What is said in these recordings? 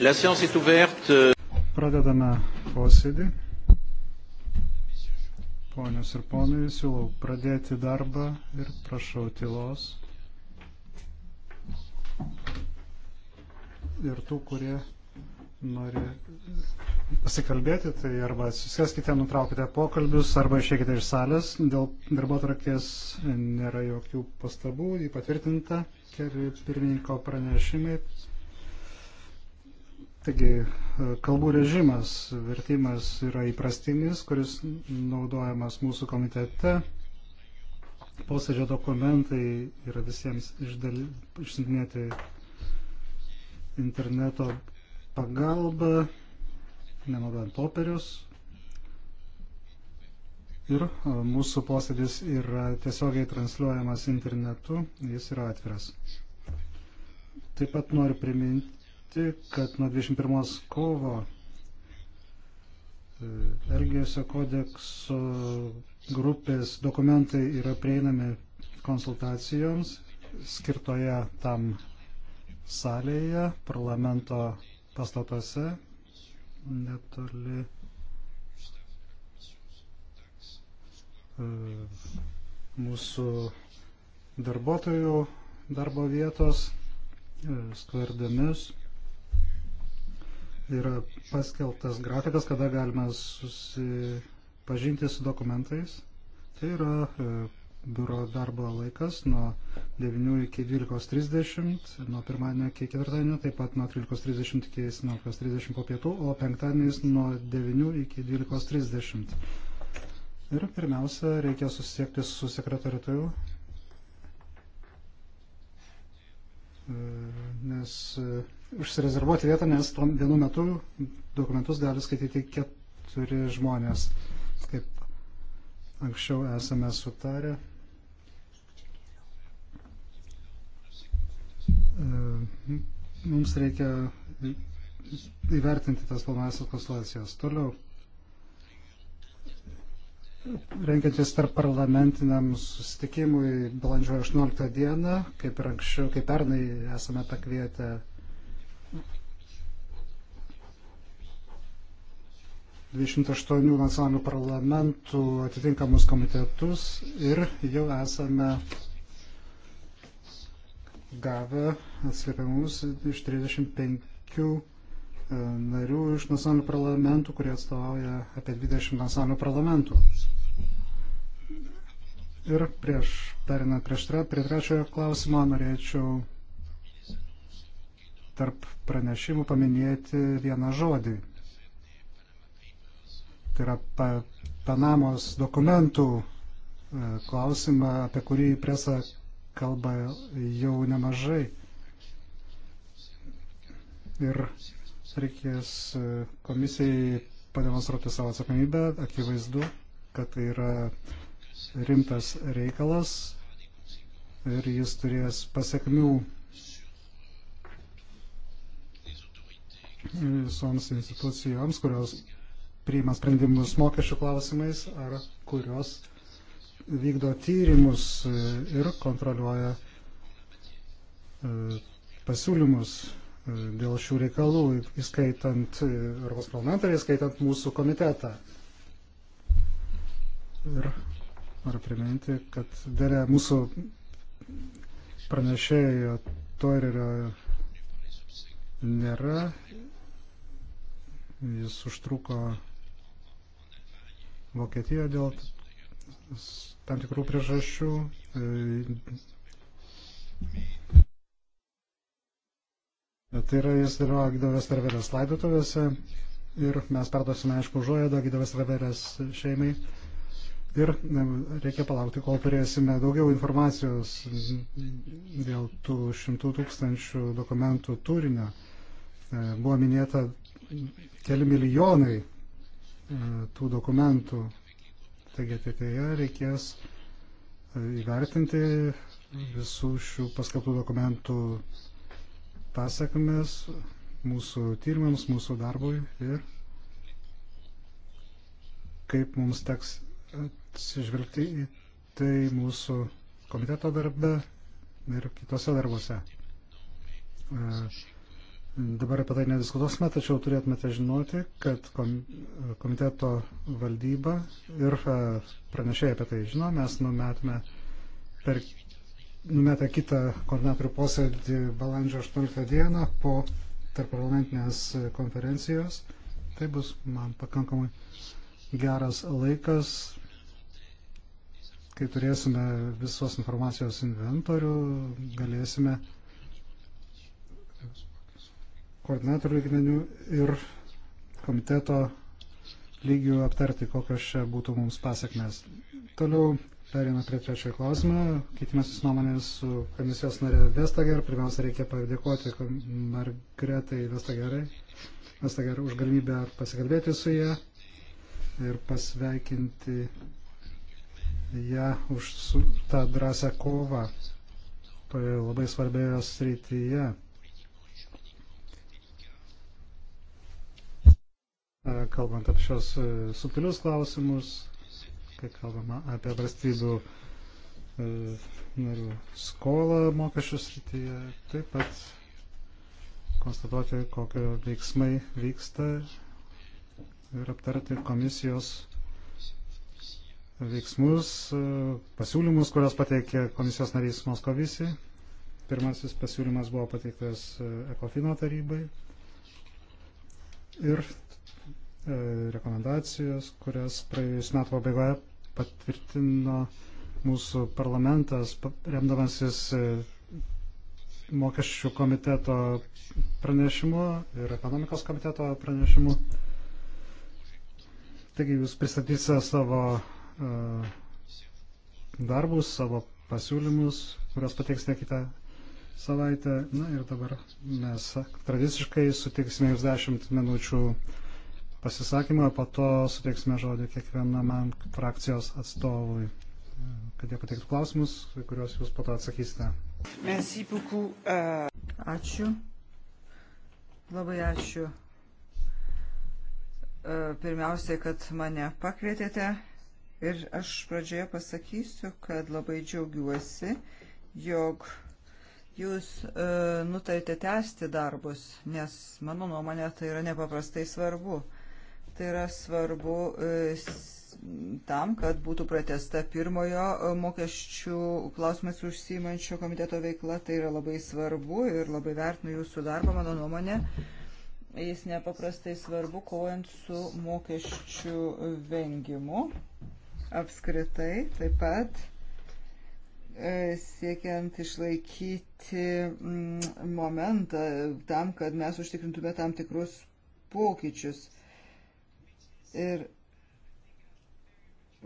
La séance est ouverte. Euh. Pradedame posėdį. Ponios ir ponai, siūlau pradėti darbą ir prašau tylos. Ir tų, kurie nori pasikalbėti, tai arba susieskite, nutraukite pokalbius, arba išėkite iš salės. Dėl darbo trakės nėra jokių pastabų, jį patvirtinta, keli pirmininko pranešimai. Taigi, e, kalbų režimas, vertimas yra įprastinis, kuris naudojamas mūsų komitete. Posėdžio dokumentai yra visiems išdali, išsintinėti interneto pagalba, nenaudojant popierius. Ir e, mūsų posėdis yra tiesiogiai transliuojamas internetu, jis yra atviras. Taip pat noriu priminti paskelbti, kad nuo 21 kovo e, Elgesio kodekso grupės dokumentai yra prieinami konsultacijoms skirtoje tam salėje, parlamento pastatuose, netoli e, mūsų darbuotojų darbo vietos, e, skverdemis yra paskeltas grafikas, kada galima susipažinti su dokumentais. Tai yra e, biuro darbo laikas nuo 9 iki 12.30, nuo pirmadienio iki ketvirtadienio, taip pat nuo 13.30 iki 17.30 po pietų, o penktadieniais nuo 9 iki 12.30. Ir pirmiausia, reikia susisiekti su sekretoriatu, e, nes e, užsirezervuoti vietą, nes tuo vienu metu dokumentus gali skaityti keturi žmonės, kaip anksčiau esame sutarę. E, mums reikia įvertinti tas planasias konsultacijas. Toliau, renkiantis tarp parlamentiniam susitikimui balandžio 18 dieną, kaip ir anksčiau, kaip pernai esame pakvietę 28 nacionalinių parlamentų atitinkamus komitetus ir jau esame gavę atsiliepimus iš 35 e, narių iš nacionalinių parlamentų, kurie atstovauja apie 20 nacionalinių parlamentų. Ir prieš, perinant prieš, prie trečiojo klausimo, norėčiau tarp pranešimų paminėti vieną žodį tai yra pa, Panamos dokumentų e, klausimą, apie kurį presa kalba jau nemažai. Ir reikės e, komisijai pademonstruoti savo atsakomybę, akivaizdu, kad tai yra rimtas reikalas ir jis turės pasiekmių visoms institucijoms, kurios priima sprendimus mokesčių klausimais ar kurios vykdo tyrimus e, ir kontroliuoja e, pasiūlymus e, dėl šių reikalų, įskaitant Europos parlamentą, įskaitant mūsų komitetą. Ir noriu priminti, kad dėlė mūsų pranešėjo Toirerio nėra. Jis užtruko Vokietijoje dėl tam tikrų priežasčių. E, tai yra, jis dalyvavo Gidovės Ververės laidotuvėse ir mes perduosime, aišku, užuojadą Gidovės Ververės šeimai. Ir e, reikia palaukti, kol turėsime daugiau informacijos dėl tų šimtų tūkstančių dokumentų turinio. E, buvo minėta keli milijonai E, tų dokumentų. Taigi ateityje reikės e, įvertinti visų šių paskelbtų dokumentų pasakmes mūsų tyrimams, mūsų darbui ir kaip mums teks atsižvelgti į tai mūsų komiteto darbe ir kitose darbuose. E, Dabar apie tai nediskutuosime, tačiau turėtumėte žinoti, kad komiteto valdyba ir e, pranešėjai apie tai žino, mes numetome per numetę kitą koordinatorių posėdį balandžio 18 dieną po tarpparlamentinės konferencijos. Tai bus man pakankamai geras laikas, kai turėsime visos informacijos inventorių, galėsime koordinatorių lygmenių ir komiteto lygių aptarti, kokios čia būtų mums pasiekmes. Toliau perėmė prie trečiojo klausimo. Keitimasis nuomonės su komisijos narė Vestager. Pirmiausia, reikia padėkoti Margretai Vestagerai Vestager už galimybę pasikalbėti su ją ir pasveikinti ją už tą drąsią kovą toje labai svarbioje srityje. kalbant apie šios e, subtilius klausimus, kai kalbama apie valstybių e, narių skolą mokesčių srityje, taip pat konstatuoti, kokio veiksmai vyksta ir aptarti komisijos veiksmus, e, pasiūlymus, kurios pateikė komisijos narys Moskovisi. Pirmasis pasiūlymas buvo pateiktas Ekofino tarybai. Ir E, rekomendacijos, kurias praėjus metų pabaigoje patvirtino mūsų parlamentas, remdamasis e, mokesčių komiteto pranešimu ir ekonomikos komiteto pranešimu. Taigi jūs pristatysite savo e, darbus, savo pasiūlymus, kuriuos pateiksite kitą savaitę. Na ir dabar mes tradiciškai sutiksime jums 10 minučių pasisakymą, o po to suteiksime žodį kiekvienam frakcijos atstovui, kad jie pateiktų klausimus, kuriuos jūs po to atsakysite. Euh. Ačiū. Labai ačiū. E, pirmiausiai, kad mane pakvietėte ir aš pradžioje pasakysiu, kad labai džiaugiuosi, jog jūs e, nutarėte tęsti darbus, nes mano nuomonė tai yra nepaprastai svarbu. Tai yra svarbu e, tam, kad būtų pratesta pirmojo e, mokesčių klausimais užsimančio komiteto veikla. Tai yra labai svarbu ir labai vertinu jūsų darbą, mano nuomonė. Jis nepaprastai svarbu kovojant su mokesčių vengimu apskritai, taip pat e, siekiant išlaikyti momentą tam, kad mes užtikrintume tam tikrus pokyčius. Ir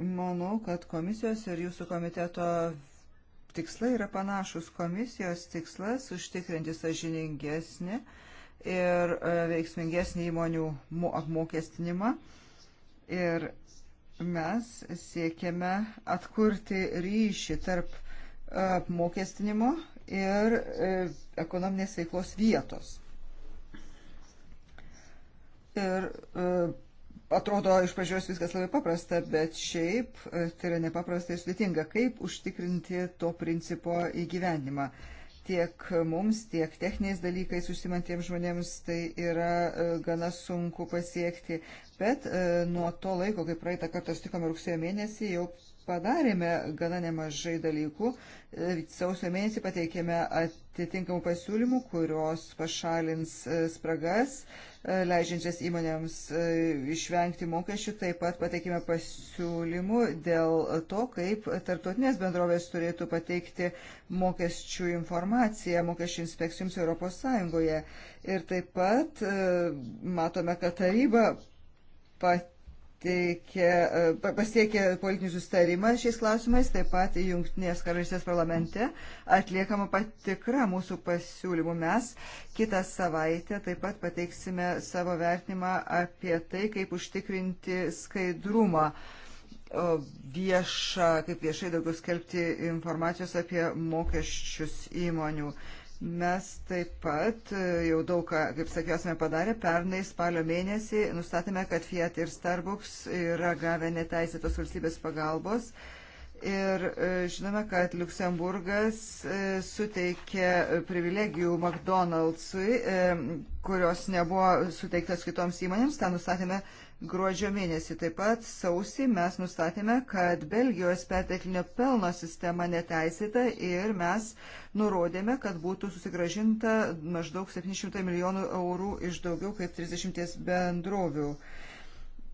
manau, kad komisijos ir jūsų komiteto tikslai yra panašus. Komisijos tikslas užtikrinti sažiningesnį ir e, veiksmingesnį įmonių apmokestinimą. Ir mes siekiame atkurti ryšį tarp e, apmokestinimo ir e, ekonominės veiklos vietos. Ir Atrodo, iš pradžios viskas labai paprasta, bet šiaip e, tai yra nepaprastai sudėtinga, kaip užtikrinti to principo įgyvenimą. Tiek mums, tiek techniniais dalykais užsimantiems žmonėms tai yra e, gana sunku pasiekti. Bet e, nuo to laiko, kai praeitą kartą sutikome rugsėjo mėnesį, jau padarėme gana nemažai dalykų. Sausio mėnesį pateikėme atitinkamų pasiūlymų, kurios pašalins spragas, E, leidžiančias įmonėms e, išvengti mokesčių. Taip pat pateikime pasiūlymų dėl to, kaip tarptautinės bendrovės turėtų pateikti mokesčių informaciją mokesčių inspekcijoms Europos Sąjungoje. Ir taip pat e, matome, kad taryba pateikė pateikia, pasiekė politinį sustarimą šiais klausimais, taip pat Junktinės karalystės parlamente atliekama patikra mūsų pasiūlymų. Mes kitą savaitę taip pat pateiksime savo vertinimą apie tai, kaip užtikrinti skaidrumą viešą, kaip viešai daugiau skelbti informacijos apie mokesčius įmonių. Mes taip pat e, jau daug ką, kaip sakiausiame, padarė. Pernai spalio mėnesį nustatėme, kad Fiat ir Starbucks yra gavę neteisėtos valstybės pagalbos. Ir e, žinome, kad Luksemburgas e, suteikė privilegijų McDonald'sui, kurios nebuvo suteiktas kitoms įmonėms. Ten nustatėme gruodžio mėnesį. Taip pat sausį mes nustatėme, kad Belgijos perteklinio pelno sistema neteisėta ir mes nurodėme, kad būtų susigražinta maždaug 700 milijonų eurų iš daugiau kaip 30 bendrovių.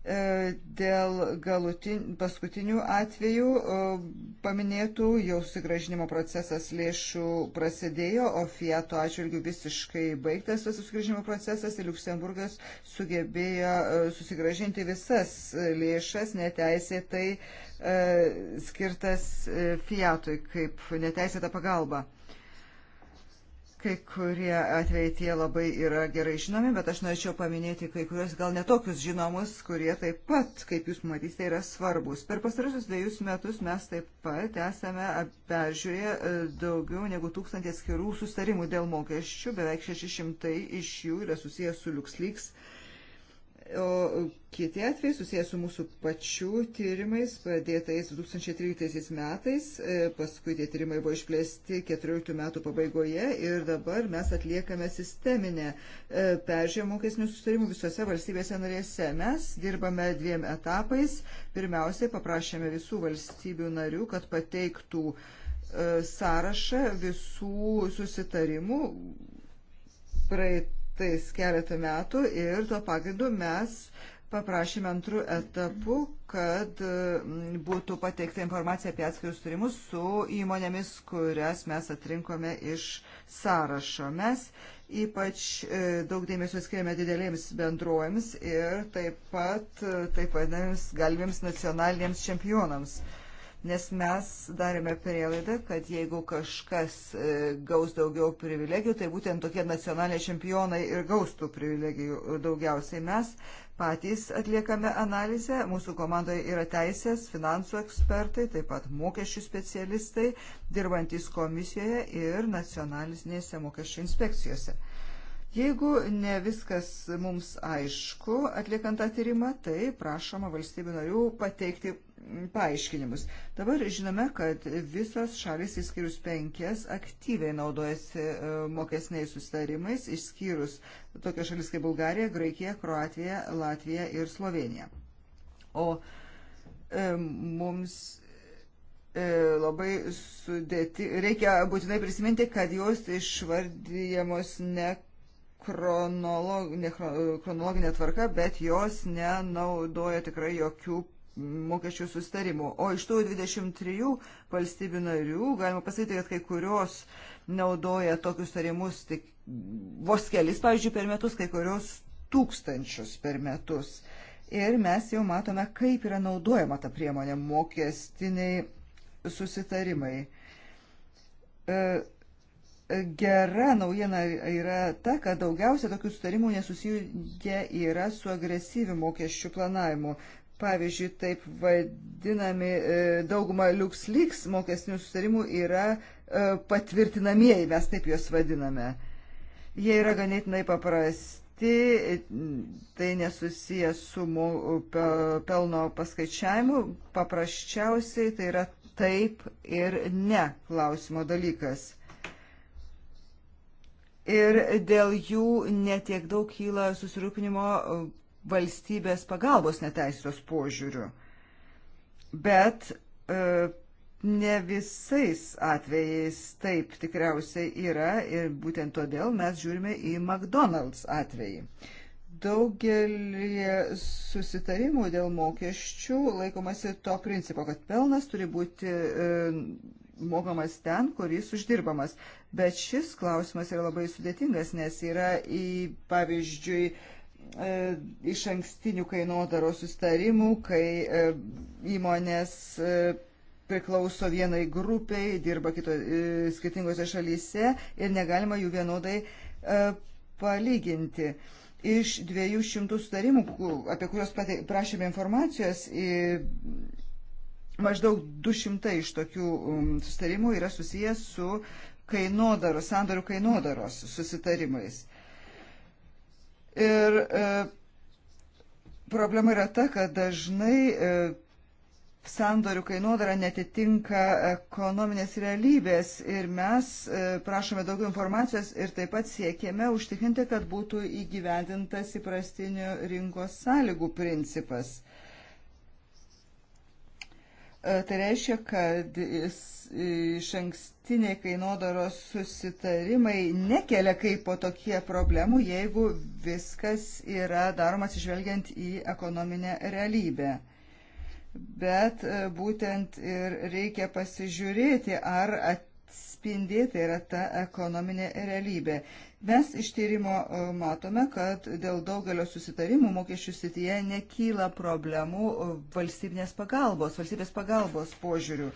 E, dėl galutin, paskutinių atvejų e, paminėtų jau sugražinimo procesas lėšų prasidėjo, o Fiato atžvilgių visiškai baigtas tas sugražinimo procesas ir Luksemburgas sugebėjo e, susigražinti visas lėšas neteisėtai skirtas Fiatui kaip neteisėta pagalba. Kai kurie atvejai tie labai yra gerai žinomi, bet aš norėčiau paminėti kai kurios gal netokius žinomus, kurie taip pat, kaip jūs matysite, yra svarbus. Per pastarusius dviejus metus mes taip pat esame peržiūrėję e, daugiau negu tūkstantį skirų sustarimų dėl mokesčių, beveik 600 iš jų yra susijęs su LuxLeaks O kiti atvejai susijęs su mūsų pačių tyrimais, pradėtais 2013 metais, e, paskui tie tyrimai buvo išplėsti 2014 metų pabaigoje ir dabar mes atliekame sisteminę e, peržiūrę mokesnių sustarimų visose valstybėse narėse. Mes dirbame dviem etapais. Pirmiausiai paprašėme visų valstybių narių, kad pateiktų e, sąrašą visų susitarimų praeit tais keletą metų ir tuo pagrindu mes paprašėme antrų etapų, kad mm, būtų pateikta informacija apie atskirius turimus su įmonėmis, kurias mes atrinkome iš sąrašo. Mes ypač e, daug dėmesio skiriame didelėms bendruojams ir taip pat e, taip vadinamiems galimiems nacionaliniams čempionams. Uh, nes mes darėme prielaidą, kad jeigu kažkas e, gaus daugiau privilegijų, tai būtent tokie nacionaliniai čempionai ir gaus tų privilegijų daugiausiai. Mes patys atliekame analizę, mūsų komandoje yra teisės, finansų ekspertai, taip pat mokesčių specialistai, dirbantys komisijoje ir nacionalinėse mokesčių inspekcijose. Jeigu ne viskas mums aišku atliekant tą tyrimą, tai prašoma valstybių narių pateikti paaiškinimus. Dabar žinome, kad visos šalis, išskyrus penkias, aktyviai naudojasi e, mokesniais sustarimais, išskyrus tokias šalis kaip Bulgarija, Graikija, Kroatija, Latvija ir Slovenija. O e, mums e, labai sudėti. Reikia būtinai prisiminti, kad jos išvardyjamos ne, chronolog, ne chronologinė tvarka, bet jos nenaudoja tikrai jokių mokesčių sustarimų. O iš tų 23 valstybių narių galima pasakyti, kad kai kurios naudoja tokius sustarimus tik vos kelis, pavyzdžiui, per metus, kai kurios tūkstančius per metus. Ir mes jau matome, kaip yra naudojama ta priemonė mokestiniai susitarimai. E, gera naujiena yra ta, kad daugiausia tokių sutarimų nesusiję yra su agresyviu mokesčių planavimu. Pavyzdžiui, taip vadinami e, dauguma LuxLeaks mokesnių sustarimų yra e, patvirtinamieji, mes taip juos vadiname. Jie yra ganėtinai paprasti, e, tai nesusijęs su pelno paskaičiavimu, paprasčiausiai tai yra taip ir ne klausimo dalykas. Ir dėl jų netiek daug kyla susirūpinimo valstybės pagalbos neteisėtos požiūrių. Bet e, ne visais atvejais taip tikriausiai yra ir būtent todėl mes žiūrime į McDonald's atvejį. Daugelį susitarimų dėl mokesčių laikomasi to principo, kad pelnas turi būti e, mokamas ten, kur jis uždirbamas. Bet šis klausimas yra labai sudėtingas, nes yra, į, pavyzdžiui, e, E, iš ankstinių kainodaros sustarimų, kai e, įmonės e, priklauso vienai grupiai, dirba kito, skirtingose šalyse ir negalima jų vienodai palyginti. Iš 200 sustarimų, apie kuriuos prašėme informacijos, maždaug 200 iš tokių um, sustarimų yra susijęs su kainodaros, sandorių kainodaros susitarimais. Ir e, problema yra ta, kad dažnai e, sandorių kainodara netitinka ekonominės realybės ir mes e, prašome daugiau informacijos ir taip pat siekėme užtikrinti, kad būtų įgyvendintas įprastinių rinkos sąlygų principas. E, tai reiškia, kad iš ankstiniai kainodaros susitarimai nekelia kaip po tokie problemų, jeigu viskas yra daromas išvelgiant į ekonominę realybę. Bet e, būtent ir reikia pasižiūrėti, ar atspindėta yra ta ekonominė realybė. Mes iš tyrimo e, matome, kad dėl daugelio susitarimų mokesčių sityje nekyla problemų e, valstybinės pagalbos, valstybės pagalbos požiūrių.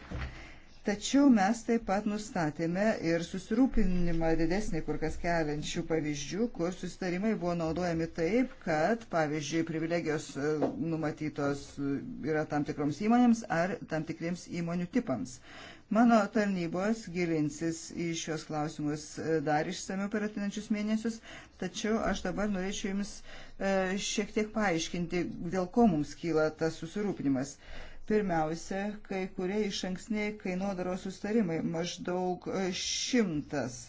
Tačiau mes taip pat nustatėme ir susirūpinimą didesnį kur kas keliančių pavyzdžių, kur susitarimai buvo naudojami taip, kad, pavyzdžiui, privilegijos e, numatytos yra tam tikroms įmonėms ar tam tikriems įmonių tipams. Mano tarnybos gilinsis į šios klausimus e, dar išsamiau per atinančius mėnesius, tačiau aš dabar norėčiau Jums e, šiek tiek paaiškinti, dėl ko mums kyla tas susirūpinimas. Pirmiausia, kai kurie iš anksniai kainodaros sustarimai maždaug e, šimtas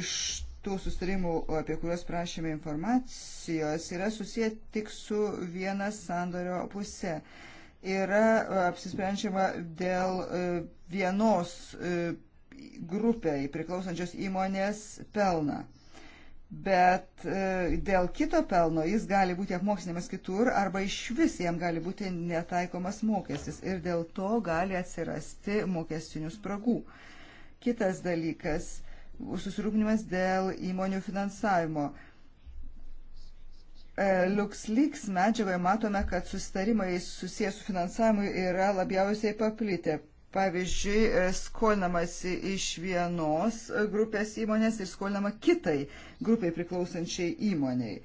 iš tų sustarimų, apie kuriuos prašėme informacijos, yra susiję tik su viena sandorio pusė yra e, apsisprendžiama dėl e, vienos e, grupiai priklausančios įmonės pelną. Bet dėl kito pelno jis gali būti apmokslinamas kitur arba iš vis jam gali būti netaikomas mokestis ir dėl to gali atsirasti mokestinių spragų. Kitas dalykas - susirūpinimas dėl įmonių finansavimo. E, LuxLeaks medžiagoje matome, kad susitarimai susijęs su finansavimu yra labiausiai paplitę. Pavyzdžiui, e, skolinamasi iš vienos e, grupės įmonės ir skolinama kitai grupiai priklausančiai įmoniai.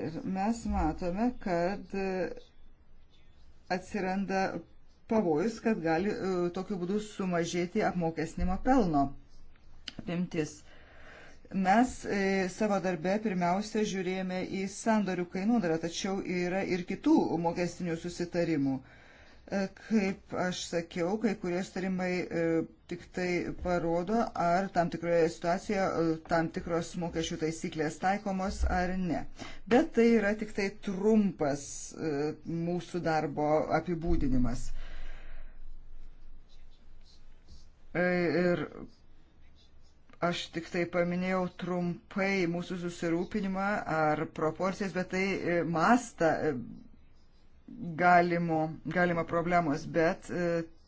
Ir mes matome, kad atsiranda pavojus, kad gali tokiu būdu sumažėti apmokesnimo pelno apimtis. Mes e, savo darbe pirmiausia žiūrėjome į sandorių kainodarą, tačiau yra ir kitų mokestinių susitarimų. E, kaip aš sakiau, kai kurie sutarimai e, tik tai parodo, ar tam tikroje situacijoje tam tikros mokesčių taisyklės taikomos ar ne. Bet tai yra tik tai trumpas mūsų darbo apibūdinimas. Ir Aš tik tai paminėjau trumpai mūsų susirūpinimą ar proporcijas, bet tai e, mastą e, galimo, galima problemos, bet e,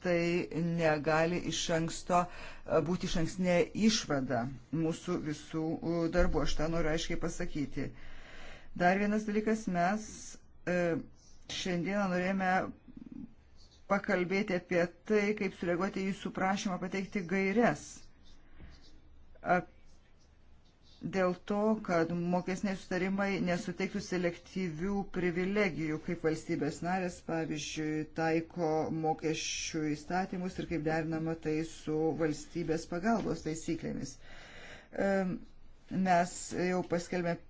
tai negali iš anksto būti iš ankstinė išvada mūsų visų darbų. Aš tą noriu aiškiai pasakyti. Dar vienas dalykas, mes šiandieną norėjome pakalbėti apie tai, kaip sureaguoti į jūsų prašymą pateikti gairias dėl to, kad mokesniai sustarimai nesuteiktų selektyvių privilegijų, kaip valstybės narės, pavyzdžiui, taiko mokesčių įstatymus ir kaip derinama tai su valstybės pagalbos taisyklėmis. Mes jau paskelbėme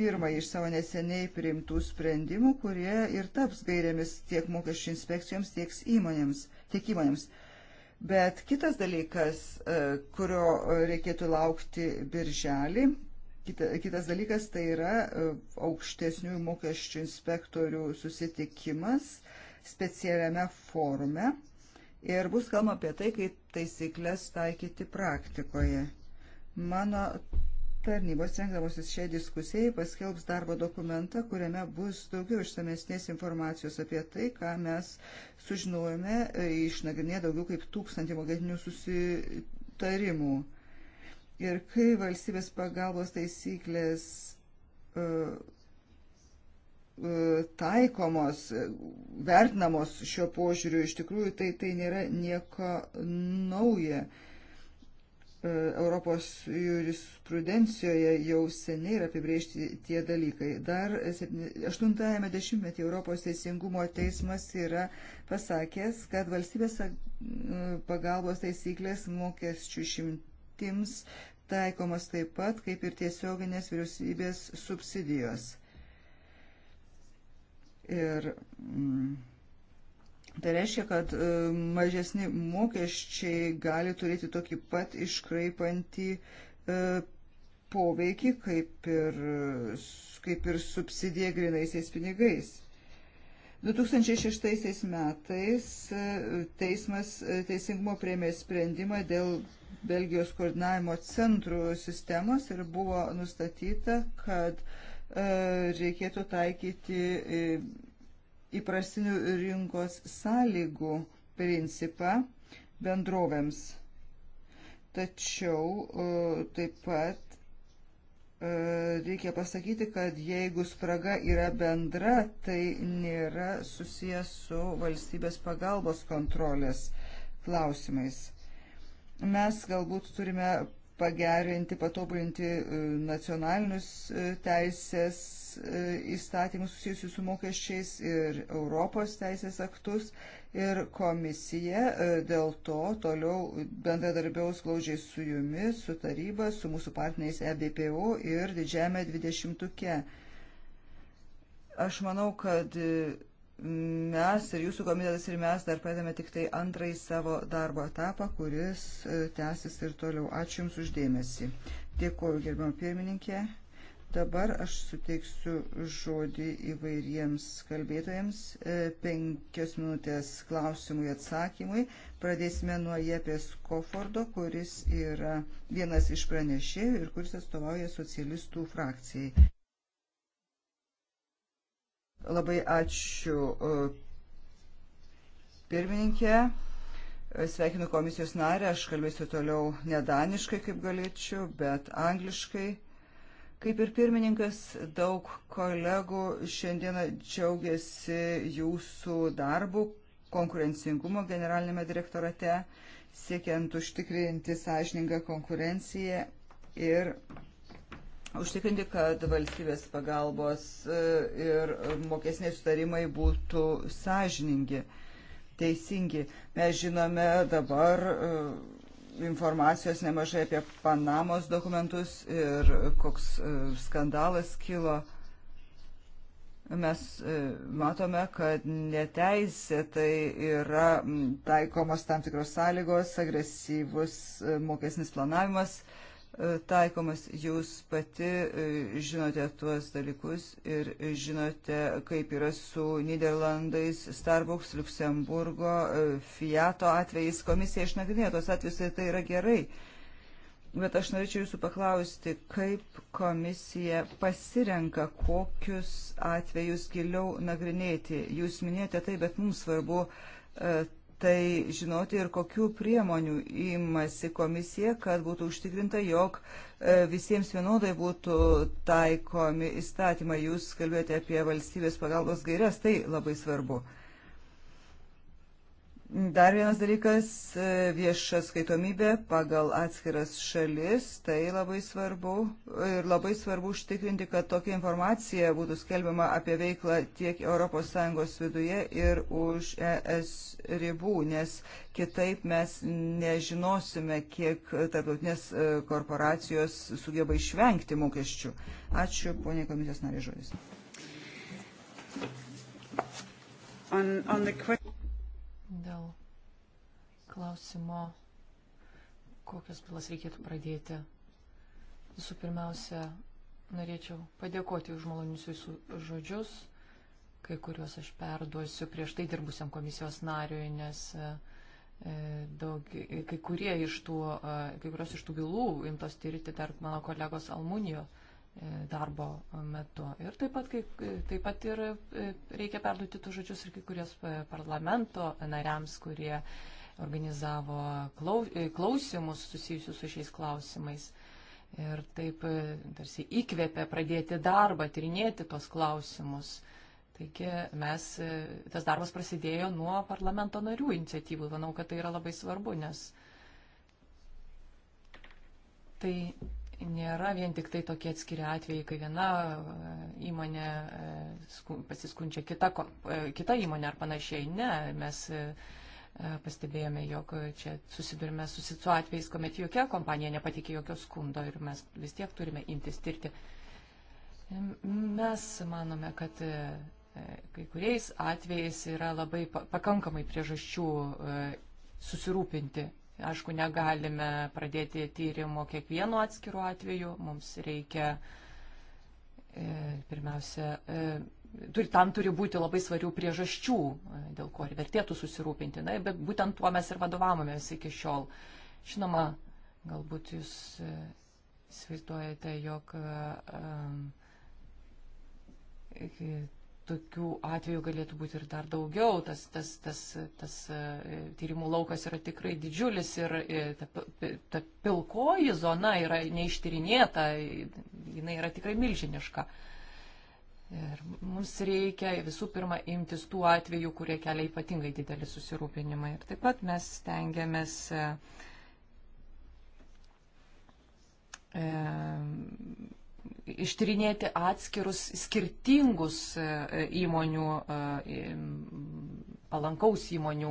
pirmąjį iš savo neseniai priimtų sprendimų, kurie ir taps gairėmis tiek mokesčių inspekcijoms, tiek įmonėms. Tiek įmonėms. Bet kitas dalykas, e, kurio reikėtų laukti birželį, kitas dalykas tai yra e, aukštesnių mokesčių inspektorių susitikimas specialiame forume ir bus kalbama apie tai, kaip taisyklės taikyti praktikoje. Mano tarnybos rengdamosis šiai diskusijai paskelbs darbo dokumentą, kuriame bus daugiau išsamesnės informacijos apie tai, ką mes sužinojome, e, išnagrinė daugiau kaip tūkstantį mokėtinių susitarimų. Ir kai valstybės pagalbos taisyklės uh, taikomos, vertinamos šio požiūriu, iš tikrųjų tai, tai nėra nieko nauja. Uh, E, Europos jurisprudencijoje jau seniai yra apibriežti tie dalykai. Dar 80-ame dešimtmetį Europos teisingumo teismas yra pasakęs, kad valstybės e, pagalbos taisyklės mokesčių šimtims taikomas taip pat kaip ir tiesioginės vyriausybės subsidijos. Ir mm, Tai reiškia, kad e, mažesni mokesčiai gali turėti tokį pat iškraipantį e, poveikį kaip ir, kaip ir subsidija grinaisiais pinigais. 2006 metais e, teismas teisingumo priemė sprendimą dėl Belgijos koordinavimo centrų sistemos ir buvo nustatyta, kad reikėtų taikyti įprastinių rinkos sąlygų principą bendrovėms. Tačiau e, taip pat e, reikia pasakyti, kad jeigu spraga yra bendra, tai nėra susijęs su valstybės pagalbos kontrolės klausimais. Mes galbūt turime pagerinti, patobulinti e, nacionalinius teisės E, įstatymus susijusius su mokesčiais ir Europos teisės aktus. Ir komisija e, dėl to toliau bendradarbiaus glaudžiai su jumis, su taryba, su mūsų partneriais EBPO ir didžiame dvidešimtuke. Aš manau, kad e, mes ir jūsų komitetas ir mes dar pradame tik tai antrąjį savo darbo etapą, kuris tęsis ir toliau. Ačiū Jums uždėmesi. Dėkuoju, gerbiam pirmininkė. Dabar aš suteiksiu žodį įvairiems kalbėtojams. E, penkios minutės klausimui atsakymui. Pradėsime nuo Jepės Kofordo, kuris yra vienas iš pranešėjų ir kuris atstovauja socialistų frakcijai. Labai ačiū e, pirmininkė. E, sveikinu komisijos narę, aš kalbėsiu toliau nedaniškai, kaip galėčiau, bet angliškai Kaip ir pirmininkas, daug kolegų šiandieną džiaugiasi jūsų darbu konkurencingumo generalinėme direktorate, siekiant užtikrinti sąžiningą konkurenciją ir užtikrinti, kad valstybės pagalbos e, ir mokesniai sutarimai būtų sąžiningi teisingi. Mes žinome dabar e, informacijos nemažai apie Panamos dokumentus ir koks e, skandalas kilo. Mes e, matome, kad neteisėtai yra taikomos tam tikros sąlygos, agresyvus e, mokesnis planavimas E, taikomas. Jūs pati e, žinote tuos dalykus ir žinote, kaip yra su Niderlandais, Starbucks, Luxemburgo, e, Fiato atvejais. Komisija išnagrinėjo tuos atvejus ir tai yra gerai. Bet aš norėčiau jūsų paklausti, kaip komisija pasirenka, kokius atvejus giliau nagrinėti. Jūs minėjote tai, bet mums svarbu tai žinoti ir kokių priemonių imasi komisija, kad būtų užtikrinta, jog e, visiems vienodai būtų taikomi įstatymai. Jūs kalbėjote apie valstybės pagalbos gairias, tai labai svarbu. Dar vienas dalykas e, - vieša skaitomybė pagal atskiras šalis. Tai labai svarbu e, ir labai svarbu užtikrinti, kad tokia informacija būtų skelbiama apie veiklą tiek ES viduje ir už ES ribų, nes kitaip mes nežinosime, kiek tarptautinės e, korporacijos sugeba išvengti mokesčių. Ačiū, ponė komisijos narė žodis. On, on the dėl klausimo, kokias bylas reikėtų pradėti. Visų pirmiausia, norėčiau padėkoti už malonius jūsų žodžius, kai kuriuos aš perduosiu prieš tai dirbusiam komisijos nariui, nes e, e, daug, kai, kurie iš tų, e, kai kurios iš tų bylų imtos tyryti dar mano kolegos Almunijo. E, darbo metu. Ir taip pat, kaip, taip pat ir e, reikia perduoti tų žodžius ir kai kuries e, parlamento nariams, kurie organizavo klausimus susijusius su šiais klausimais. Ir taip tarsi įkvėpė pradėti darbą, tyrinėti tos klausimus. Taigi mes, tas darbas prasidėjo nuo parlamento narių iniciatyvų. Manau, kad tai yra labai svarbu, nes tai nėra vien tik tai tokie atskiri atvejai, kai viena e, įmonė e, pasiskunčia kita, e, kita įmonė ar panašiai. Ne, mes pastebėjome, jog čia susidurime su situ atvejais, kuomet jokia kompanija nepatikė jokio skundo ir mes vis tiek turime imtis tirti. Mes manome, kad kai kuriais atvejais yra labai pakankamai priežasčių susirūpinti Aišku, negalime pradėti tyrimo kiekvienu atskiru atveju, mums reikia e, pirmiausia, e, turi, tam turi būti labai svarių priežasčių, e, dėl ko ir vertėtų susirūpinti. Na, bet būtent tuo mes ir vadovavomės iki šiol. Žinoma, galbūt jūs įsivaizduojate, jog tokių atvejų galėtų būti ir dar daugiau. Tas, tas, tas, tas e, tyrimų laukas yra tikrai didžiulis ir e, ta, ta pilkoji zona yra neištyrinėta, jinai yra tikrai milžiniška. Ir mums reikia visų pirma imtis tų atvejų, kurie kelia ypatingai didelį susirūpinimą. Ir taip pat mes stengiamės. E, e ištyrinėti atskirus skirtingus e, įmonių, e, palankaus įmonių,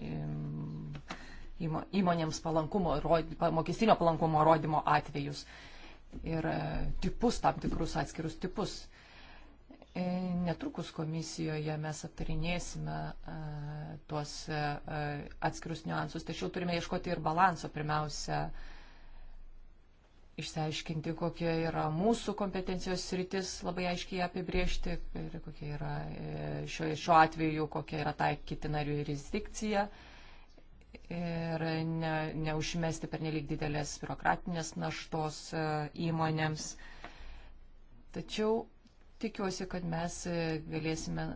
e, įmonėms palankumo, mokestinio palankumo rodymo atvejus ir tipus, tam tikrus atskirus tipus. Netrukus komisijoje mes aptarinėsime tuos atskirus niuansus, tačiau turime ieškoti ir balanso pirmiausia išsiaiškinti, kokie yra mūsų kompetencijos sritis, labai aiškiai apibriežti ir kokie yra e, šiuo, šiuo atveju, kokia yra taikytina jurisdikcija ir ne, neužmesti per nelik didelės biurokratinės naštos e, įmonėms. Tačiau tikiuosi, kad mes e, galėsime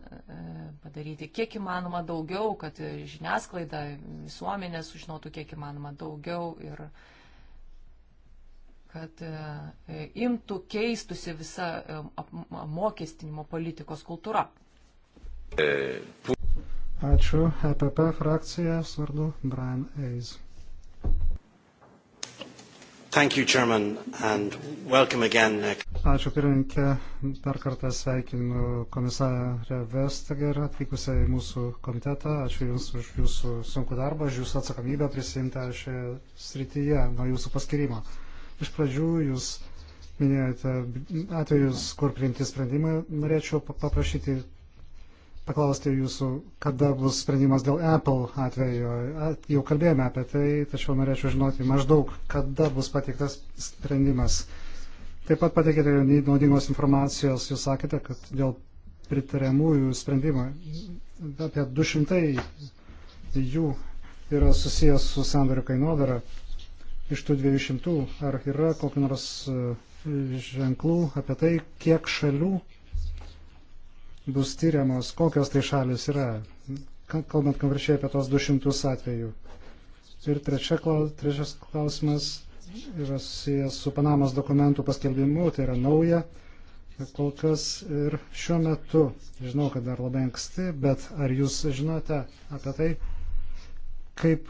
padaryti kiek įmanoma daugiau, kad žiniasklaida, visuomenė sužinotų kiek įmanoma daugiau ir uh, kad e, e, imtų keistusi visa e, apmokestinimo politikos kultūra. Ačiū. EPP frakcija, vardu Brian Eis. Thank you, Chairman, and welcome again. Uh, Ačiū pirmininkė, dar kartą sveikinu komisarę Vestager atvykusią į mūsų komitetą. Ačiū Jums už Jūsų sunku darbą, už Jūsų atsakomybę prisimti šioje srityje nuo Jūsų paskirimo. Iš pradžių jūs minėjote atvejus, kur priimti sprendimai. Norėčiau paprašyti, paklausti jūsų, kada bus sprendimas dėl Apple atvejo. At, jau kalbėjome apie tai, tačiau norėčiau žinoti maždaug, kada bus pateiktas sprendimas. Taip pat pateikėte naudingos informacijos, jūs sakėte, kad dėl pritariamųjų sprendimų apie 200 jų yra susijęs su sandorių kainodara iš tų 200, ar yra kokiu nors e, ženklų apie tai, kiek šalių bus tyriamos, kokios tai šalis yra, kalbant konkrečiai apie tos 200 atvejų. Ir trečia, trečias klausimas yra susijęs su Panamos dokumentų paskelbimu, tai yra nauja. Kol kas ir šiuo metu, žinau, kad dar labai anksti, bet ar jūs žinote apie tai, kaip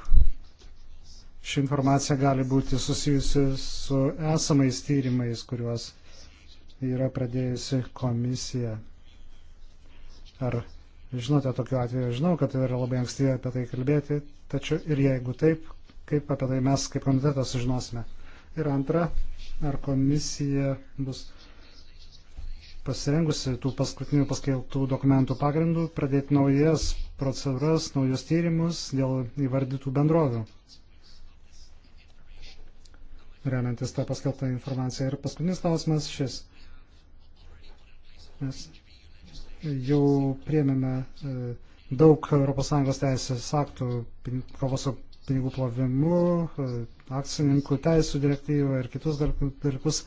Ši informacija gali būti susijusi su esamais tyrimais, kuriuos yra pradėjusi komisija. Ar žinote tokiu atveju? Žinau, kad yra labai anksti apie tai kalbėti, tačiau ir jeigu taip, kaip apie tai mes kaip komitetas sužinosime. Ir antra, ar komisija bus pasirengusi tų paskutinių paskelbtų dokumentų pagrindų pradėti naujas procedūras, naujus tyrimus dėl įvardytų bendrovių remiantis tą paskelbtą informaciją. Ir paskutinis klausimas šis. Mes jau priemėme e, daug ES teisės aktų kovos su pinigų plovimu, e, akcininkų teisų direktyvą ir kitus dalykus.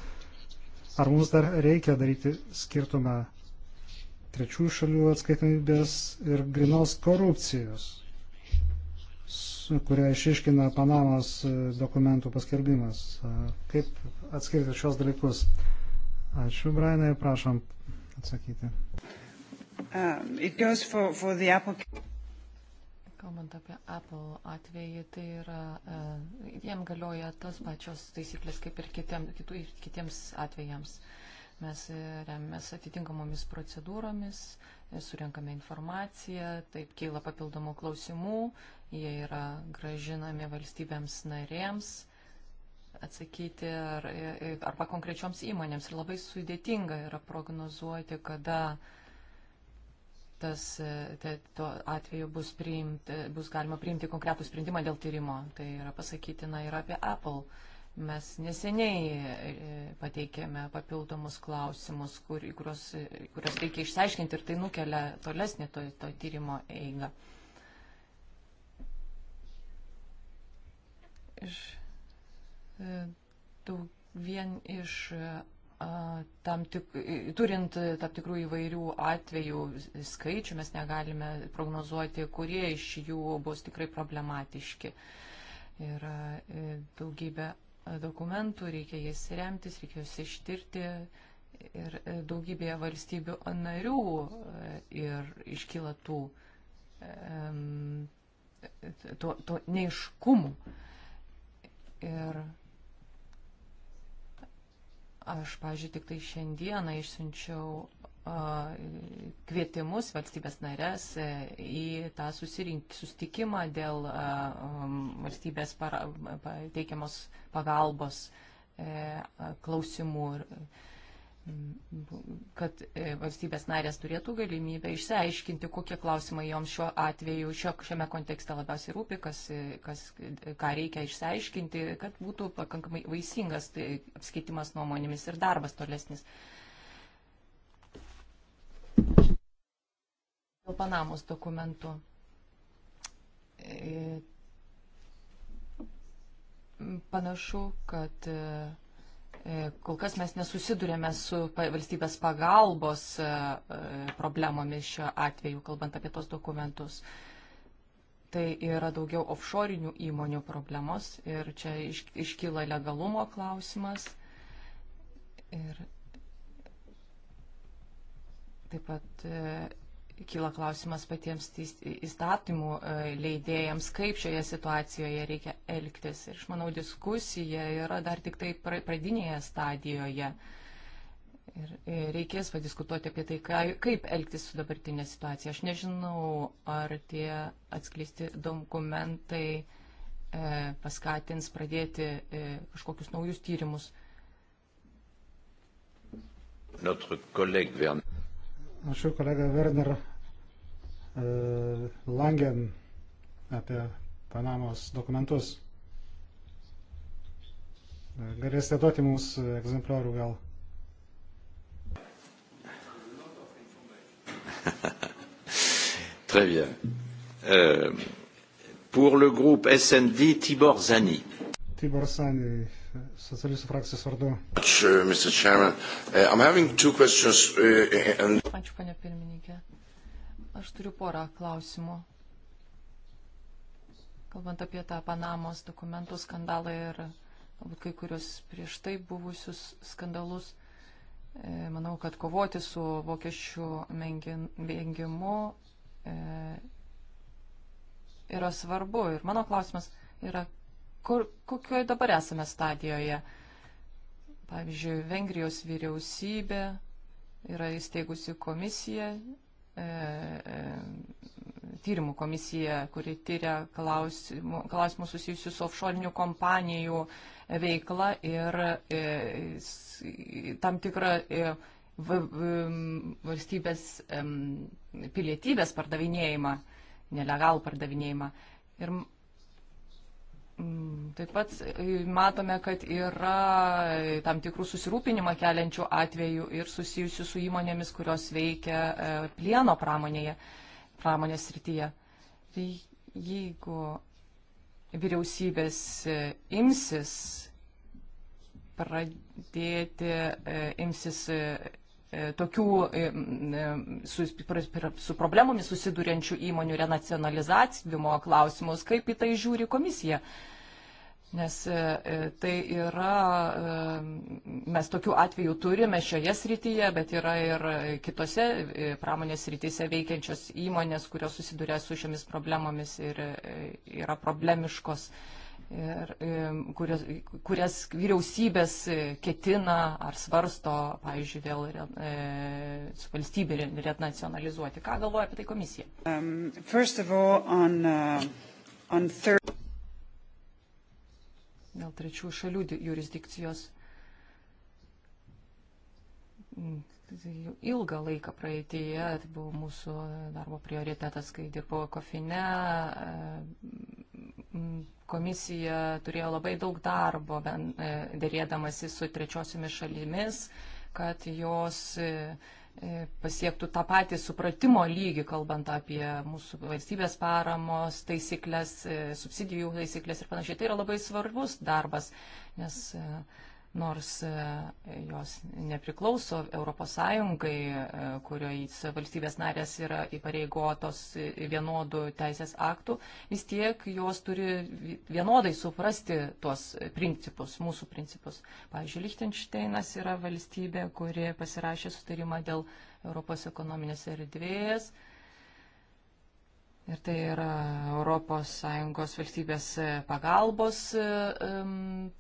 Ar mums dar reikia daryti skirtumą trečių šalių atskaitomybės ir grinos korupcijos? kurią išiškina Panamos e, dokumentų paskelbimas. Kaip atskirti šios dalykus? Ačiū, Brainai, prašom atsakyti. Um, for, for Kalbant apie Apple atvejį, tai yra, uh, jiem galioja tos pačios taisyklės kaip ir kitiem, kitų, kitiems atvejams. Mes e, remiamės atitinkamomis procedūromis, surinkame informaciją, taip keila papildomų klausimų, jie yra gražinami valstybėms narėms atsakyti ar, arba konkrečioms įmonėms. Ir labai sudėtinga yra prognozuoti, kada tas te, tuo atveju bus, priimti, bus galima priimti konkretų sprendimą dėl tyrimo. Tai yra pasakytina ir apie Apple. Mes neseniai e, pateikėme papildomus klausimus, kur, kurios, kurios reikia išsiaiškinti ir tai nukelia tolesnį to, to tyrimo eigą. iš, e, daug, vien iš e, tam tik, turint tam tikrų įvairių atvejų skaičių, mes negalime prognozuoti, kurie iš jų bus tikrai problematiški. Yra e, daugybė dokumentų, reikia jais remtis, reikia juos ištirti. Ir daugybėje valstybių narių ir iškyla tų, tų, tų neiškumų. Ir aš, pažiūrėjau, tik tai šiandieną išsiunčiau kvietimus valstybės narės e, į tą susitikimą dėl valstybės para, teikiamos pagalbos e, klausimų. Ir, kad e, valstybės narės turėtų galimybę išsiaiškinti, kokie klausimai joms šiuo atveju, šio, šiame kontekste labiausiai rūpi, kas, e, kas, e, ką reikia išsiaiškinti, kad būtų pakankamai vaisingas tai apskaitimas nuomonėmis ir darbas tolesnis. Dėl Panamos dokumentų. Panašu, kad E, kol kas mes nesusidurėme su valstybės pagalbos e, e, problemomis šiuo atveju, kalbant apie tos dokumentus. Tai yra daugiau offshore'inių įmonių problemos ir čia iškyla legalumo klausimas. Ir taip pat kyla klausimas patiems įstatymų e, leidėjams, kaip šioje situacijoje reikia elgtis. Ir aš manau, diskusija yra dar tik tai pradinėje stadijoje. Ir e, reikės padiskutuoti apie tai, kaip elgtis su dabartinė situacija. Aš nežinau, ar tie atskleisti dokumentai e, paskatins pradėti e, kažkokius naujus tyrimus. Notre collègue Verne. Ačiū kolega Werner e, Langen apie Panamos dokumentus. E, galėsite duoti mums egzempliorių gal. Très bien. Euh, pour le groupe SND, Tibor Zani. Tibor Zani, socialistų frakcijos vardu. Ačiū, panė uh, uh, pirmininkė. Aš turiu porą klausimų. Kalbant apie tą Panamos dokumentų skandalą ir galbūt kai kurios prieš tai buvusius skandalus, e, manau, kad kovoti su vokiečių vengimu e, yra svarbu. Ir mano klausimas yra, kur, kokioje dabar esame stadijoje. Pavyzdžiui, Vengrijos vyriausybė yra įsteigusi komisiją, e, e, tyrimų komisiją, kuri tyria klausimų, klausimų susijusių su offshore kompanijų veikla ir e, tam tikrą e, v, v, valstybės e, pilietybės pardavinėjimą, nelegalų pardavinėjimą. Ir Mm, taip pat e, matome, kad yra e, tam tikrų susirūpinimą keliančių atvejų ir susijusių su įmonėmis, kurios veikia e, plieno pramonėje, pramonės srityje. Tai jeigu vyriausybės imsis pradėti, imsis tokių su, su problemomis susidūrėjančių įmonių renacionalizavimo klausimus, kaip į tai žiūri komisija. Nes e, e, tai yra, e, mes tokių atvejų turime šioje srityje, bet yra ir kitose pramonės srityse veikiančios įmonės, kurios susiduria su šiomis problemomis ir yra problemiškos, ir, kurias, kurias vyriausybės ketina ar svarsto, pavyzdžiui, vėl re, su valstybė renacionalizuoti. Ką galvoja apie tai komisija? Um, on, uh, on third dėl trečių šalių jurisdikcijos. Mm, tai ilgą laiką praeitėje tai buvo mūsų darbo prioritetas, kai dirbau kofine. E, komisija turėjo labai daug darbo, e, dėrėdamasi su trečiosiomis šalimis, kad jos e, E, pasiektų tą patį supratimo lygį, kalbant apie mūsų valstybės paramos taisyklės, e, subsidijų taisyklės ir panašiai. Tai yra labai svarbus darbas, nes uh, nors e, jos nepriklauso ES, e, kuriais valstybės narės yra įpareigotos vienodų teisės aktų, vis tiek jos turi vienodai suprasti tuos principus, mūsų principus. Pavyzdžiui, Lichtensteinas yra valstybė, kuri pasirašė sutarimą dėl Europos ekonominės erdvės. Er Ir tai yra ES valstybės pagalbos e,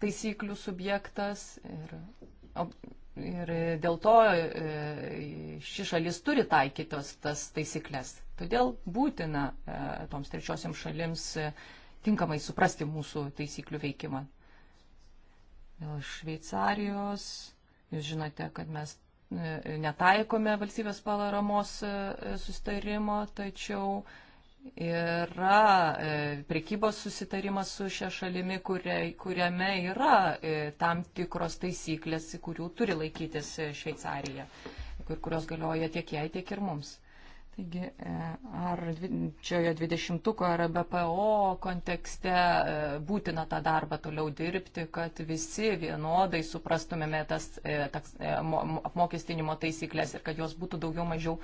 taisyklių subjektas. Ir, ir dėl to e, ši šalis turi taikytos tas taisyklės. Todėl būtina e, toms trečiosiam šalims tinkamai suprasti mūsų taisyklių veikimą. Dėl Šveicarijos, jūs žinote, kad mes netaikome valstybės palaramos sustarimo, tačiau yra e, prekybos susitarimas su šia šalimi, kuria, kuriame yra e, tam tikros taisyklės, kurių turi laikytis e, Šveicarija, kur, kurios galioja tiek jai, tiek ir mums. Taigi, ar čiojo 20-ko ar BPO kontekste būtina tą darbą toliau dirbti, kad visi vienodai suprastumėme tas taks, apmokestinimo taisyklės ir kad jos būtų daugiau mažiau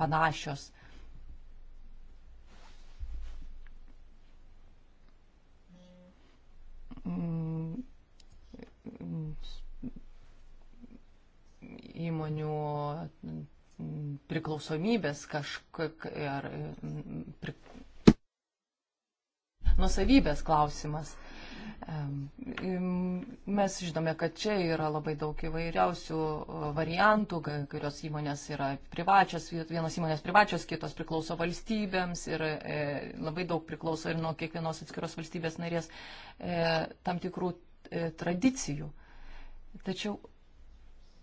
panašios. Įmonių priklausomybės kažkok ar mm, pri... nusavybės klausimas. Uh, Mes žinome, kad čia yra labai daug įvairiausių uh, variantų, kurios įmonės yra privačios, vienos įmonės privačios, kitos priklauso valstybėms ir e, labai daug priklauso ir nuo kiekvienos atskiros valstybės narės e, tam tikrų e, tradicijų. Tačiau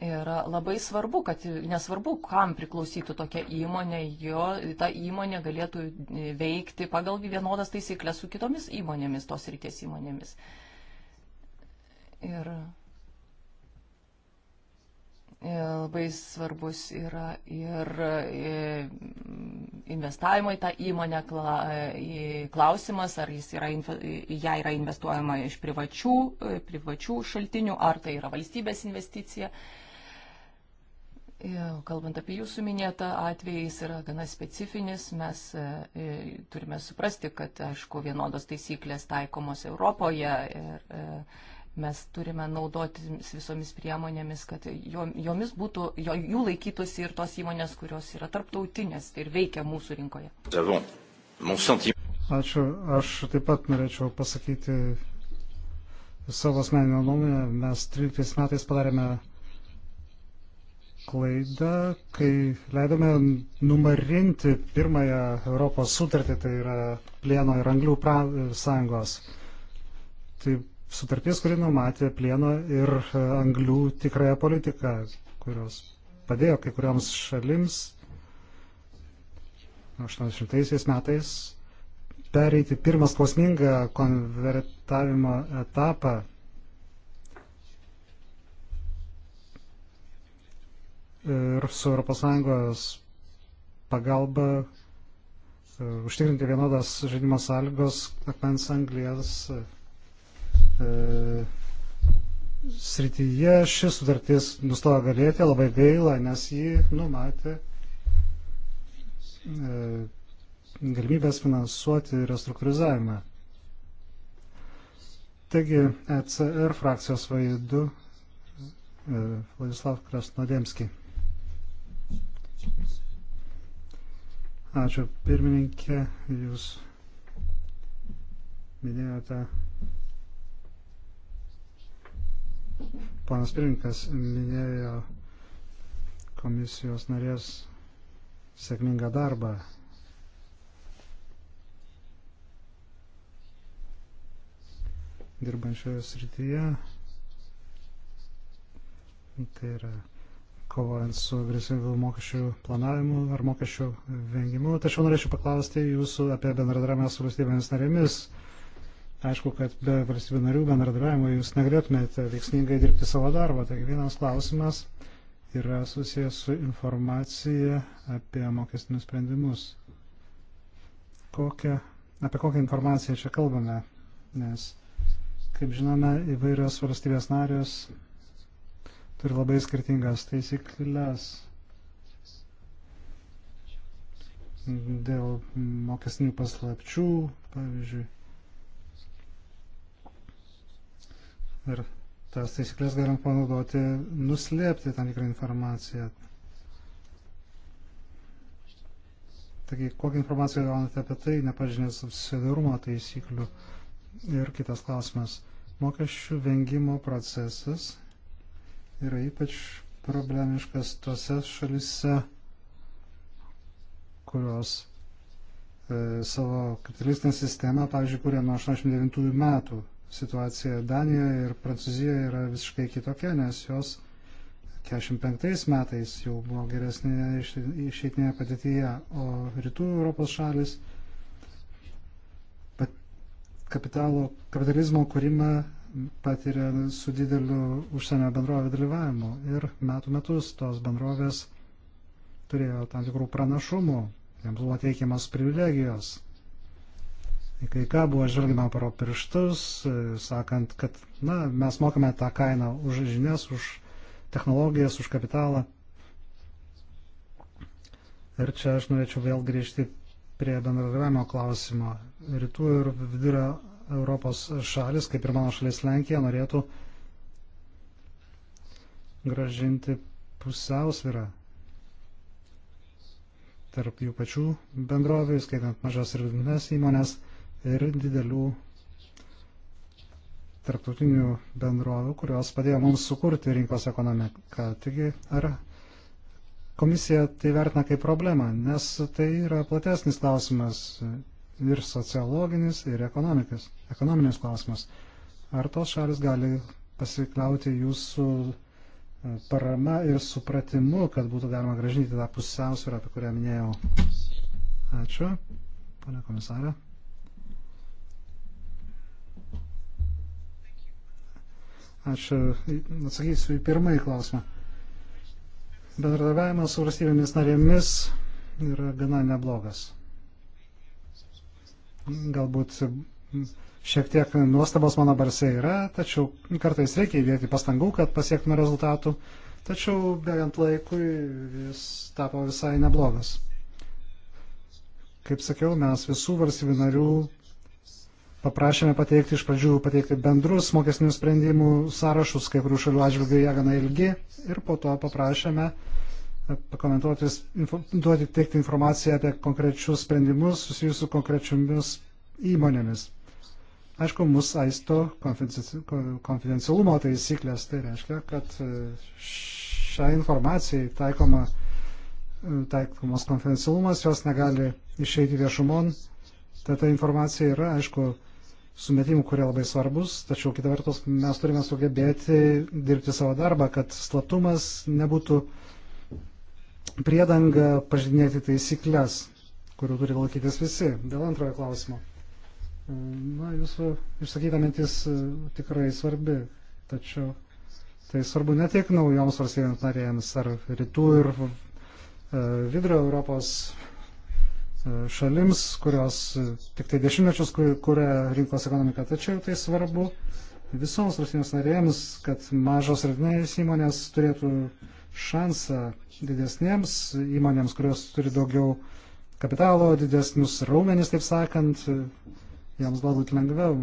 yra labai svarbu, kad nesvarbu, kam priklausytų tokia įmonė, jo ta įmonė galėtų veikti pagal vienodas taisyklės su kitomis įmonėmis, tos ryties įmonėmis. Ir e, labai svarbus yra ir e, investavimo į tą įmonę e, klausimas, ar yra, ją yra investuojama iš privačių, privačių šaltinių, ar tai yra valstybės investicija. Kalbant apie jūsų minėtą atvejį, jis yra gana specifinis. Mes e, turime suprasti, kad, aišku, vienodos taisyklės taikomos Europoje ir e, mes turime naudotis visomis priemonėmis, kad jomis būtų, jų laikytųsi ir tos įmonės, kurios yra tarptautinės ir veikia mūsų rinkoje. Ačiū. Aš taip pat norėčiau pasakyti savo asmeninę nuomonę. Mes 13 metais padarėme klaidą, kai leidome numarinti pirmąją Europos sutartį, tai yra plieno ir anglių pra, sąjungos. Tai sutartis, kuri numatė plieno ir e, anglių tikrąją politiką, kurios padėjo kai kurioms šalims 80 metais pereiti pirmą skausmingą konvertavimo etapą ir su ES pagalba e, užtikrinti vienodas žaidimo sąlygos akmens anglijas e, srityje ši sutartis nustojo galėti, labai gaila, nes ji numatė e, galimybės finansuoti restruktūrizavimą. Taigi, ECR frakcijos vaidu e, Vladislav Krasnodemski. Ačiū, pirmininkė, jūs minėjote. Panas pirmininkas minėjo komisijos narės sėkmingą darbą. Dirbančioje srityje. Tai yra kovojant su agresyviu mokesčių planavimu ar mokesčių vengimu. Tačiau norėčiau paklausti jūsų apie bendradarbiavimą su valstybėmis narėmis. Aišku, kad be valstybių narių bendradarbiavimo jūs negalėtumėte veiksmingai dirbti savo darbą. Taigi vienas klausimas yra susijęs su informacija apie mokestinius sprendimus. Kokią, apie kokią informaciją čia kalbame? Nes, kaip žinome, įvairios valstybės narios turi labai skirtingas taisyklės dėl mokesnių paslapčių, pavyzdžiui. Ir tas taisyklės galim panaudoti nuslėpti tam tikrą informaciją. Taigi, kokią informaciją gaunate apie tai, nepažinęs subsidarumo taisyklių. Ir kitas klausimas. Mokesčių vengimo procesas yra ypač problemiškas tose šalise, kurios e, savo kapitalistinę sistemą, pavyzdžiui, kūrė nuo 89 metų. Situacija Danijoje ir Prancūzijoje yra visiškai kitokia, nes jos 45 metais jau buvo geresnėje išeitinėje padėtyje, o rytų Europos šalis kapitalo, kapitalizmo kūrimą patiria su dideliu užsienio bendrovė dalyvavimu. Ir metų metus tos bendrovės turėjo tam tikrų pranašumų, jiems buvo teikiamas privilegijos. Kai ką buvo žvelgiama pro pirštus, sakant, kad na, mes mokame tą kainą už žinias, už technologijas, už kapitalą. Ir čia aš norėčiau vėl grįžti prie bendradarbiavimo klausimo. Rytų ir vidurio Europos šalis, kaip ir mano šalis Lenkija, norėtų gražinti pusiausvyrą tarp jų pačių bendrovių, skaitant mažas ir vidutinės įmonės ir didelių tarptautinių bendrovių, kurios padėjo mums sukurti rinkos ekonomiką. Taigi, ar komisija tai vertina kaip problemą, nes tai yra platesnis klausimas, ir sociologinis, ir ekonominis klausimas. Ar tos šalis gali pasikliauti jūsų e, parama ir supratimu, kad būtų galima gražinti tą pusiausvyrą, apie kurią minėjau? Ačiū, pane komisarė. Ačiū. Atsakysiu į pirmąjį klausimą. Bendradarbiavimas su valstybėmis narėmis yra gana neblogas. Galbūt šiek tiek nuostabos mano barse yra, tačiau kartais reikia įdėti pastangų, kad pasiektume rezultatų. Tačiau bėgant laikui jis tapo visai neblogas. Kaip sakiau, mes visų valstybių narių paprašėme pateikti iš pradžių pateikti bendrus mokesnių sprendimų sąrašus, kai kurių šalių atžvilgių jie gana ilgi, ir po to paprašėme pakomentuoti, duoti, teikti informaciją apie konkrečius sprendimus susijusius su konkrečiomis įmonėmis. Aišku, mus aisto konfidencialumo taisyklės, tai reiškia, kad e, šią informaciją taikoma, e, taikomas konfidencialumas, jos negali išeiti viešumon, tai ta informacija yra, aišku, sumetimų, kurie labai svarbus, tačiau kita vertus mes turime sugebėti dirbti savo darbą, kad slaptumas nebūtų uh, priedanga pažydinėti taisyklės, kurių turi laikytis visi. Dėl antrojo klausimo. E, na, jūsų išsakyta mintis e, tikrai svarbi, tačiau tai svarbu ne tik naujoms valstybėms narėjams ar rytų ir e, vidurio Europos šalims, kurios tik tai dešimtmečius kuria rinkos ekonomiką, tačiau tai svarbu visoms valstybėms narėjams, kad mažos ir vidinės įmonės turėtų uh, šansą didesnėms įmonėms, kurios turi daugiau kapitalo, didesnius raumenis, taip sakant, jiems galbūt lengviau.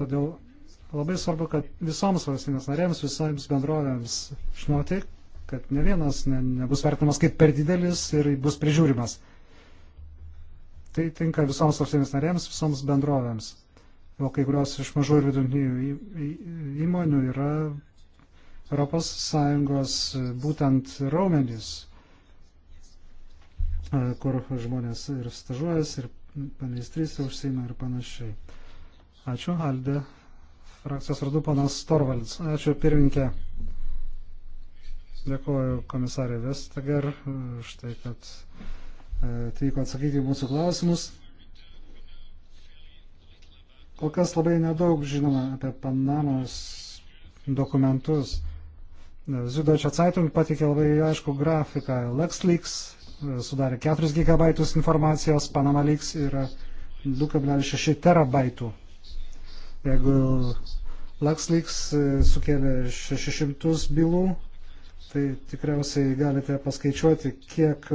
Todėl labai svarbu, kad visoms valstybės narėms, visoms bendrovėms žinoti, kad ne vienas ne, nebus vertinamas kaip per didelis ir bus prižiūrimas. Tai tinka visoms valstybės narėms, visoms bendrovėms. O kai kurios iš mažų ir vidutinių įmonių yra ES e, būtent raumenys, e, kur žmonės ir stažuojas, ir pameistrystė užsima ir panašiai. Ačiū, Alde. Frakcijos vardu panas Torvalds. Ačiū, pirminkė. Dėkuoju komisarė Vestager už tai, kad e, atvyko atsakyti į mūsų klausimus. Kol kas labai nedaug žinoma apie Panamos dokumentus. Zudočia Zeitung patikė labai aišku grafiką. LexLeaks e, sudarė 4 GB informacijos, Panama Leaks yra 2,6 terabaitų. Jeigu LexLeaks e, sukėlė 600 bylų, tai tikriausiai galite paskaičiuoti, kiek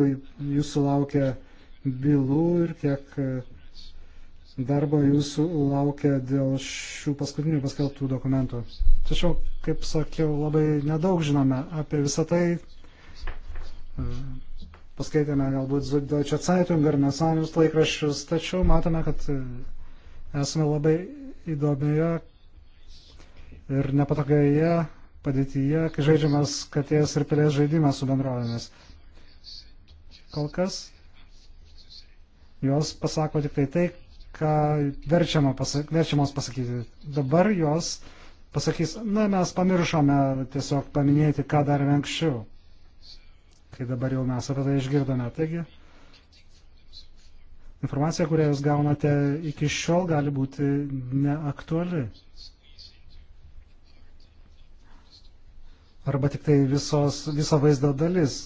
jūsų laukia bylų ir kiek e, darbo jūsų laukia dėl šių paskutinių paskelbtų dokumentų. Tačiau, kaip sakiau, labai nedaug žinome apie visą tai. Paskaitėme galbūt Deutsche Zeitung ir Nesanius laikraščius, tačiau matome, kad esame labai įdomioje ir nepatogioje padėtyje, kai žaidžiamas katės ir pelės žaidimas su bendrovėmis. Kol kas jos pasako tik tai tai, ką verčiama pasak, verčiamos pasakyti. Dabar jos pasakys, na mes pamiršome tiesiog paminėti, ką darėme anksčiau, kai dabar jau mes apie tai išgirdome. Taigi, informacija, kurią jūs gaunate iki šiol, gali būti neaktuali. Arba tik tai visos, viso vaizdo dalis.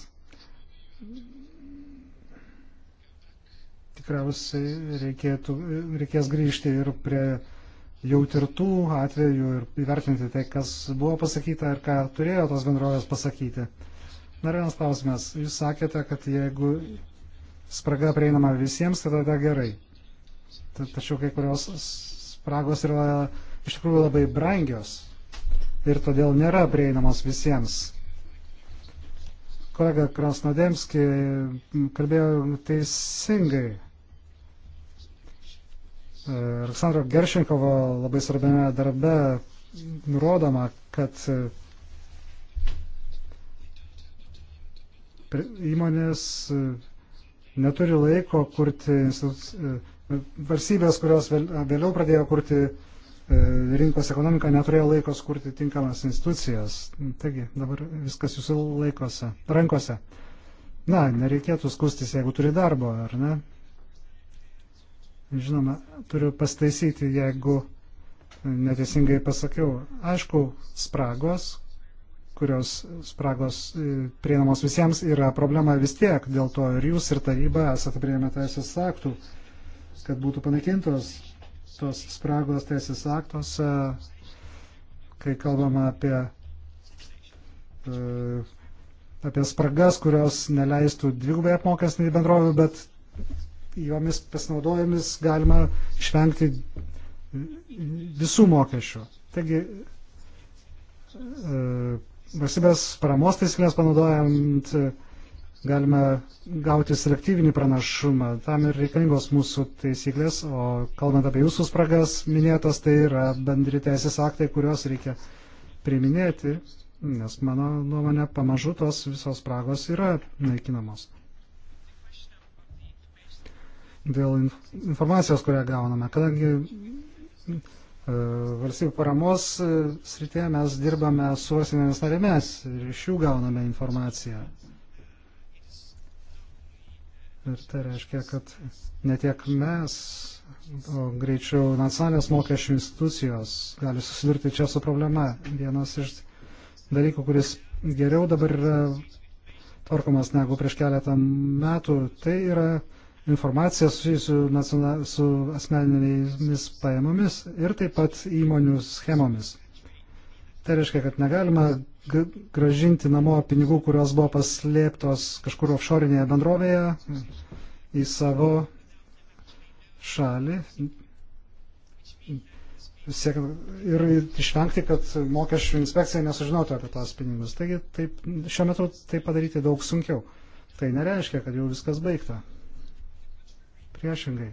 tikriausiai reikėtų, reikės grįžti ir prie jau tirtų atvejų ir įvertinti tai, kas buvo pasakyta ir ką turėjo tos bendrovės pasakyti. Dar vienas klausimas. Jūs sakėte, kad jeigu spraga prieinama visiems, tai tada gerai. Tačiau kai kurios spragos yra iš tikrųjų labai brangios ir todėl nėra prieinamos visiems. Kolega Krasnodemski kalbėjo teisingai Aleksandro Geršinkovo labai svarbiame darbe nurodoma, kad e, įmonės e, neturi laiko kurti e, valstybės, kurios vėliau pradėjo kurti rinkos ekonomiką, neturėjo laiko kurti tinkamas institucijas. Taigi, dabar viskas jūsų laikose, rankose. Na, nereikėtų skustis, jeigu turi darbo, ar ne? Žinoma, turiu pastaisyti, jeigu neteisingai pasakiau. Aišku, spragos, kurios spragos e, prieinamos visiems, yra problema vis tiek. Dėl to ir jūs, ir taryba esate prieėmę teisės aktų, kad būtų panaikintos tos spragos teisės aktuose, kai kalbama apie, e, apie spragas, kurios neleistų dvigubai apmokestinti bendrovių, bet jomis pasinaudojomis galima išvengti visų mokesčių. Taigi, e, valstybės paramos taisyklės panaudojant e, galime gauti selektyvinį pranašumą. Tam ir reikalingos mūsų taisyklės, o kalbant apie jūsų spragas minėtas, tai yra bendri teisės aktai, kuriuos reikia priminėti, nes mano nuomonė pamažu tos visos spragos yra naikinamos dėl informacijos, kurią gauname. Kadangi e, valstybių paramos e, srityje mes dirbame su valstybėmis narėmis ir iš jų gauname informaciją. Ir tai reiškia, kad ne tiek mes, o greičiau nacionalinės mokesčių institucijos gali susidurti čia su problema. Vienas iš dalykų, kuris geriau dabar yra tvarkomas negu prieš keletą metų, tai yra informaciją susijusiu su, su asmeninėmis pajamomis ir taip pat įmonių schemomis. Tai reiškia, kad negalima gražinti namo pinigų, kurios buvo paslėptos kažkur offshore'inėje bendrovėje į savo šalį siek, ir išvengti, kad mokesčių inspekcija nesužinotų apie tos pinigus. Taigi taip, šiuo metu tai padaryti daug sunkiau. Tai nereiškia, kad jau viskas baigta priešingai.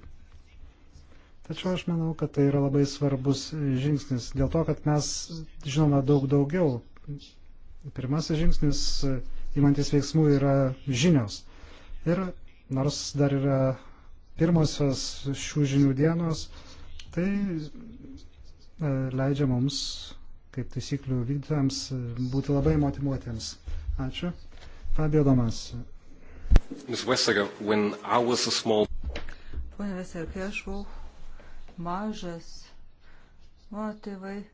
Tačiau aš manau, kad tai yra labai svarbus žingsnis, dėl to, kad mes žinome daug daugiau. Pirmasis žingsnis įmantis veiksmų yra žinios. Ir nors dar yra pirmosios šių žinių dienos, tai e, leidžia mums, kaip taisyklių vykdytojams, būti labai motivuotiems. Ačiū. Fabio Domas. Ms. Vestager, when I was a small Pone Vesel, kai aš buvau mažas, mano tėvai e,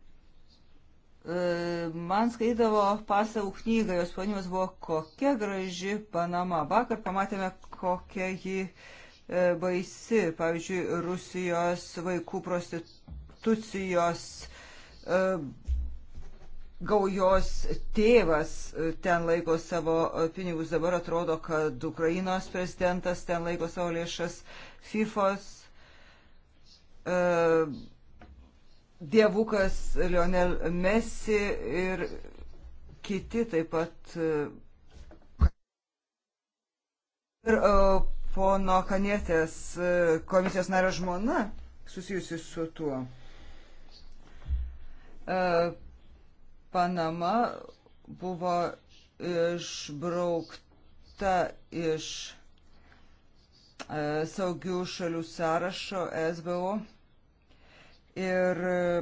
man skaidavo pasavų knygą, jos panimas buvo kokia graži Panama. Vakar pamatėme, kokia ji e, baisi. Pavyzdžiui, Rusijos vaikų prostitucijos e, gaujos tėvas ten laiko savo pinigus. Dabar atrodo, kad Ukrainos prezidentas ten laiko savo lėšas. FIFOS uh, e, dievukas Lionel Messi ir kiti taip pat. Uh, ir uh, pono Kanietės komisijos nario žmona susijusi su tuo. Panama buvo išbraukta iš E, saugių šalių sąrašo SBO. Ir e,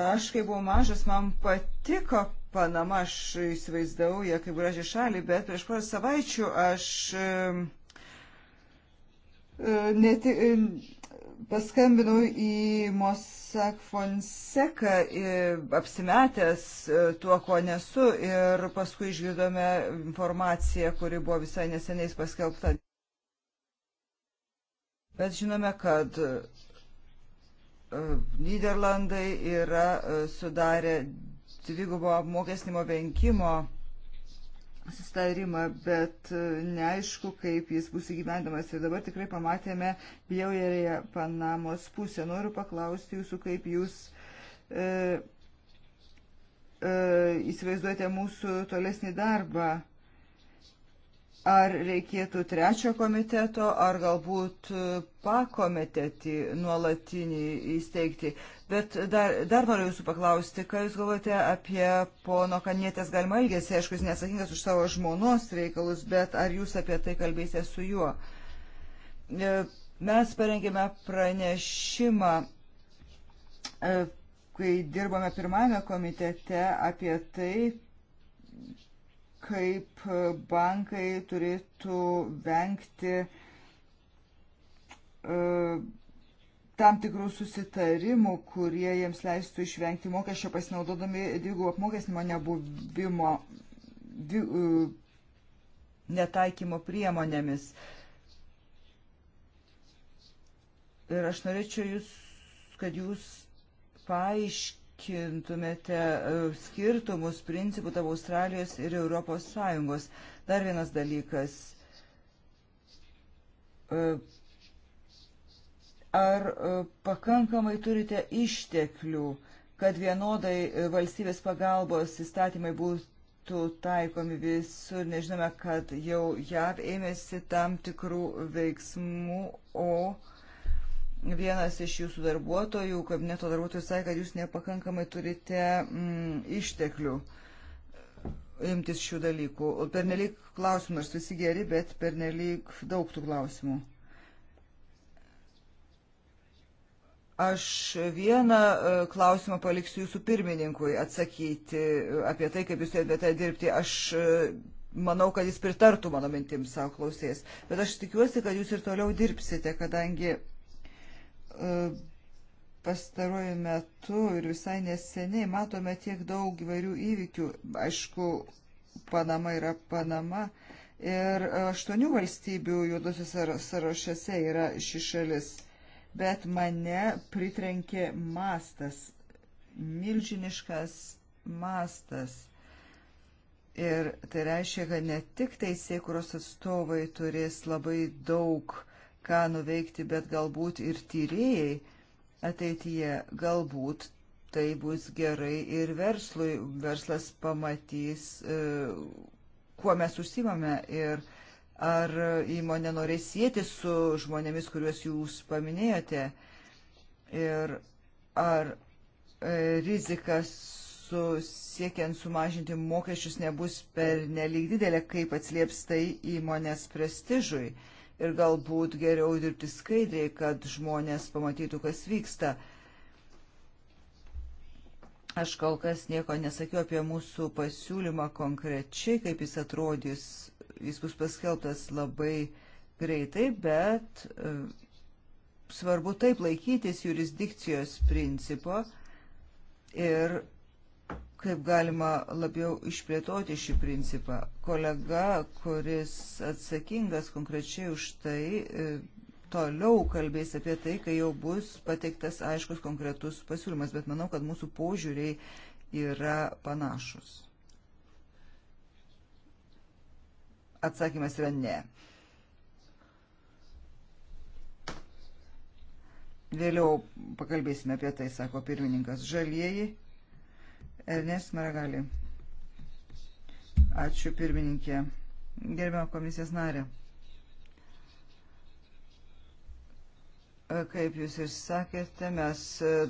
aš, kai buvau mažas, man patiko Panama, aš įsivaizdavau ją kaip gražią šalį, bet prieš porą savaičių aš e, neti, Paskambinau į Mossack Fonseca apsimetęs e, tuo, ko nesu ir paskui išgirdome informaciją, kuri buvo visai neseniai paskelbta. Bet žinome, kad e, Niderlandai yra e, sudarę dvigubo apmokestinimo venkimo sustarimą, bet e, neaišku, kaip jis bus įgyvendamas. Ir dabar tikrai pamatėme Bjaujerėje Panamos pusę. Noriu paklausti jūsų, kaip jūs e, e, įsivaizduojate mūsų tolesnį darbą. Ar reikėtų trečio komiteto, ar galbūt e, pakomitetį nuolatinį įsteigti. Bet dar, dar noriu jūsų paklausti, ką jūs galvojate apie pono Kanietės galimą elgesį. Aišku, jis neatsakingas už savo žmonos reikalus, bet ar jūs apie tai kalbėsite su juo? E, mes parengėme pranešimą, e, kai dirbome pirmame komitete, apie tai, kaip bankai turėtų vengti e, tam tikrų susitarimų, kurie jiems leistų išvengti mokesčio pasinaudodami dvigubų apmokestinimo nebuvimo, dvi, e, netaikymo priemonėmis. Ir aš norėčiau, jūs, kad jūs paaiškintumėte, paaiškintumėte e, skirtumus principų tarp Australijos ir Europos Sąjungos. Dar vienas dalykas. E, ar e, pakankamai turite išteklių, kad vienodai valstybės pagalbos įstatymai būtų būtų taikomi visur. Nežinome, kad jau JAV ėmėsi tam tikrų veiksmų, o Vienas iš jūsų darbuotojų, kabineto darbuotojų, sakė, kad jūs nepakankamai turite mm, išteklių imtis šių dalykų. Pernelyg klausimų, nors visi geri, bet pernelyg daug tų klausimų. Aš vieną e, klausimą paliksiu jūsų pirmininkui atsakyti e, apie tai, kaip jūs sėdėte dirbti. Aš e, manau, kad jis pritartų mano mintims savo klausės. Bet aš tikiuosi, kad jūs ir toliau dirbsite, kadangi E, pastaruoju metu ir visai neseniai matome tiek daug įvairių įvykių. Aišku, Panama yra Panama. Ir aštuonių valstybių juodosios sąrašuose yra ši šalis. Bet mane pritrenkė mastas. Milžiniškas mastas. Ir tai reiškia, kad ne tik teisėkuros atstovai turės labai daug uh, ką nuveikti, bet galbūt ir tyrėjai ateityje, galbūt tai bus gerai ir verslui. Verslas pamatys, e, kuo mes užsimame ir ar įmonė norės sėti su žmonėmis, kuriuos jūs paminėjote. Ir ar e, rizikas su siekiant sumažinti mokesčius nebus per nelik didelė, kaip atslieps tai įmonės prestižui ir galbūt geriau dirbti skaidriai, kad žmonės pamatytų, kas vyksta. Aš kol kas nieko nesakiau apie mūsų pasiūlymą konkrečiai, kaip jis atrodys. Jis bus paskelbtas labai greitai, bet e, svarbu taip laikytis jurisdikcijos principo ir kaip galima labiau išplėtoti šį principą. Kolega, kuris atsakingas konkrečiai už tai, e, toliau kalbės apie tai, kai jau bus pateiktas aiškus konkretus pasiūlymas, bet manau, kad mūsų požiūriai yra panašus. Atsakymas yra ne. Vėliau pakalbėsime apie tai, sako pirmininkas Žalieji. Ernest Maragali. Ačiū pirmininkė. Gerbiamo komisijos narė. Kaip jūs ir sakėte, mes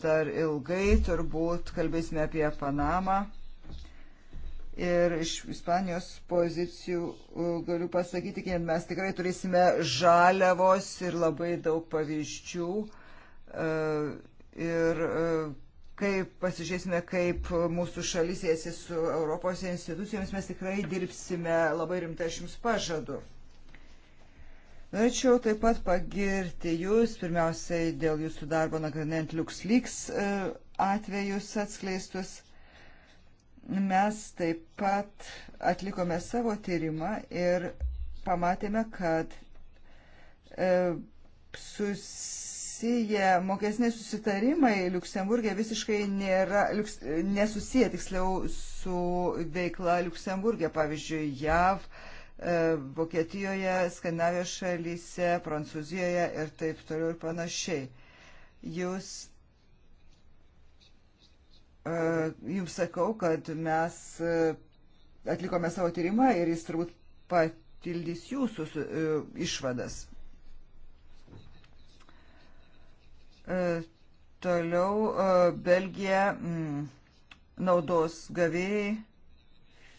dar ilgai turbūt kalbėsime apie Panamą. Ir iš Ispanijos pozicijų galiu pasakyti, kad mes tikrai turėsime žaliavos ir labai daug pavyzdžių. E, ir e, Kaip pasižiūrėsime, kaip mūsų šalis ėsi su Europos institucijomis, mes tikrai dirbsime labai rimtai, aš jums pažadu. Norėčiau taip pat pagirti Jūs, pirmiausiai dėl Jūsų darbo nagrinant LuxLeaks e, atvejus atskleistus. Mes taip pat atlikome savo tyrimą ir pamatėme, kad e, sus susiję mokesniai susitarimai Luksemburgė visiškai nėra, liuks, nesusiję tiksliau su veikla Luksemburgė, pavyzdžiui, JAV, e, Vokietijoje, Skandinavijos šalyse, Prancūzijoje ir taip toliau ir panašiai. Jūs, e, jums sakau, kad mes e, atlikome savo tyrimą ir jis turbūt patildys jūsų išvadas. E, toliau e, Belgija mm, naudos gavėjai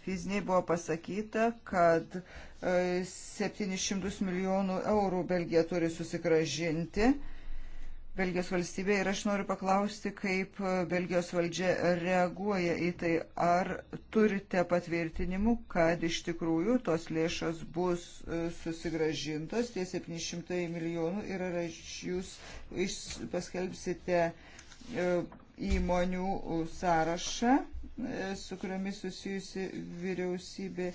fiziniai buvo pasakyta, kad 700 e, milijonų eurų Belgija turi susigražinti Belgijos valstybė ir aš noriu paklausti, kaip Belgijos valdžia reaguoja į tai, ar turite patvirtinimų, kad iš tikrųjų tos lėšos bus e, susigražintos, tie 700 milijonų ir ar jūs paskelbsite e, įmonių sąrašą, e, su kuriomis susijusi vyriausybė.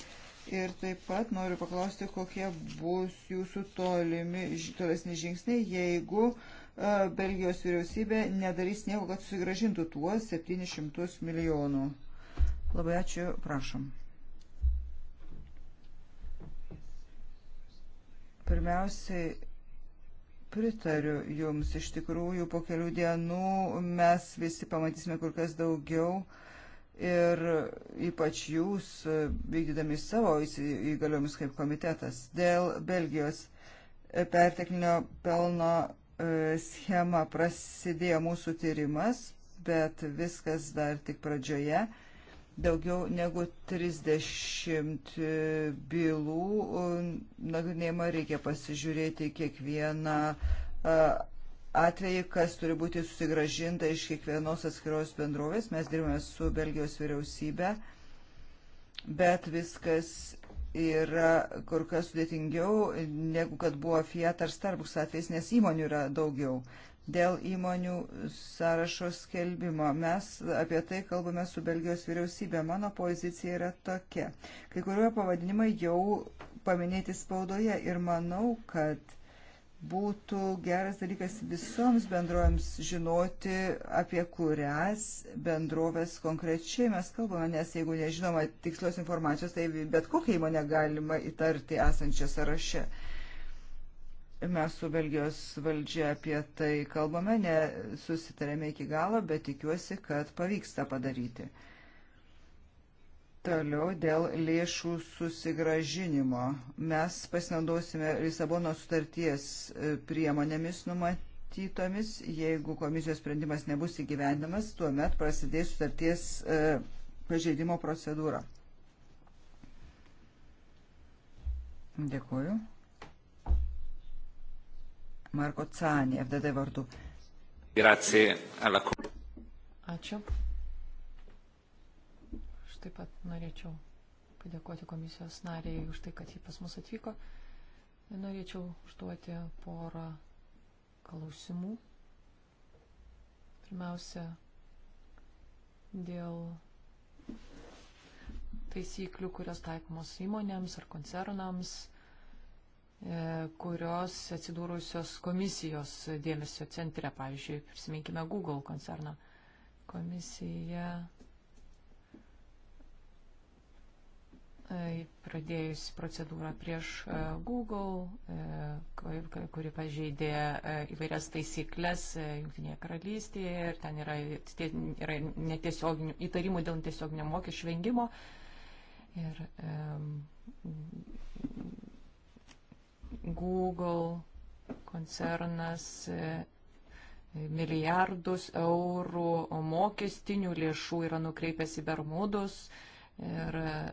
Ir taip pat noriu paklausti, kokie bus jūsų tolimi, tolesni žingsniai, jeigu uh, E, Belgijos vyriausybė nedarys nieko, kad susigražintų tuos 700 milijonų. Labai ačiū, prašom. Pirmiausiai, pritariu Jums, iš tikrųjų po kelių dienų mes visi pamatysime kur kas daugiau ir ypač Jūs, e, vykdydami savo įgaliomis kaip komitetas, dėl Belgijos e, perteklinio pelno E, schemą prasidėjo mūsų tyrimas, bet viskas dar tik pradžioje. Daugiau negu 30 bylų e, nagrinėjimą reikia pasižiūrėti kiekvieną e, atvejį, kas turi būti susigražinta iš kiekvienos atskiros bendrovės. Mes dirbame su Belgijos vyriausybe, bet viskas yra kur kas sudėtingiau negu kad buvo Fiat ar Starbucks atvejs, nes įmonių yra daugiau. Dėl įmonių sąrašo skelbimo mes apie tai kalbame su Belgijos vyriausybė. Mano pozicija yra tokia. Kai kurio pavadinimai jau paminėti spaudoje ir manau, kad būtų geras dalykas visoms bendrovėms žinoti, apie kurias bendrovės konkrečiai mes kalbame, nes jeigu nežinoma tikslios informacijos, tai bet kokią įmonę galima įtarti esančią sąraše. Mes su Belgijos valdžia apie tai kalbame, nesusitarėme iki galo, bet tikiuosi, kad pavyks tą padaryti. Toliau dėl lėšų susigražinimo. Mes pasinaudosime Lisabono sutarties e, priemonėmis numatytomis. Jeigu komisijos sprendimas nebus įgyvendamas, tuomet prasidės sutarties e, pažeidimo procedūra. Dėkuoju. Marko Cani, FDD vardu. Grazie alla Ačiū taip pat norėčiau padėkoti komisijos nariai už tai, kad jį pas mus atvyko. Norėčiau užduoti porą klausimų. Pirmiausia, dėl taisyklių, kurios taikomos įmonėms ar koncernams, e, kurios atsidūrusios komisijos dėmesio centre, pavyzdžiui, prisiminkime Google koncerną. Komisija E, pradėjus procedūrą prieš e, Google, e, kuri pažeidė įvairias taisyklės Junktinėje karalystėje ir ten yra, yra įtarimų dėl netiesioginio mokesčių vengimo. Ir um, Google koncernas milijardus eurų mokestinių lėšų yra nukreipęs į Bermudus. Uh, Ir e,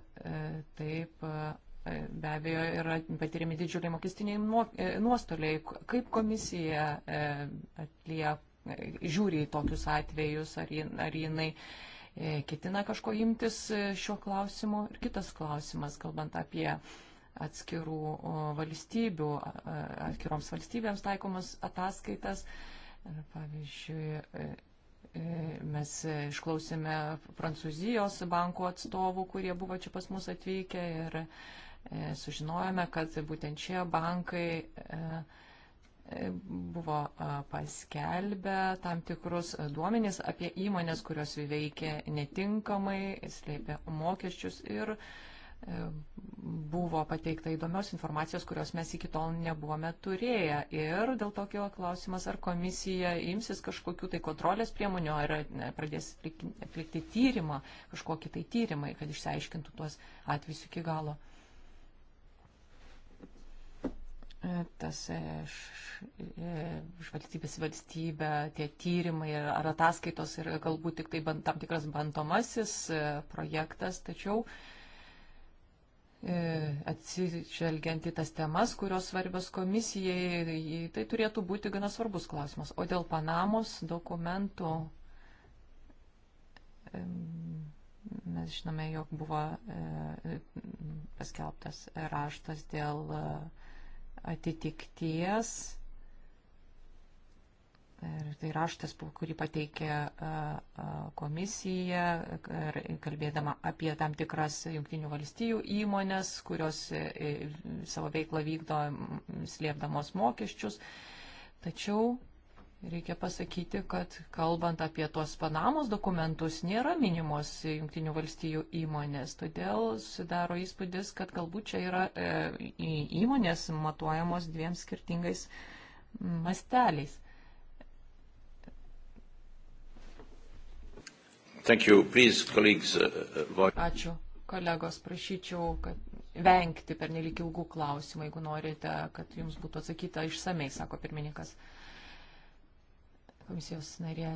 taip e, be abejo yra patiriami didžiuliai mokestiniai e, nuostoliai. Kaip komisija atlieka, žiūri į tokius atvejus, ar, ar jinai ketina kažko imtis šiuo klausimu. Ir kitas klausimas, kalbant apie atskirų valstybių, atskiroms valstybėms taikomas ataskaitas. Pavyzdžiui, Mes išklausėme Prancūzijos bankų atstovų, kurie buvo čia pas mus atvykę ir e, sužinojome, kad būtent šie bankai e, buvo e, paskelbę tam tikrus duomenys apie įmonės, kurios veikia netinkamai, slėpė mokesčius ir uh, E, buvo pateikta įdomios informacijos, kurios mes iki tol nebuvome turėję. Ir dėl tokio klausimas, ar komisija imsis kažkokių tai kontrolės priemonių, ar pradės atlikti tyrimą, kažkokį tai tyrimą, kad išsiaiškintų tuos atvejus iki galo. E, tas iš, e, iš valstybės valstybę tie tyrimai ar ataskaitos ir galbūt tik tai bent, tam tikras bandomasis projektas, tačiau uh, E, atsižvelgiant į tas temas, kurios svarbios komisijai, tai turėtų būti gana svarbus klausimas. O dėl Panamos dokumentų mes žinome, jog buvo e, paskelbtas raštas dėl e, atitikties Ir tai raštas, kurį pateikė komisija, kalbėdama apie tam tikras jungtinių valstijų įmonės, kurios e, e, savo veiklą vykdo slėpdamos mokesčius. Tačiau reikia pasakyti, kad kalbant apie tuos Panamos dokumentus, nėra minimos jungtinių valstijų įmonės. Todėl susidaro įspūdis, kad galbūt čia yra e, įmonės matuojamos dviem skirtingais masteliais. Thank you. Please, colleagues, uh, uh Ačiū. Kolegos, prašyčiau, kad vengti per nelik ilgų klausimų, jeigu norite, kad jums būtų atsakyta išsamei, sako pirmininkas. Komisijos narė.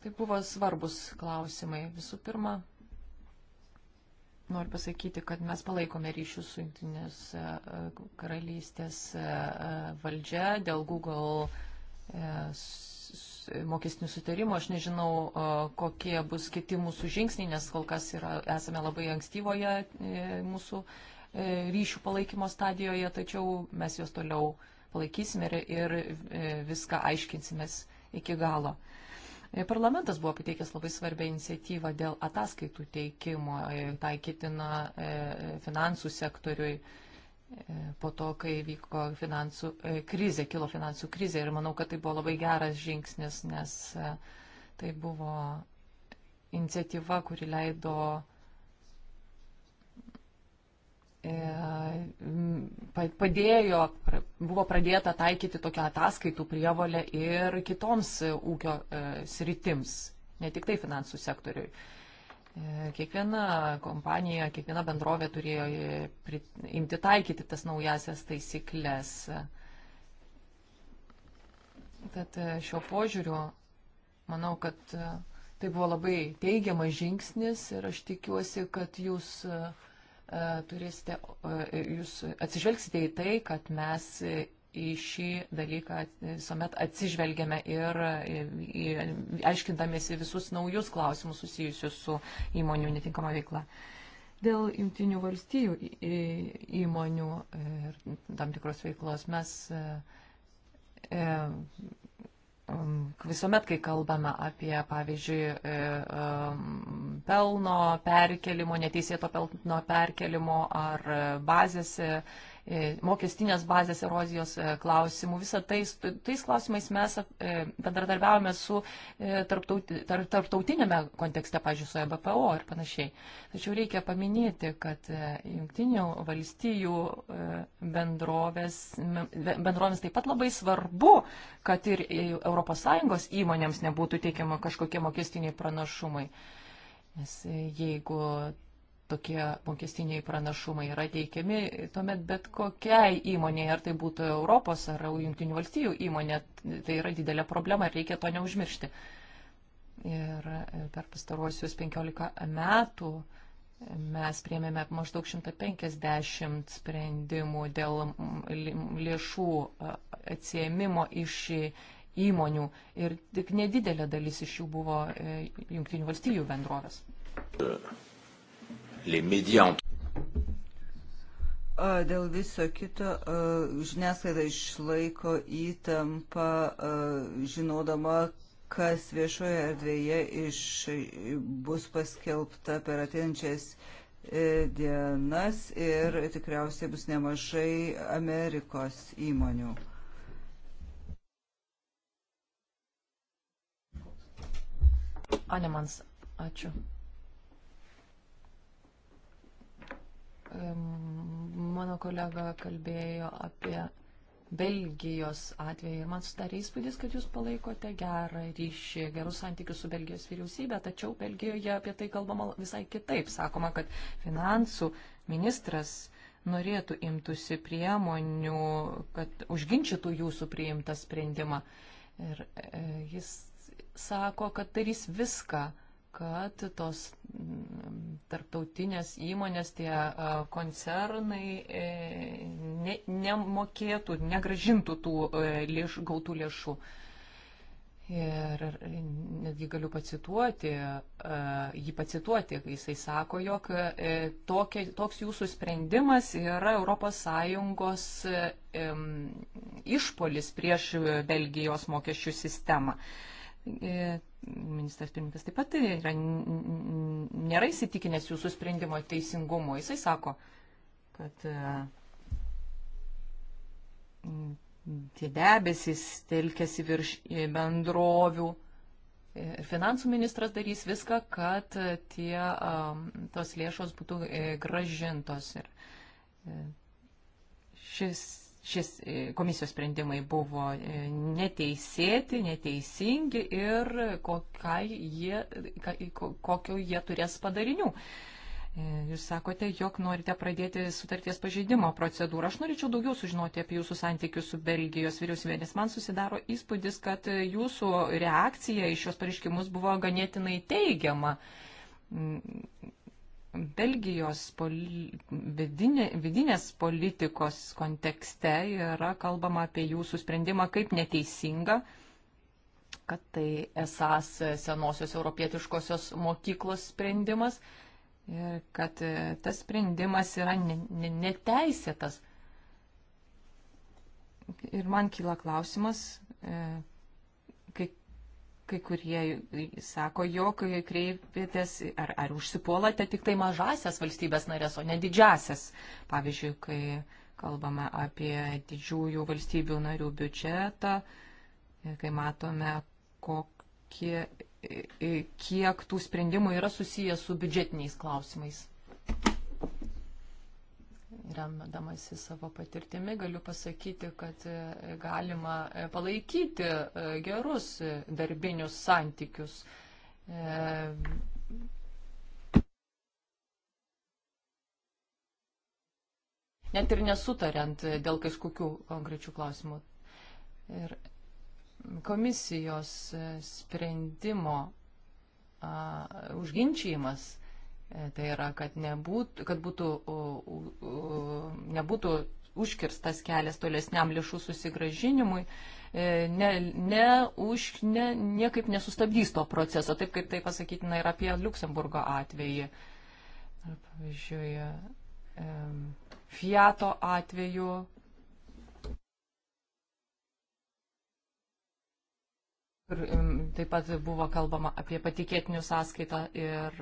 Tai buvo svarbus klausimai. Visų pirma, noriu pasakyti, kad mes palaikome ryšius su Junktinės uh, karalystės uh, valdžia dėl Google mokestinių sutarimų. Aš nežinau, kokie bus kiti mūsų žingsniai, nes kol kas yra, esame labai ankstyvoje e, mūsų e, ryšių palaikymo stadijoje, tačiau mes juos toliau palaikysime ir e, viską aiškinsimės iki galo. Parlamentas buvo pateikęs labai svarbę iniciatyvą dėl ataskaitų teikimo taikytina finansų sektoriui E, po to, kai vyko finansų e, krizė, kilo finansų krizė ir manau, kad tai buvo labai geras žingsnis, nes e, tai buvo iniciatyva, kuri leido padėjo, buvo pradėta taikyti tokią ataskaitų prievalę ir kitoms ūkio sritims, ne tik tai finansų sektoriui. E, kiekviena kompanija, kiekviena bendrovė turėjo imti taikyti tas naujasias taisyklės. Tad e, šio požiūriu, manau, kad e, tai buvo labai teigiamas žingsnis ir aš tikiuosi, kad jūs turėsite, jūs atsižvelgsite į tai, kad mes į šį dalyką visuomet atsižvelgiame ir e, aiškindamėsi visus naujus klausimus susijusius su įmonių netinkama veikla. Dėl jungtinių valstybių įmonių ir e, tam tikros veiklos mes e, visuomet, kai kalbame apie, pavyzdžiui, pelno perkelimo, neteisėto pelno perkelimo ar bazėse E, mokestinės bazės erozijos e, klausimų. Visą tais, tais klausimais mes e, bendradarbiavome su tarptauti, tarptautinėme kontekste, pažiūrėjau, su EBPO ir panašiai. Tačiau reikia paminėti, kad jungtinių valstijų bendrovės, bendrovės taip pat labai svarbu, kad ir ES įmonėms nebūtų teikiama kažkokie mokestiniai pranašumai. Nes jeigu tokie mokestiniai pranašumai yra teikiami, tuomet bet kokiai įmonėje, ar tai būtų Europos ar Junktinių valstybių įmonė, tai yra didelė problema ir reikia to neužmiršti. Ir e, per pastaruosius 15 metų mes priemėme maždaug 150 sprendimų dėl lėšų e, atsiemimo iš įmonių ir tik nedidelė dalis iš jų buvo e, Junktinių valstybių bendrovės. Yeah les médias entre dėl viso kito žiniasklaida išlaiko įtampą, žinodama, kas viešoje erdvėje iš, bus paskelbta per ateinančias e, dienas ir tikriausiai bus nemažai Amerikos įmonių. Anemans, ačiū. Mano kolega kalbėjo apie Belgijos atvejį ir man sudarė įspūdis, kad jūs palaikote gerą ryšį, gerus santykius su Belgijos vyriausybė, tačiau Belgijoje apie tai kalbama visai kitaip. Sakoma, kad finansų ministras norėtų imtųsi priemonių, kad užginčytų jūsų priimtą sprendimą. Ir e, jis sako, kad darys viską, e, kad tos mm, tarptautinės įmonės, tie koncernai e, ne, nemokėtų, negražintų tų e, lėš, gautų lėšų. Ir netgi galiu pacituoti, jį pacituoti, kai jisai sako, jog e, tokia, toks jūsų sprendimas yra ES išpolis prieš Belgijos mokesčių sistemą. E, ministras pirmininkas taip pat yra, nėra įsitikinęs jūsų sprendimo teisingumo. Jisai sako, kad e, tie debesys telkėsi virš bendrovių. Ir e, finansų ministras darys viską, kad tie, tos lėšos būtų gražintos. Ir šis šis e, komisijos sprendimai buvo e, neteisėti, neteisingi ir jie, kokiu jie turės padarinių. E, jūs sakote, jog norite pradėti sutarties pažeidimo procedūrą. Aš norėčiau daugiau sužinoti apie jūsų santykius su Belgijos vyriausybė, nes man susidaro įspūdis, kad jūsų reakcija į šios pareiškimus buvo ganėtinai teigiama mm, Belgijos poli, vidinė, vidinės politikos kontekste yra kalbama apie jūsų sprendimą kaip neteisinga, kad tai esas senosios europietiškosios mokyklos sprendimas ir kad e, tas sprendimas yra neteisėtas. Ir man kyla klausimas, e, kai kurie sako, jog kreipėtės ar, ar užsipuolate tik tai mažasias valstybės narės, o ne didžiasias. Pavyzdžiui, kai kalbame apie didžiųjų valstybių narių biudžetą, kai matome, kokie, kiek tų sprendimų yra susijęs su biudžetiniais klausimais remdamasi savo patirtimi, galiu pasakyti, kad e, galima e, palaikyti e, gerus darbinius santykius. Net ir nesutariant dėl kažkokių konkrečių klausimų. Ir komisijos sprendimo užginčiamas E, tai yra, kad, nebūt, kad būtų, nebūtų užkirstas kelias tolesniam lėšų susigražinimui, e, ne, ne už, ne, niekaip nesustabdys to proceso, taip kaip tai pasakytina ir apie Luksemburgo atvejį. Ar, pavyzdžiui, e, Fiato atveju Ir taip pat buvo kalbama apie patikėtinių sąskaitą ir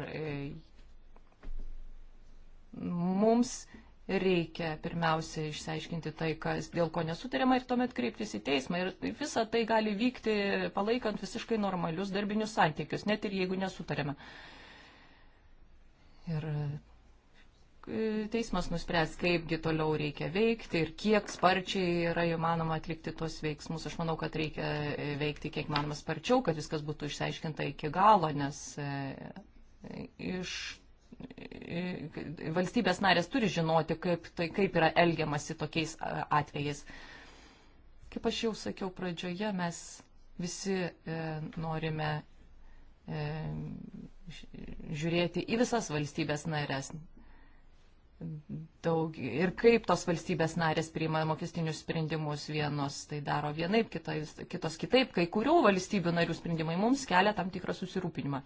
mums reikia pirmiausia išsiaiškinti tai, kas, dėl ko nesutarima ir tuomet kreiptis į teismą. Ir visa tai gali vykti palaikant visiškai normalius darbinius santykius, net ir jeigu nesutarime. Ir e, teismas nuspręs, kaipgi toliau reikia veikti ir kiek sparčiai yra įmanoma atlikti tuos veiksmus. Aš manau, kad reikia e, veikti kiek manoma sparčiau, kad viskas būtų išsiaiškinta iki galo, nes e, iš E, valstybės narės turi žinoti, kaip, tai, kaip yra elgiamasi tokiais atvejais. Kaip aš jau sakiau pradžioje, mes visi e, norime e, žiūrėti į visas valstybės narės. Daug, ir kaip tos valstybės narės priima mokestinius sprendimus, vienos tai daro vienaip, kitos, kitos kitaip, kai kurių valstybių narių sprendimai mums kelia tam tikrą susirūpinimą.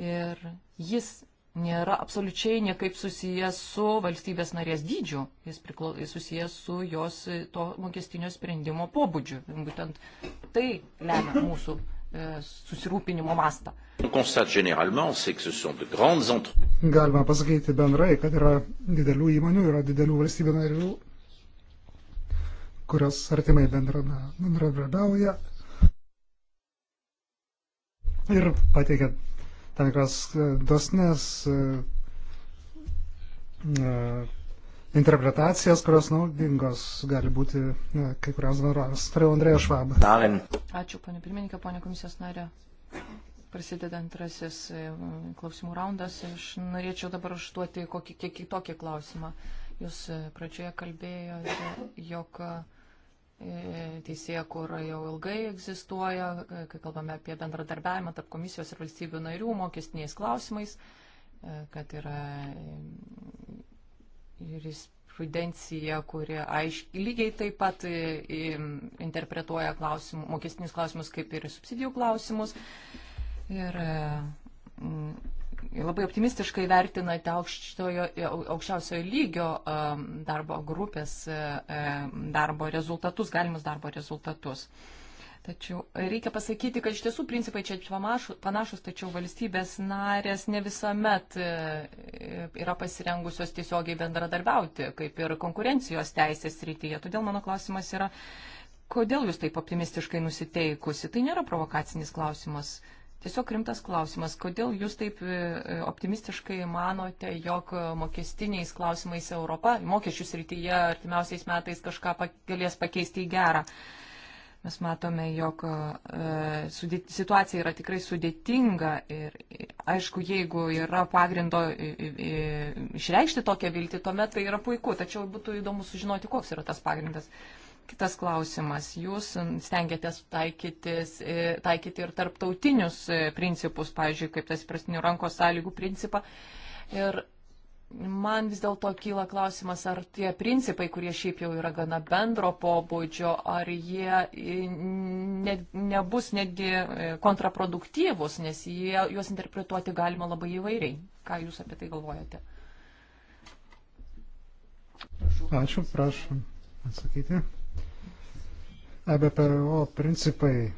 Ir jis nėra absoliučiai niekaip susijęs su valstybės narės dydžiu, jis, priklo, jis susijęs su jos e, to mokestinio sprendimo pobūdžiu. Būtent tai lemia mūsų e, susirūpinimo mastą. Galima pasakyti bendrai, kad yra didelių įmonių, yra didelių valstybių narių, kurios artimai bendradarbiauja ir pateikia tam tikras e, dosnes e, e, interpretacijas, kurios naudingos gali būti kai kuriams bendrovėms. Tariau Andrėja Švab. Ačiū, ponė pirmininkė, ponė komisijos narė. Prasideda antrasis klausimų raundas. Aš norėčiau dabar užduoti kokį kiek kitokį klausimą. Jūs pradžioje kalbėjote, jog. Jok teisėje, kur jau ilgai egzistuoja, kai kalbame apie bendradarbiavimą tarp komisijos ir valstybių narių mokestiniais klausimais, kad yra jurisprudencija, kuri aiškiai lygiai taip pat interpretuoja klausimų, mokestinius klausimus kaip ir subsidijų klausimus. Ir mm, labai optimistiškai vertinate aukštojo, aukščiausiojo lygio darbo grupės darbo rezultatus, galimus darbo rezultatus. Tačiau reikia pasakyti, kad iš tiesų principai čia panašus, tačiau valstybės narės ne visuomet e, yra pasirengusios tiesiogiai bendradarbiauti, kaip ir konkurencijos teisės rytyje. Todėl mano klausimas yra, kodėl jūs taip optimistiškai nusiteikusi? Tai nėra provokacinis klausimas Tiesiog rimtas klausimas, kodėl jūs taip e, e, optimistiškai manote, jog mokestiniais klausimais Europa, mokesčių srityje artimiausiais metais kažką galės pakeisti į gerą? Mes matome, jog e, situacija yra tikrai sudėtinga ir aišku, jeigu yra pagrindo išreikšti tokią viltį, tuomet tai yra puiku, tačiau būtų įdomu sužinoti, koks yra tas pagrindas. Kitas klausimas. Jūs stengiatės taikytis, e, taikyti ir tarptautinius e, principus, pavyzdžiui, kaip tas prastinių rankos sąlygų principą. Ir man vis dėlto kyla klausimas, ar tie principai, kurie šiaip jau yra gana bendro pobūdžio, ar jie e, ne, nebus netgi kontraproduktyvus, nes jie, juos interpretuoti galima labai įvairiai. Ką Jūs apie tai galvojate? Ačiū, prašom atsakyti. EBPO principai.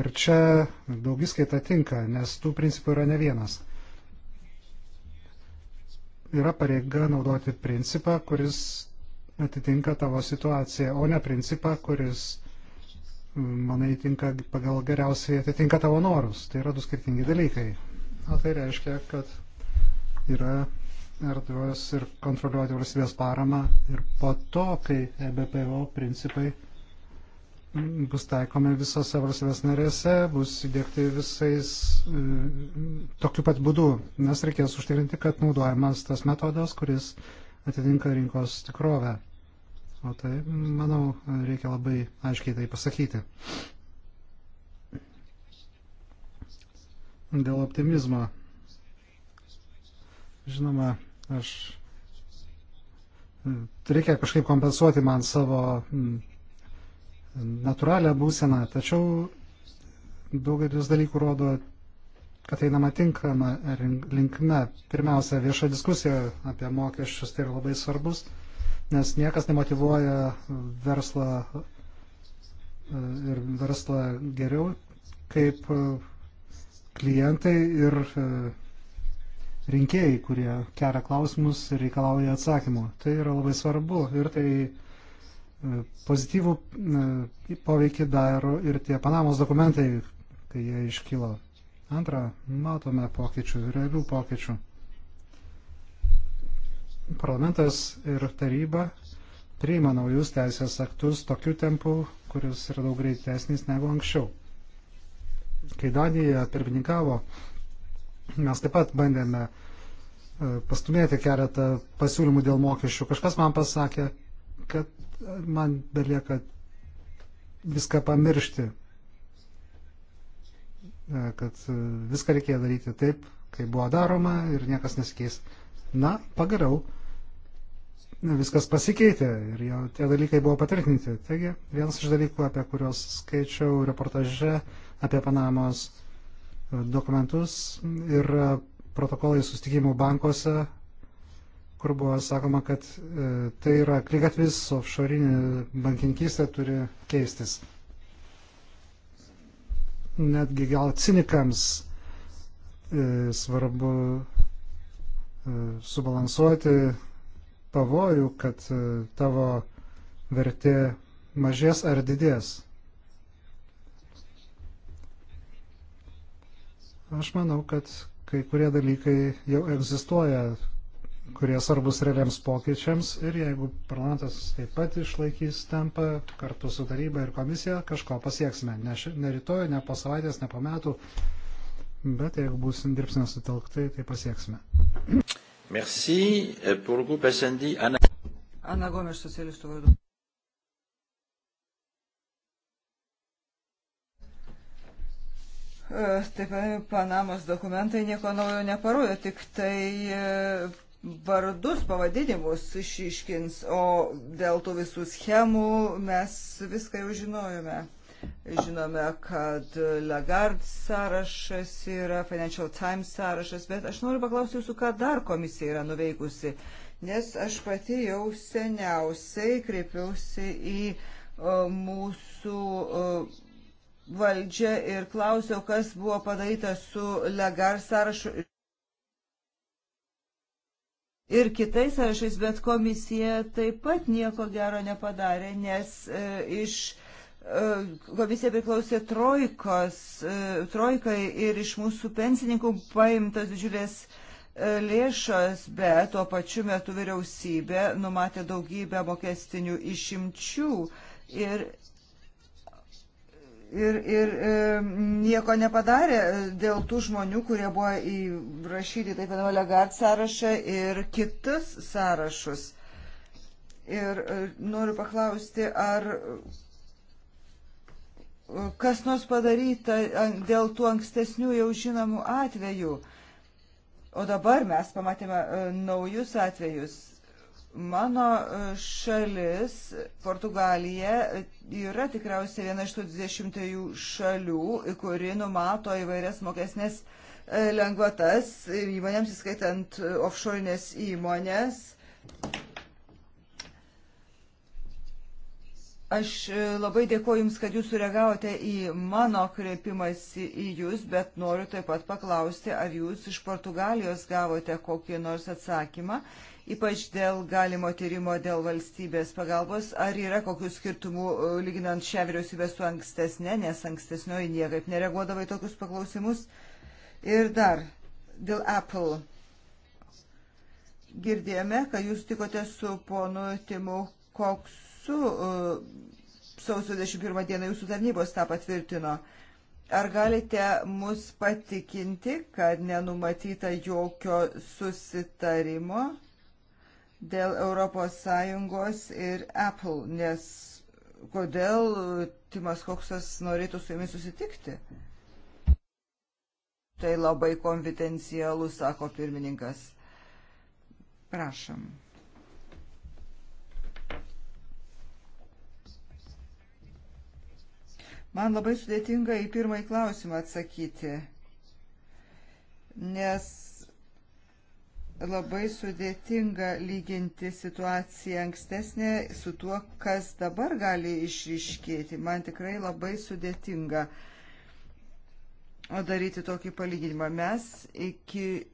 Ir čia daugiskaita tinka, nes tų principų yra ne vienas. Yra pareiga naudoti principą, kuris atitinka tavo situaciją, o ne principą, kuris, manai, tinka pagal geriausiai atitinka tavo norus. Tai yra du skirtingi dalykai. O tai reiškia, kad yra erdvės ir kontroliuoti valstybės paramą ir po to, kai EBPO principai bus taikomi visose valstybės narėse, bus įdėkti visais e, tokiu pat būdu, nes reikės užtikrinti, kad naudojamas tas metodas, kuris atitinka rinkos tikrovę. O tai, manau, reikia labai aiškiai tai pasakyti. Dėl optimizmo. Žinoma, Aš mm, reikia kažkaip kompensuoti man savo mm, natūralią būseną, tačiau daugelis dalykų rodo, kad einama tinkama linkme. Pirmiausia, vieša diskusija apie mokesčius tai yra labai svarbus, nes niekas nemotivuoja verslą ir verslą geriau kaip klientai ir rinkėjai, kurie kelia klausimus ir reikalauja atsakymų. Tai yra labai svarbu ir tai e, pozityvų e, poveikį daro ir tie Panamos dokumentai, kai jie iškilo. Antra, matome pokyčių, realių pokyčių. Parlamentas ir taryba priima naujus teisės aktus tokiu tempu, kuris yra daug greitesnis negu anksčiau. Kai Danija pirmininkavo, Mes taip pat bandėme e, pastumėti keletą pasiūlymų dėl mokesčių. Kažkas man pasakė, kad e, man belieka viską pamiršti, e, kad viską reikėjo daryti taip, kaip buvo daroma ir niekas nesikeis. Na, pagaliau viskas pasikeitė ir jau tie dalykai buvo patvirtinti. Taigi, vienas iš dalykų, apie kuriuos skaičiau reportaže apie Panamos dokumentus ir e, protokolai sustikimų bankuose, kur buvo sakoma, kad e, tai yra klygatvis, offshore bankininkystė turi keistis. Netgi gal cinikams e, svarbu subalansuoti pavojų, kad tavo vertė mažės ar didės. Aš manau, kad kai kurie dalykai jau egzistuoja, kurie svarbus realiams pokyčiams ir jeigu parlamentas taip pat išlaikys tempą kartu su taryba ir komisija, kažko pasieksime. Ne, ši, ne rytoj, ne po savaitės, ne po metų, bet jeigu būsim dirbsime sutelktai, tai pasieksime. Merci pour le groupe SND. Ana, Ana Gomes, socialistų vardu. E, taip, e, Panamos dokumentai nieko naujo neparodo, tik tai e, vardus, pavadinimus išiškins, o dėl tų visų schemų mes viską jau žinojome. Žinome, kad Lagarde sąrašas yra, Financial Times sąrašas, bet aš noriu paklausti jūsų, ką dar komisija yra nuveikusi, nes aš pati jau seniausiai kreipiausi į mūsų valdžia ir klausiau, kas buvo padaryta su legar sąrašu ir kitais sąrašais, bet komisija taip pat nieko gero nepadarė, nes e, iš e, komisija priklausė trojkos, e, trojkai ir iš mūsų pensininkų paimtos didžiulės e, lėšos, bet tuo pačiu metu vyriausybė numatė daugybę mokestinių išimčių ir ir, ir e, nieko nepadarė dėl tų žmonių, kurie buvo įrašyti taip vadinamą legat sąrašą ir kitus sąrašus. Ir e, noriu paklausti, ar e, kas nors padaryta dėl tų ankstesnių jau žinomų atvejų. O dabar mes pamatėme e, naujus atvejus Mano e, šalis, Portugalija, yra tikriausiai viena iš tų 23 šalių, kuri numato įvairias mokesnės e, lengvatas įmonėms, įskaitant e, offshore'inės įmonės. Aš labai dėkuoju Jums, kad Jūs sureagavote į mano kreipimąsi į Jūs, bet noriu taip pat paklausti, ar Jūs iš Portugalijos gavote kokį nors atsakymą ypač dėl galimo tyrimo dėl valstybės pagalbos. Ar yra kokių skirtumų e, lyginant šią vyriausybę su ankstesnė, nes ankstesnioji niekaip nereaguodavo į tokius paklausimus? Ir dar dėl Apple. Girdėjome, kad jūs tikote su ponu Timu Koksu. E, sausio 21 dieną jūsų tarnybos tą patvirtino. Ar galite mus patikinti, kad nenumatyta jokio susitarimo dėl ES ir Apple, nes kodėl Timas Koksas norėtų su jumis susitikti? Tai labai konfidencialu, sako pirmininkas. Prašom. Man labai sudėtinga į pirmąjį klausimą atsakyti, nes labai sudėtinga lyginti situaciją ankstesnė su tuo, kas dabar gali išryškėti. Man tikrai labai sudėtinga daryti tokį palyginimą. Mes iki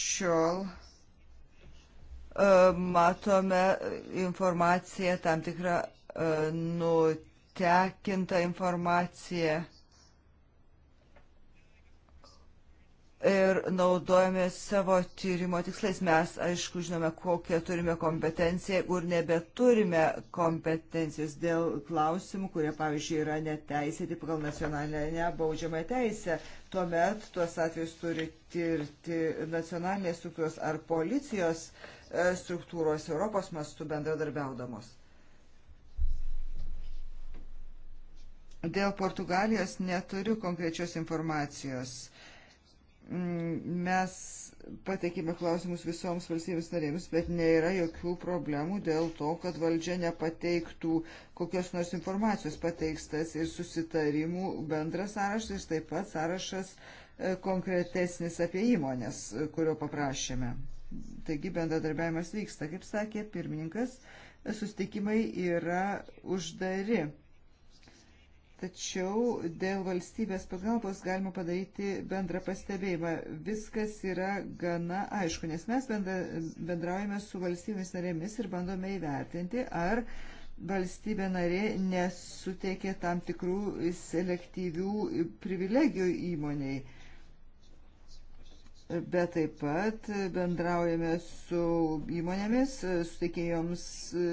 šiol uh, matome informaciją, tam tikrą uh, nutekintą informaciją ir naudojame savo tyrimo tikslais. Mes, aišku, žinome, kokią turime kompetenciją ir nebeturime kompetencijos dėl klausimų, kurie, pavyzdžiui, yra neteisėti pagal nacionalinę baudžiamą teisę. Tuomet tuos atvejus turi tirti nacionalinės struktūros ar policijos e, struktūros Europos mastu bendradarbiaudamos. Dėl Portugalijos neturiu konkrečios informacijos Mm, mes pateikime klausimus visoms valstybės narėms, bet nėra jokių problemų dėl to, kad valdžia nepateiktų kokios nors informacijos pateikstas ir susitarimų bendras sąrašas, taip pat sąrašas e, konkretesnis apie įmonės, e, kurio paprašėme. Taigi bendradarbiavimas vyksta, kaip sakė pirmininkas, e, sustikimai yra uždari Tačiau dėl valstybės pagalbos galima padaryti bendrą pastebėjimą. Viskas yra gana aišku, nes mes bendraujame su valstybėmis narėmis ir bandome įvertinti, ar valstybė narė nesuteikė tam tikrų selektyvių privilegijų įmoniai. Bet taip pat bendraujame su įmonėmis, suteikėjoms e,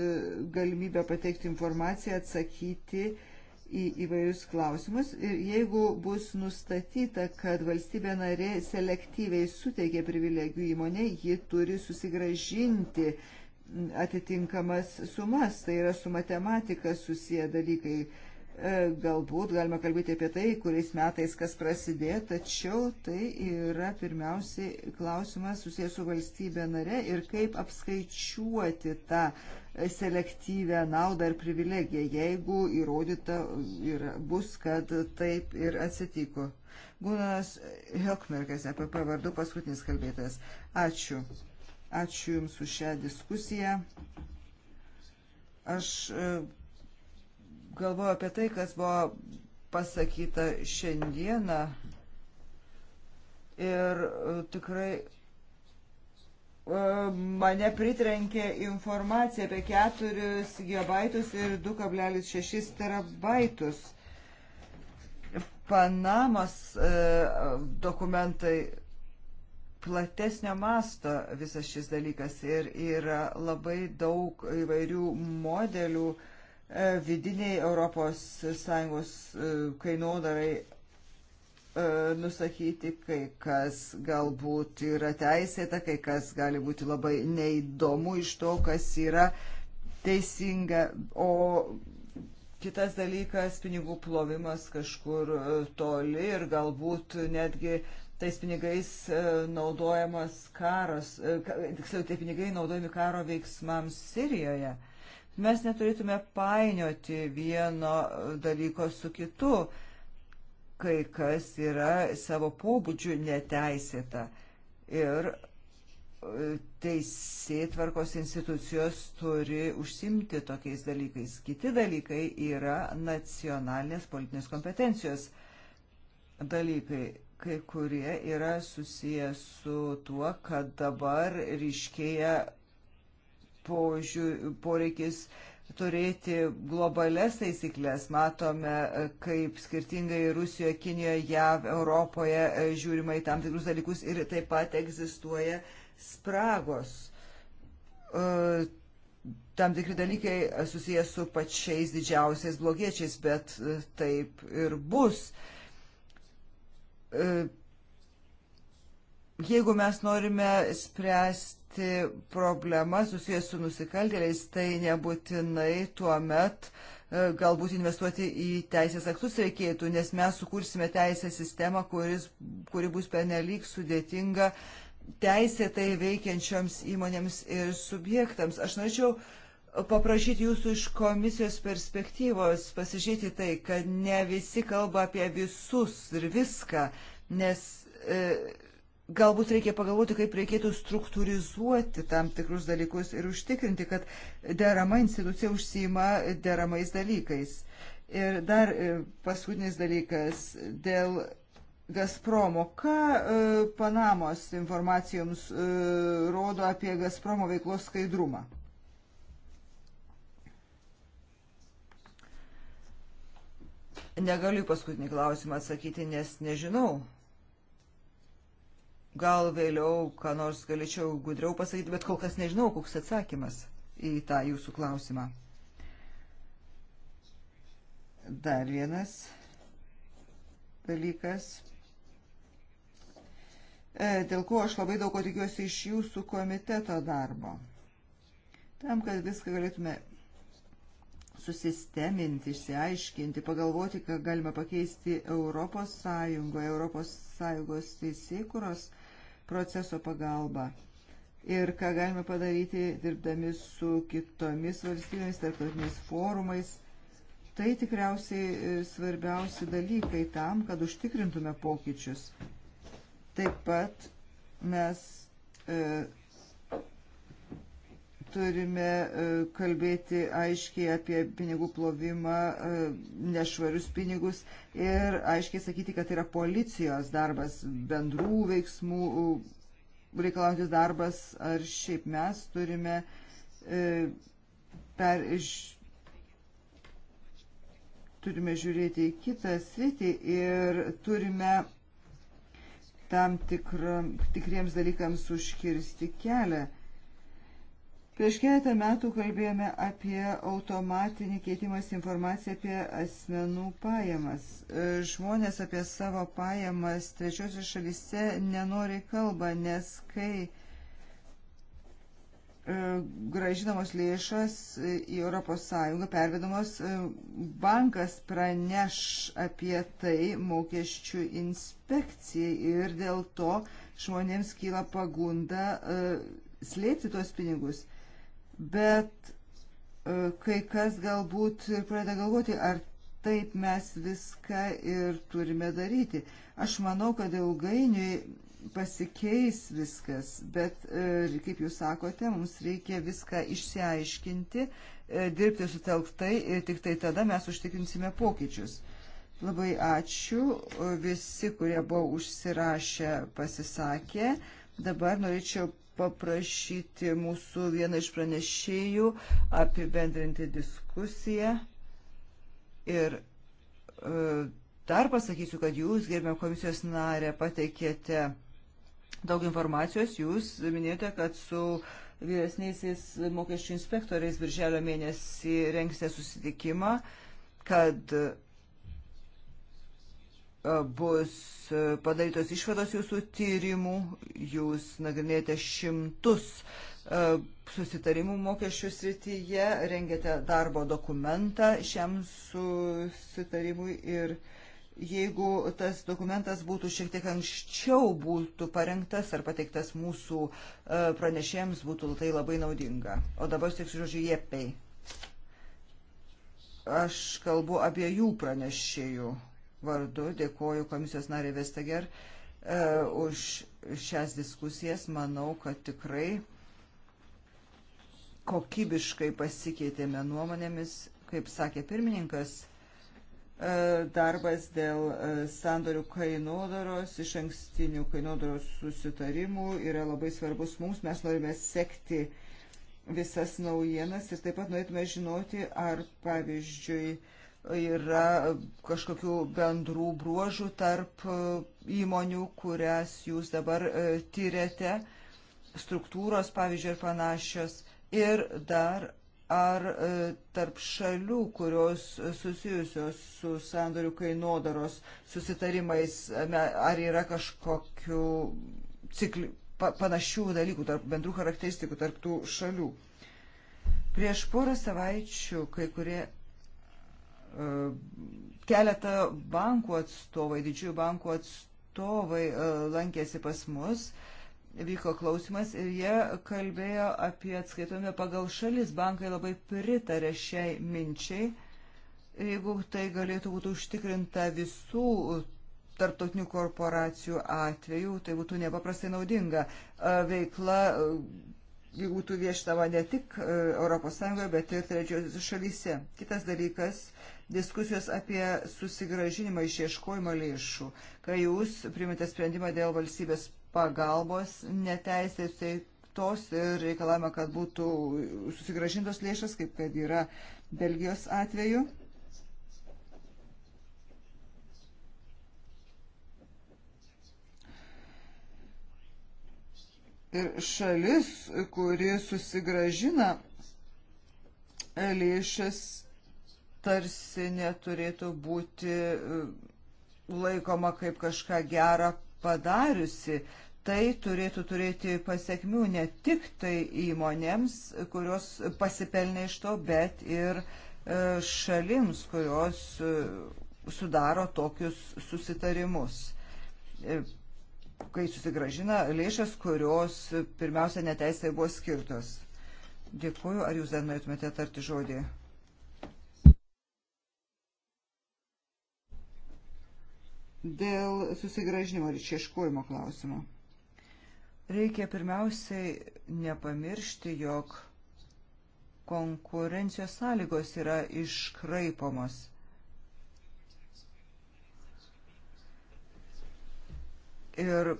galimybę pateikti informaciją, atsakyti į įvairius klausimus ir jeigu bus nustatyta, kad valstybė narė selektyviai suteikė privilegijų įmonė, ji turi susigražinti atitinkamas sumas, tai yra su matematika susiję dalykai. E, galbūt galima kalbėti apie tai, kuriais metais kas prasidėjo, tačiau tai yra pirmiausiai klausimas susijęs su valstybė nare ir kaip apskaičiuoti tą selektyvę naudą ir privilegiją, jeigu įrodyta ir bus, kad taip ir atsitiko. Gunas Helkmerkas, EPP vardu, paskutinis kalbėtojas. Ačiū. Ačiū Jums už šią diskusiją. Aš e, galvoju apie tai, kas buvo pasakyta šiandieną. Ir e, tikrai E, mane pritrenkė informacija apie 4 gigabaitus ir 2,6 terabaitus. Panamos e, dokumentai platesnio masto visas šis dalykas ir yra labai daug įvairių modelių e, vidiniai Europos Sąjungos kainodarai E, nusakyti, kai kas galbūt yra teisėta, kai kas gali būti labai neįdomu iš to, kas yra teisinga. O kitas dalykas - pinigų plovimas kažkur e, toli ir galbūt netgi tais pinigais e, naudojamas karas, tiksliau, tie pinigai naudojami karo veiksmams Sirijoje. Mes neturėtume painioti vieno dalyko su kitu kai kas yra savo pobūdžių neteisėta. Ir e, teisėtvarkos institucijos turi užsimti tokiais dalykais. Kiti dalykai yra nacionalinės politinės kompetencijos dalykai. Kai kurie yra susiję su tuo, kad dabar ryškėja požiū, poreikis turėti globales taisyklės. Matome, e, kaip skirtingai Rusijoje, Kinijoje, JAV, Europoje e, žiūrima į tam tikrus dalykus ir taip pat egzistuoja spragos. E, tam tikri dalykai susijęs su pačiais didžiausiais blogiečiais, bet taip ir bus jeigu mes norime spręsti spręsti problemas susijęs su nusikaltėliais, tai nebūtinai tuo met e, galbūt investuoti į teisės aktus reikėtų, nes mes sukursime teisės sistemą, kuris, kuri bus pernelyg sudėtinga teisėtai veikiančioms įmonėms ir subjektams. Aš norėčiau paprašyti jūsų iš komisijos perspektyvos pasižiūrėti tai, kad ne visi kalba apie visus ir viską, nes e, galbūt reikia pagalvoti, kaip reikėtų struktūrizuoti tam tikrus dalykus ir užtikrinti, kad derama institucija užsima deramais dalykais. Ir dar e, paskutinis dalykas dėl Gazpromo. Ką e, Panamos informacijoms e, rodo apie Gazpromo veiklos skaidrumą? Negaliu paskutinį klausimą atsakyti, nes nežinau Gal vėliau, ką nors galėčiau gudriau pasakyti, bet kol kas nežinau, koks atsakymas į tą jūsų klausimą. Dar vienas dalykas e, dėl ko aš labai daug ko tikiuosi iš jūsų komiteto darbo. Tam, kad viską galėtume susisteminti, išsiaiškinti, pagalvoti, ką galima pakeisti Europos Sąjungoje, Europos Sąjungos teisėkuros. Tai proceso pagalba. Ir ką galime padaryti dirbdami su kitomis valstybėmis, tarptautiniais forumais. Tai tikriausiai e, svarbiausi dalykai tam, kad užtikrintume pokyčius. Taip pat mes e, turime e, kalbėti aiškiai apie pinigų plovimą, e, nešvarius pinigus ir aiškiai sakyti, kad tai yra policijos darbas, bendrų veiksmų e, reikalaujantis darbas, ar šiaip mes turime per iš. Turime žiūrėti į kitą sritį ir turime tam tikra, tikriems dalykams užkirsti kelią. Prieš keletą metų kalbėjome apie automatinį keitimas informaciją apie asmenų pajamas. E, žmonės apie savo pajamas trečiosios šalise nenori kalba, nes kai e, gražinamos lėšas į ES pervedamos, e, bankas praneš apie tai mokesčių inspekcijai ir dėl to žmonėms kyla pagunda slėpti tuos pinigus bet e, kai kas galbūt ir pradeda galvoti, ar taip mes viską ir turime daryti. Aš manau, kad ilgainiui pasikeis viskas, bet, e, kaip jūs sakote, mums reikia viską išsiaiškinti, e, dirbti sutelktai ir tik tai tada mes užtikrinsime pokyčius. Labai ačiū. Visi, kurie buvo užsirašę, pasisakė. Dabar norėčiau paprašyti mūsų vieną iš pranešėjų apibendrinti diskusiją. Ir e, dar pasakysiu, kad jūs, gerbėm komisijos narė, pateikėte daug informacijos. Jūs minėjote, kad su vyresniaisiais mokesčių inspektoriais birželio mėnesį rengsite susitikimą, kad bus e, padarytos išvados jūsų tyrimų, jūs nagrinėjate šimtus e, susitarimų mokesčių srityje, rengiate darbo dokumentą šiam susitarimui ir jeigu tas dokumentas būtų šiek tiek anksčiau būtų parengtas ar pateiktas mūsų e, pranešėjams, būtų tai labai naudinga. O dabar tik žodžiu jėpiai. Aš kalbu apie jų pranešėjų vardu dėkoju komisijos nariai Vestager e, už šias diskusijas. Manau, kad tikrai kokybiškai pasikeitėme nuomonėmis, kaip sakė pirmininkas, e, darbas dėl e, sandorių kainodaros, iš ankstinių kainodaros susitarimų yra labai svarbus mums. Mes norime sekti visas naujienas ir taip pat norėtume žinoti, ar pavyzdžiui, yra kažkokių bendrų bruožų tarp e, įmonių, kurias jūs dabar e, tyrėte, struktūros, pavyzdžiui, ir panašios. Ir dar ar e, tarp šalių, kurios susijusios su sandorių kainodaros susitarimais, ar yra kažkokių cikli, panašių dalykų, tarp bendrų charakteristikų tarp tų šalių. Prieš porą savaičių kai kurie E, keletą bankų atstovai, didžiųjų bankų atstovai e, lankėsi pas mus, vyko klausimas ir jie kalbėjo apie atskaitomę pagal šalis. Bankai labai pritarė šiai minčiai. Jeigu tai galėtų būti užtikrinta visų tarptautinių korporacijų atveju, tai būtų nepaprastai naudinga. E, veikla būtų viešinama ne tik ES, bet ir trečiosios šalyse. Kitas dalykas - diskusijos apie susigražinimą išieškojimo lėšų. Kai jūs primite sprendimą dėl valstybės pagalbos neteisėtai tai tos ir reikalavimą, kad būtų susigražintos lėšas, kaip kad yra Belgijos atveju. Ir šalis, kuri susigražina lėšas, tarsi neturėtų būti e, laikoma kaip kažką gerą padariusi. Tai turėtų turėti pasiekmių ne tik tai įmonėms, kurios pasipelnė iš to, bet ir e, šalims, kurios e, sudaro tokius susitarimus kai susigražina lėšas, kurios pirmiausia neteisai buvo skirtos. Dėkuoju, ar jūs dar norėtumėte tarti žodį? Dėl susigražinimo ir išieškojimo klausimo. Reikia pirmiausiai nepamiršti, jog konkurencijos sąlygos yra iškraipomos ir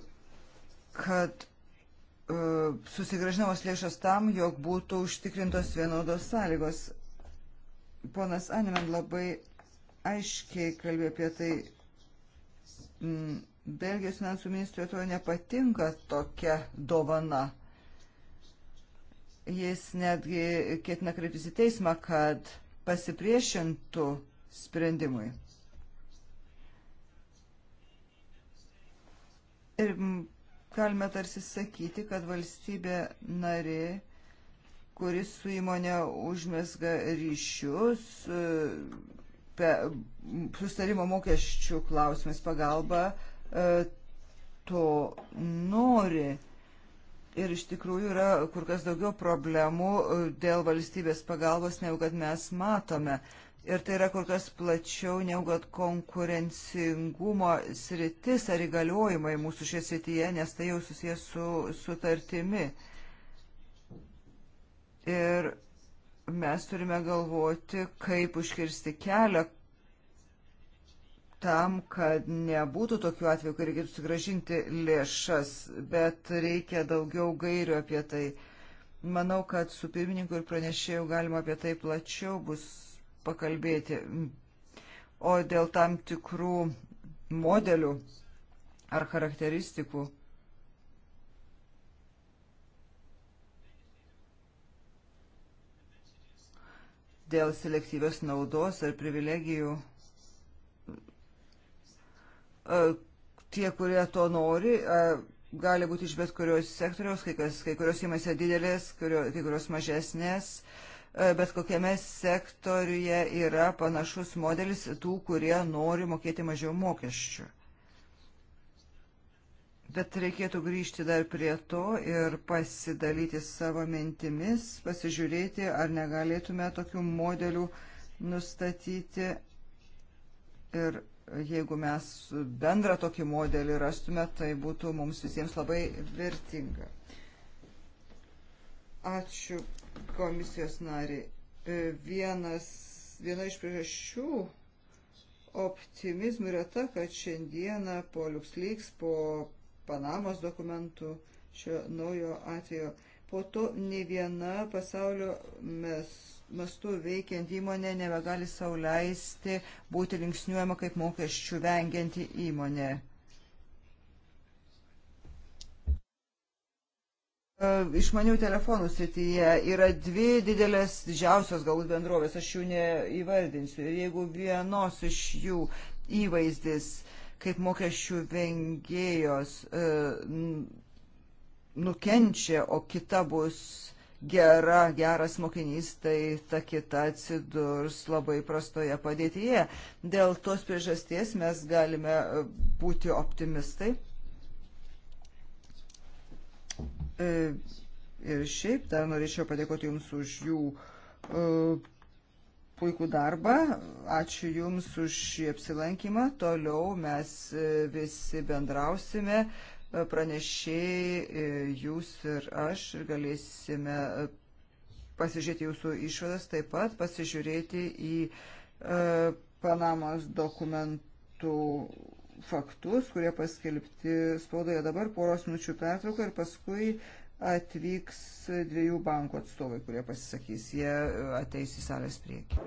kad e, susigražinamos lėšos tam, jog būtų užtikrintos vienodos sąlygos. Ponas Animen labai aiškiai kalbėjo apie tai. Belgijos finansų ministrui to nepatinka tokia dovana. Jis netgi ketina kreiptis į teismą, kad pasipriešintų sprendimui. Ir galime tarsi sakyti, kad valstybė nari, kuris su įmonė užmesga ryšius, e, sustarimo mokesčių klausimais pagalba, e, to nori. Ir iš tikrųjų yra kur kas daugiau problemų e, dėl valstybės pagalbos, negu kad mes matome. Uh, Ir tai yra kur kas plačiau negu kad konkurencingumo sritis ar įgaliojimai mūsų šioje srityje, nes tai jau susijęs su sutartimi. Ir mes turime galvoti, kaip užkirsti kelią tam, kad nebūtų tokių atvejų, kai reikėtų sugražinti lėšas, bet reikia daugiau gairių apie tai. Manau, kad su pirmininku ir pranešėjų galima apie tai plačiau bus pakalbėti. O dėl tam tikrų modelių ar charakteristikų. Dėl selektyvios naudos ar privilegijų. E, tie, kurie to nori, e, gali būti iš bet kurios sektoriaus, kai, kas, kai kurios įmasi didelės, kurio, kai kurios mažesnės. Uh, E, bet kokiame sektoriuje yra panašus modelis tų, kurie nori mokėti mažiau mokesčių. Bet reikėtų grįžti dar prie to ir pasidalyti savo mintimis, pasižiūrėti, ar negalėtume tokių modelių nustatyti. Ir jeigu mes bendrą tokį modelį rastume, tai būtų mums visiems labai vertinga. Ačiū komisijos narį. E, vienas, viena iš priežasčių optimizmų yra ta, kad šiandieną po LuxLeaks, po Panamos dokumentų šio naujo atvejo, po to ne viena pasaulio mes, mastu veikiant įmonė nebegali sauliaisti būti linksniuojama kaip mokesčių vengianti įmonė. Išmanių telefonų srityje yra dvi didelės, didžiausios galbūt bendrovės, aš jų neįvardinsiu. Ir jeigu vienos iš jų įvaizdis kaip mokesčių vengėjos e, nukenčia, o kita bus gera, geras mokinys, tai ta kita atsidurs labai prastoje padėtyje. Dėl tos priežasties mes galime e, būti optimistai E, ir šiaip dar norėčiau padėkoti Jums už jų e, puikų darbą. Ačiū Jums už šį apsilankymą. Toliau mes e, visi bendrausime, pranešėjai, Jūs ir aš, ir galėsime pasižiūrėti Jūsų išvadas, taip pat pasižiūrėti į Panamos dokumentų faktus, kurie paskelbti spaudoje dabar poros minučių pertrauką ir paskui atvyks dviejų bankų atstovai, kurie pasisakys. Jie ateis į salės priekį.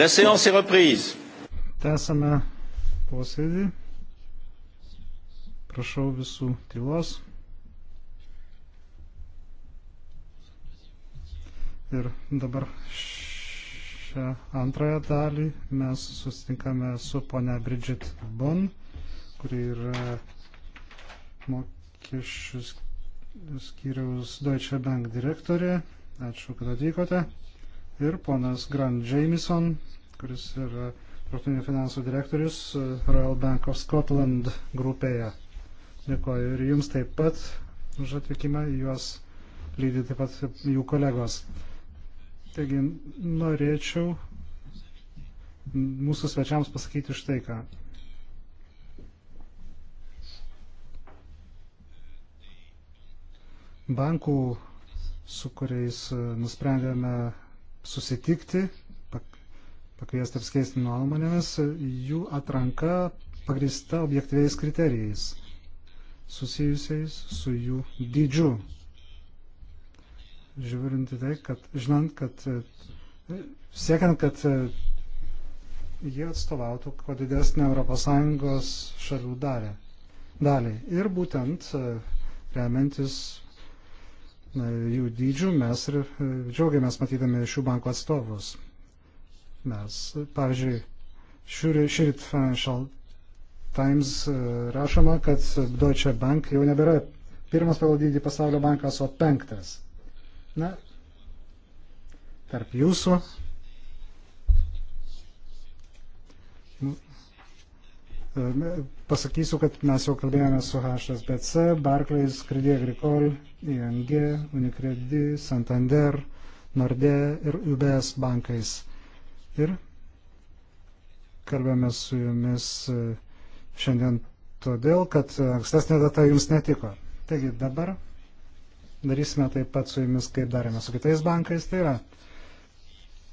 La séance est reprise. Tęsame posėdį. Prašau visų tylos. Ir dabar šią antrąją dalį mes susitinkame su ponia Bridget Bon, kuri yra mokesčių skyriaus Deutsche Bank direktorė. Ačiū, kad atvykote. Ir ponas Grant Jameson, kuris yra Tartutinių finansų direktorius e, Royal Bank of Scotland grupėje. Dėkoju ir jums taip pat už atvykimą, juos lydi taip pat jų kolegos. Taigi norėčiau mūsų svečiams pasakyti štai ką. Bankų, su kuriais e, nusprendėme susitikti pakviesti apskeisti nuomonėmis, jų atranka pagrįsta objektyviais kriterijais susijusiais su jų dydžiu. Žiūrint į tai, kad žinant, kad e, siekiant, kad e, jie atstovautų kuo didesnį ES šalių dalį. dalį. Ir būtent e, remiantis jų dydžių mes ir džiaugiamės matydami šių bankų atstovus. Mes, pavyzdžiui, šįryt Financial Times e, rašoma, kad Deutsche Bank jau nebėra pirmas pagal dydį pasaulio bankas, o penktas. Na, tarp jūsų. E, pasakysiu, kad mes jau kalbėjome su HSBC, Barclays, Credit Agricole, ING, Unicredit, Santander, Nordea ir UBS bankais ir kalbame su jumis e, šiandien todėl, kad ankstesnė data jums netiko. Taigi dabar darysime taip pat su jumis, kaip darėme su kitais bankais. Tai yra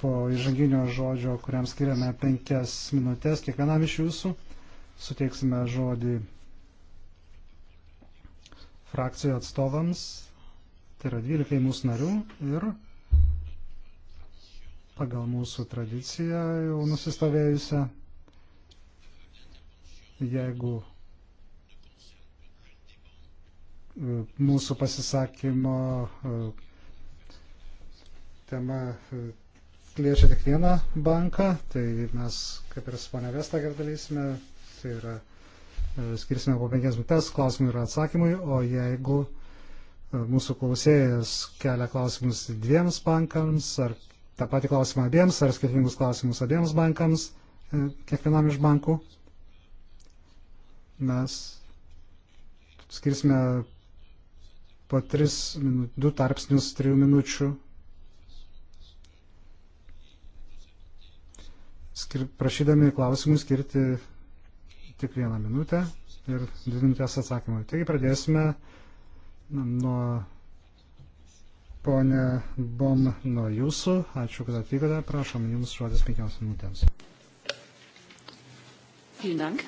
po įžanginio žodžio, kuriam skiriame penkias minutės kiekvienam iš jūsų, suteiksime žodį frakcijų atstovams, tai yra 12 mūsų narių ir pagal mūsų tradiciją jau nusistovėjusią. Jeigu e, mūsų pasisakymo e, tema e, liečia tik vieną banką, tai mes, kaip ir su ponia Vestager dalysime, tai yra skirsime po penkias minutės klausimui ir atsakymui, o jeigu mūsų klausėjas kelia klausimus dviems bankams ar tą patį klausimą abiems ar skirtingus klausimus abiems bankams, e, kiekvienam iš bankų. Mes skirsime po 3, 2 tarpsnius 3 minučių. Skir, prašydami klausimų skirti tik vieną minutę ir dvi minutės atsakymui. Taigi pradėsime nuo Pone Bom, nuo jūsų. Ačiū, kad atvykote. Prašom, jums žodis penkioms minutėms. Vielen Dank.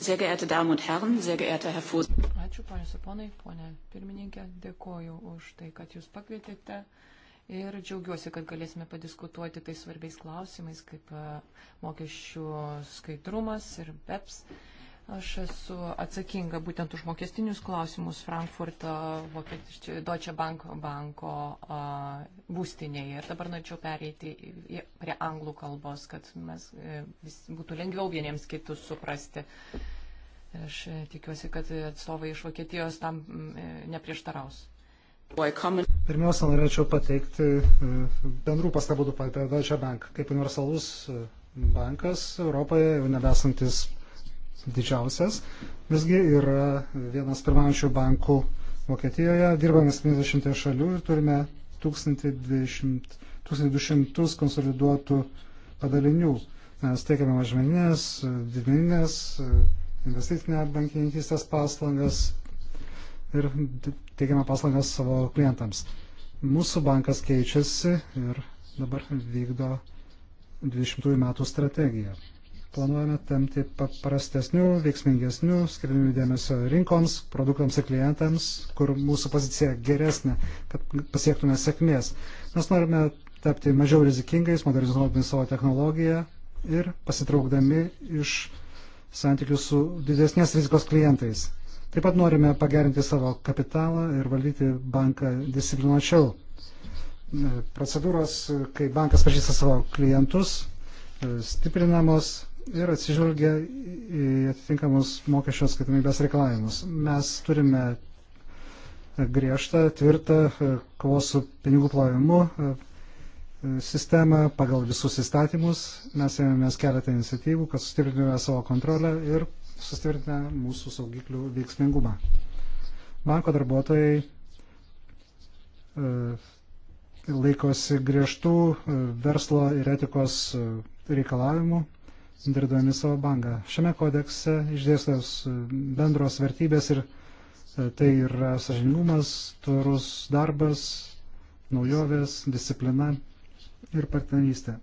Sehr geehrte Damen und Herren, sehr geehrter Herr Vorsitzender. Ačiū, ponios ir ponai, ponė pirmininkė, dėkoju už tai, kad jūs pakvietėte ir džiaugiuosi, kad galėsime padiskutuoti tais svarbiais klausimais, kaip e, mokesčių skaidrumas ir BEPS. Uh, Aš esu atsakinga būtent už mokestinius klausimus Frankfurto Deutsche Bank banko būstinėje. Ir dabar norėčiau pereiti prie anglų kalbos, kad mes e, vis, būtų lengviau vieniems kitus suprasti. Aš e, tikiuosi, kad atstovai iš Vokietijos tam e, neprieštaraus. Pirmiausia, norėčiau pateikti bendrų pastabų apie Deutsche Bank kaip universalus bankas Europoje, jau nebesantis didžiausias, visgi yra vienas pirmaujančių bankų Vokietijoje, dirbame 70 šalių ir turime 1200, 1200 konsoliduotų padalinių. Mes teikiame mažmeninės, didmeninės, investicinę bankininkystės paslaugas ir teikiame paslaugas savo klientams. Mūsų bankas keičiasi ir dabar vykdo 20 metų strategiją planuojame tamti paprastesnių, veiksmingesnių, skirdami dėmesio rinkoms, produktams ir klientams, kur mūsų pozicija geresnė, kad pasiektume sėkmės. Mes norime tapti mažiau rizikingais, modernizuodami savo technologiją ir pasitraukdami iš santykių su didesnės rizikos klientais. Taip pat norime pagerinti savo kapitalą ir valdyti banką disciplinuočiau. Procedūros, kai bankas pažįsta savo klientus, stiprinamos ir atsižvelgia į atitinkamus mokesčio atskaitomybės reikalavimus. Mes turime griežtą, tvirtą e, kovos su pinigų plovimu e, sistemą pagal visus įstatymus. Mes ėmėmės keletą iniciatyvų, kad sustiprintume savo kontrolę ir sustiprintume mūsų saugiklių veiksmingumą. Banko darbuotojai e, laikosi griežtų verslo ir etikos reikalavimų dirbdami savo banką. Šiame kodekse išdėstos e, bendros vertybės ir e, tai yra sažiningumas, tvarus darbas, naujovės, disciplina ir partnerystė.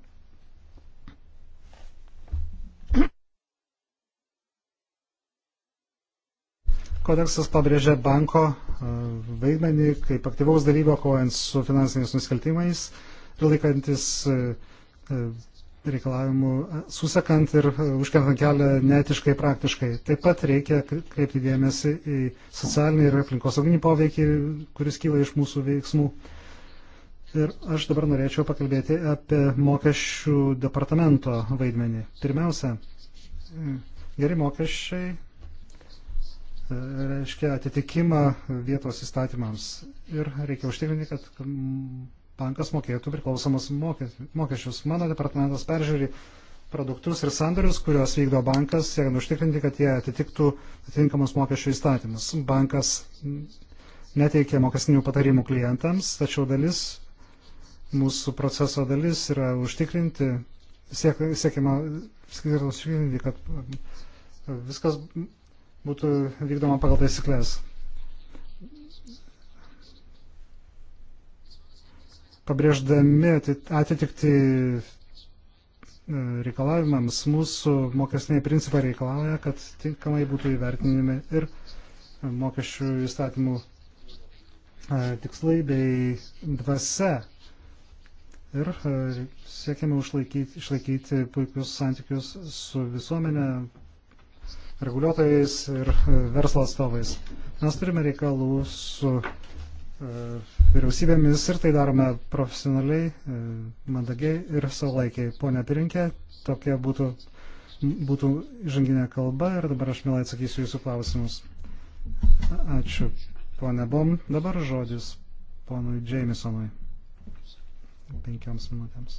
Kodeksas pabrėžia banko e, vaidmenį kaip aktyvaus dalyvo kovojant su finansiniais nusikaltimais ir laikantis reikalavimų, e, susekant ir e, užkertant kelią netiškai praktiškai. Taip pat reikia kreipti dėmesį į socialinį ir aplinkosauginį poveikį, kuris kyla iš mūsų veiksmų. Ir aš dabar norėčiau pakalbėti apie mokesčių departamento vaidmenį. Pirmiausia, e, geri mokesčiai reiškia atitikimą vietos įstatymams ir reikia užtikrinti, kad bankas mokėtų priklausomus mokesčius. Mano departamentas peržiūri produktus ir sandorius, kuriuos vykdo bankas, siekiant užtikrinti, kad jie atitiktų atitinkamus mokesčių įstatymus. Bankas neteikia mokesnių patarimų klientams, tačiau dalis, mūsų proceso dalis yra užtikrinti, siek, siekima, užtikrinti, kad viskas būtų vykdoma pagal taisyklės. pabrėždami atitikti e, reikalavimams, mūsų mokesniai principai reikalauja, kad tinkamai būtų įvertinimi ir mokesčių įstatymų e, tikslai bei dvasia. Ir e, siekiame išlaikyti, išlaikyti puikius santykius su visuomenė, reguliuotojais ir verslo atstovais. Mes turime reikalų su E, vyriausybėmis ir tai darome profesionaliai, e, mandagiai ir savalaikiai. Pone Pirinkė, tokia būtų, būtų žanginė kalba ir dabar aš mielai atsakysiu jūsų klausimus. Ačiū, pone Bom. Dabar žodis ponui Jamesonui. Penkioms minutėms.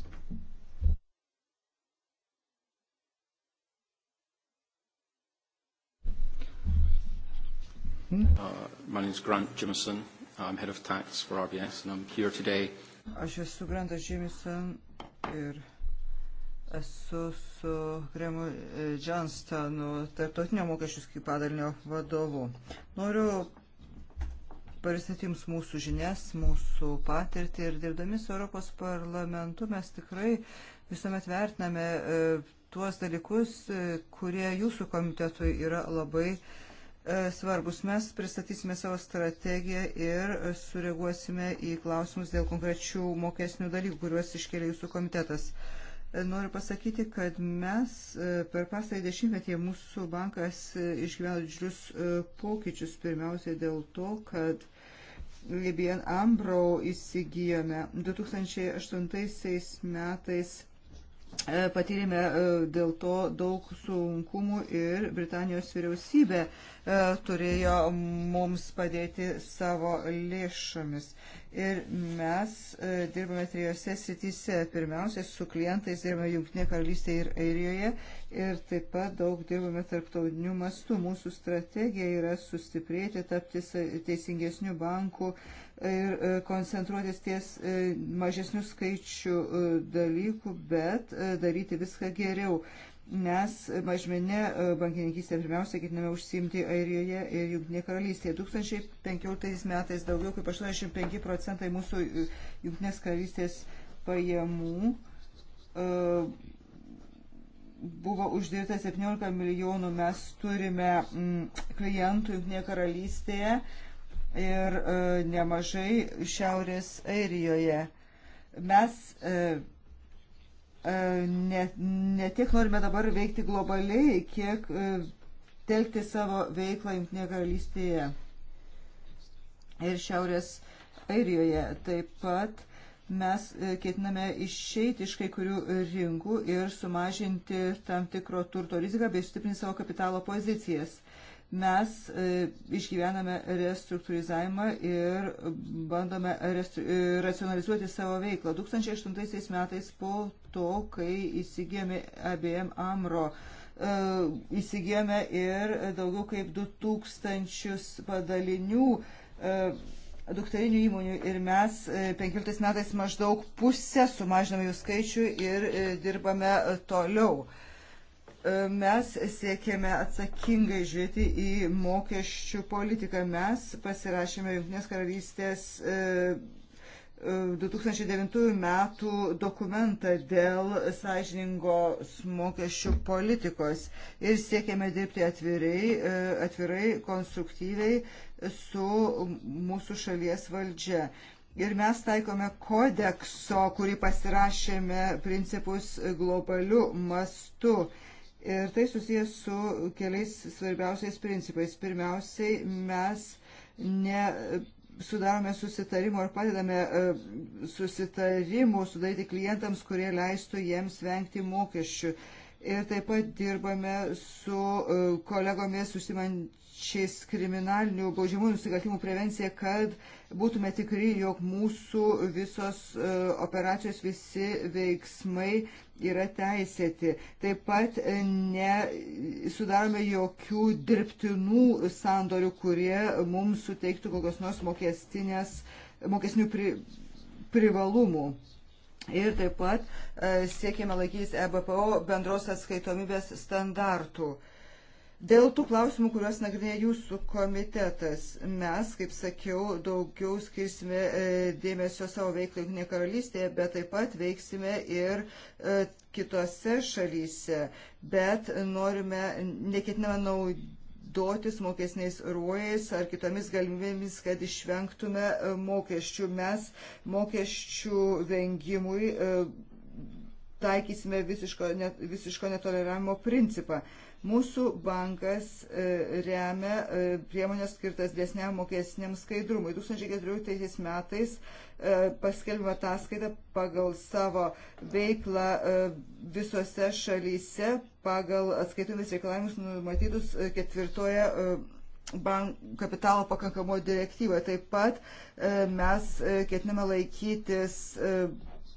Uh, my name is Grant Jimison. I'm Head of Tax for RBS and I'm here today. Aš esu Grantas Jameson ir esu su Kremu e, Johnstonu, tarptautinio mokesčių padalinio vadovu. Noriu pristatyti jums mūsų žinias, mūsų patirtį ir dirbdami su Europos parlamentu mes tikrai visuomet vertiname e, tuos dalykus, e, kurie jūsų komitetui yra labai uh, E, svarbus. Mes pristatysime savo strategiją ir sureaguosime į klausimus dėl konkrečių mokesnių dalykų, kuriuos iškėlė jūsų komitetas. E, noriu pasakyti, kad mes e, per pastarąjį dešimtmetį mūsų bankas išgyveno didžiulius pokyčius, pirmiausiai dėl to, kad Libyan Ambrau įsigijome 2008 metais E, patyrėme e, dėl to daug sunkumų ir Britanijos vyriausybė e, turėjo mums padėti savo lėšomis. Ir mes dirbame trijose srityse. Pirmiausia, su klientais dirbame Junktinė karalystė ir Airijoje ir taip pat daug dirbame tarptautiniu mastu. Mūsų strategija yra sustiprėti, tapti teisingesnių bankų ir e, koncentruotis ties e, mažesnių skaičių e, dalykų, bet daryti viską geriau. Mes mažmenę bankininkystę pirmiausia ketiname užsiimti Airijoje ir Junktinėje karalystėje. 2015 metais daugiau kaip 85 procentai mūsų Junktinės karalystės pajamų buvo uždirbta 17 milijonų. Mes turime klientų Junktinėje karalystėje ir e, nemažai Šiaurės Airijoje. Mes e, e, ne, ne tiek norime dabar veikti globaliai, kiek telkti savo veiklą Junktinėje karalystėje ir Šiaurės Airijoje. Taip pat mes ketiname išeiti iš kai kurių rinkų ir sumažinti tam tikro turto riziką bei sustiprinti savo kapitalo pozicijas. Mes e, išgyvename restruktūrizavimą ir bandome e, racionalizuoti savo veiklą. 2008 metais po to, kai įsigijome ABM Amro e, įsigijome ir daugiau kaip 2000 padalinių dukterinių įmonių ir mes 15 metais maždaug pusę sumažiname jų skaičių ir dirbame toliau. E, mes siekėme atsakingai žiūrėti į mokesčių politiką. Mes pasirašėme Junktinės karalystės 2009 e, e, metų dokumentą dėl sąžiningos mokesčių politikos ir siekėme dirbti atvirai, atvirai konstruktyviai su mūsų šalies valdžia. Ir mes taikome kodekso, kurį pasirašėme principus globaliu mastu Ir tai susijęs su keliais svarbiausiais principais. Pirmiausiai, mes ne sudarome susitarimų ar padedame e, susitarimų sudaryti klientams, kurie leistų jiems vengti mokesčių. Ir taip pat dirbame su e, kolegomis užsimančiais kriminalinių baudžiamų nusikaltimų prevencija, kad uh, būtume tikri, jog mūsų visos e, operacijos, visi veiksmai yra teisėti. Taip pat e, nesudarome jokių dirbtinų sandorių, kurie mums suteiktų kokios nors mokesnių pri, privalumų. Ir taip pat e, siekime laikytis EBPO bendros atskaitomybės standartų. E, Dėl tų klausimų, kuriuos nagrinėja jūsų komitetas, mes, kaip sakiau, daugiau skirsime e, dėmesio savo veiklai Junktinėje karalystėje, bet taip pat veiksime ir e, kitose šalyse, bet norime, neketiname naudotis mokesniais ruojais ar kitomis galimybėmis, kad išvengtume e, mokesčių. Mes mokesčių vengimui taikysime visiško, net, visiško netoleravimo principą. Mūsų bankas e, remia e, priemonės skirtas dėsniam mokesniam skaidrumui. 2014 metais e, paskelbė ataskaitą pagal savo veiklą visose šalyse pagal atskaitomis reikalavimus numatytus ketvirtoje bank, kapitalo pakankamo direktyvoje. Taip pat mes ketiname laikytis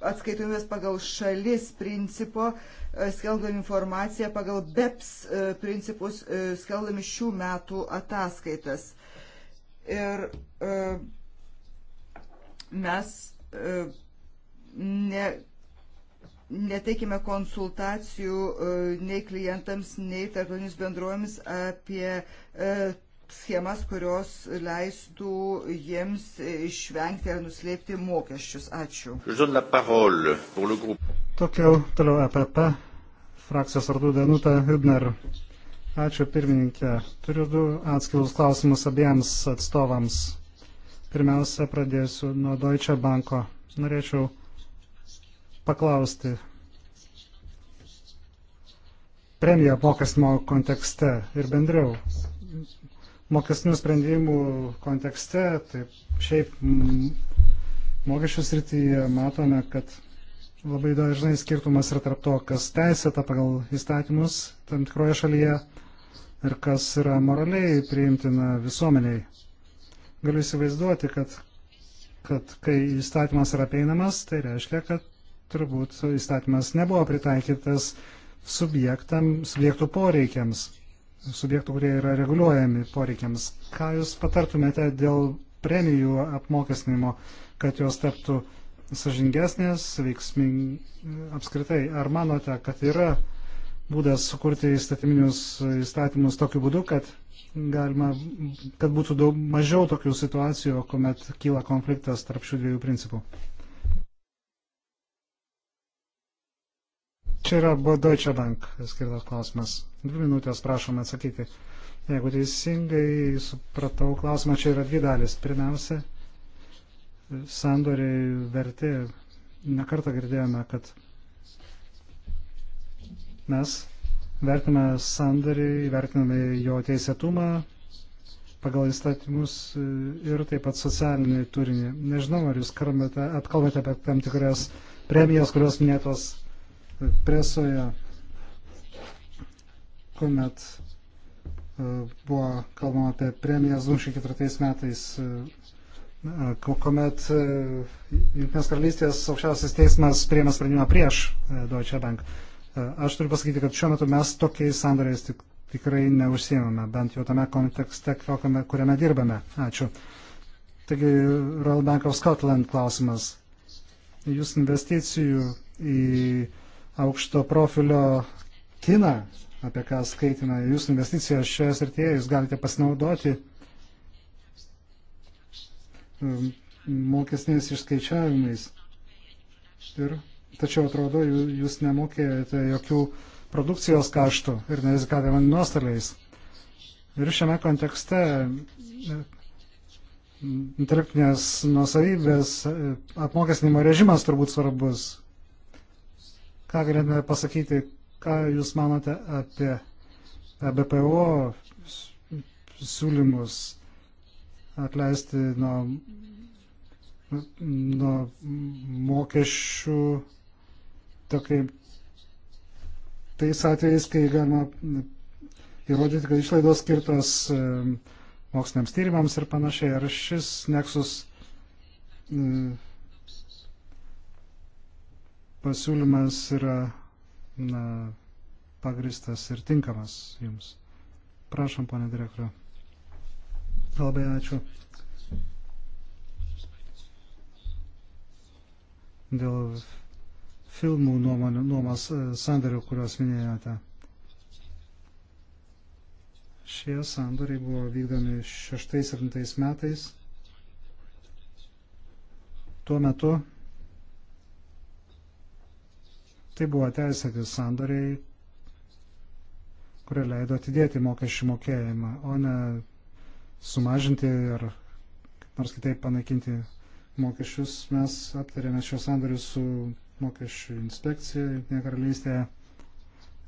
atskaitomės pagal šalis principo, e, skelbdami informaciją pagal BEPS e, principus, e, skelbdami šių metų ataskaitas. Ir mes ne, neteikime konsultacijų nei klientams, nei tarptautinis bendruomis apie schemas, kurios leistų jiems išvengti ar nuslėpti mokesčius. Ačiū. Tokiau toliau EPP frakcijos vardų Danutą Hübner. Ačiū pirmininkė. Turiu du atskilus klausimus abiems atstovams. Pirmiausia, pradėsiu nuo Deutsche Banko. Norėčiau paklausti premiją apmokestimo kontekste ir bendriau mokestinių sprendimų kontekste, taip šiaip mm, mokesčių srityje matome, kad labai dažnai skirtumas yra tarp to, kas teisėta pagal įstatymus tam tikroje šalyje ir kas yra moraliai priimtina visuomeniai. Galiu įsivaizduoti, kad, kad kai įstatymas yra peinamas, tai reiškia, kad turbūt įstatymas nebuvo pritaikytas subjektam, subjektų poreikiams subjektų, kurie yra reguliuojami poreikiams. Ką Jūs patartumėte dėl premijų apmokestinimo, kad jos taptų sažingesnės, veiksming... apskritai, ar manote, kad yra būdas sukurti įstatyminius įstatymus tokiu būdu, kad, galima, kad būtų daug mažiau tokių situacijų, kuomet kyla konfliktas tarp šių dviejų principų? Čia yra buvo Deutsche Bank skirtas klausimas. Dvi minutės prašom atsakyti. Jeigu teisingai supratau klausimą, čia yra dvi dalis. Pirmiausia, sandoriai vertė. Nekartą girdėjome, kad mes vertiname sandorį, vertiname jo teisėtumą pagal įstatymus ir taip pat socialinį turinį. Nežinau, ar jūs kalbate, atkalbate apie tam tikras premijas, kurios minėtos presoje, kuomet e, buvo kalbama apie premijas 2004 metais, e, kuomet e, Junktinės karalystės aukščiausias teismas priėmė sprendimą prieš Deutsche Bank. Aš turiu pasakyti, kad šiuo metu mes tokiais sandoriais tik, tikrai neužsiemame, bent jau tame kontekste, kuriame dirbame. Ačiū. Taigi, Royal Bank of Scotland klausimas. Jūs investicijų į aukšto profilio kiną, apie ką skaitime, jūsų investicijos šioje srityje jūs galite pasinaudoti um, mokesniais išskaičiavimais. Ir, tačiau atrodo, jūs nemokėjote jokių produkcijos kaštų ir nerizikavote man nuostoliais. Ir šiame kontekste e, intelektinės nusavybės e, apmokestinimo režimas turbūt svarbus. Ką galėtume pasakyti, ką Jūs manote apie BPO siūlymus atleisti nuo, nuo mokesčių tokiai tais atvejais, kai galima įrodyti, kad išlaidos skirtos moksliniams tyrimams ir panašiai. Ar šis neksus pasiūlymas yra na, pagristas ir tinkamas jums. Prašom, ponė direktorė. Labai ačiū. Dėl filmų nuomonė, nuomas e, sandarių, kuriuos minėjote. Šie sandoriai buvo vykdomi 6-7 metais. Tuo metu Tai buvo teisėti sandoriai, kurie leido atidėti mokesčių mokėjimą, o ne sumažinti ar nors kitaip panaikinti mokesčius. Mes aptarėme šios sandorius su mokesčių inspekcija Junktinėje karalystėje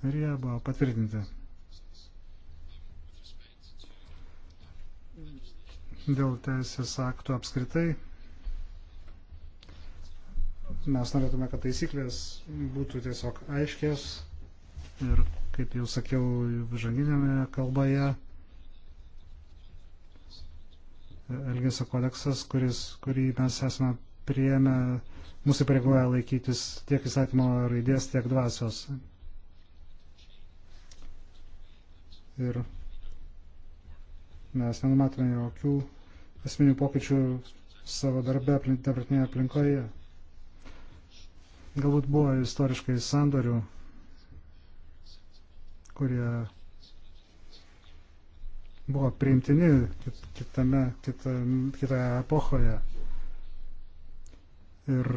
ir jie buvo patvirtinti. Dėl teisės aktų apskritai Mes norėtume, kad taisyklės būtų tiesiog aiškės ir, kaip jau sakiau, žanginėme kalboje Elgesio kodeksas, kuris, kurį mes esame prieėmę, mūsų pareigoja laikytis tiek įstatymo raidės, tiek dvasios. Ir mes nenumatome jokių esminių pokyčių savo darbe dabartinėje aplinkoje. Galbūt buvo istoriškai sandorių, kurie buvo priimtini kitame, kitame, kitoje epochoje. Ir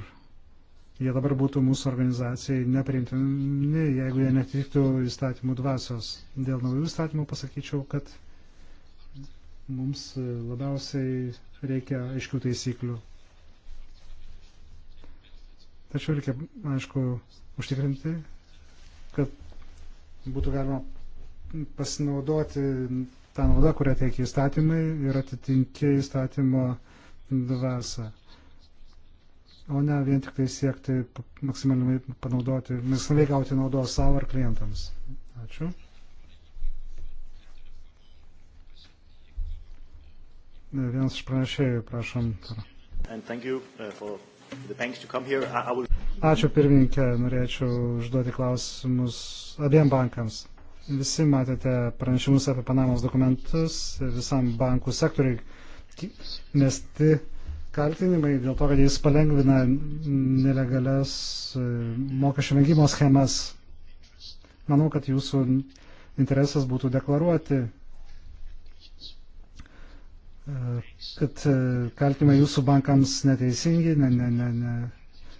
jie dabar būtų mūsų organizacijai nepriimtini, jeigu jie netiktų įstatymų dvasios. Dėl naujų įstatymų pasakyčiau, kad mums labiausiai reikia aiškių taisyklių. Tačiau reikia, aišku, užtikrinti, kad būtų galima pasinaudoti tą naudą, kurią teikia įstatymai ir atitinkia įstatymo dvasą. O ne vien tik tai siekti maksimaliai panaudoti, maksimaliai gauti naudos savo ar klientams. Ačiū. Vienas iš pranešėjų, prašom. And thank you uh, for Ačiū pirmininkė, norėčiau užduoti klausimus abiem bankams. Visi matėte pranešimus apie Panamos dokumentus visam bankų sektoriai mesti kaltinimai dėl to, kad jis palengvina nelegalias e, mokesčių vengimo schemas. Manau, kad jūsų interesas būtų deklaruoti kad e, kaltimai jūsų bankams neteisingi, ne, ne, ne, ne.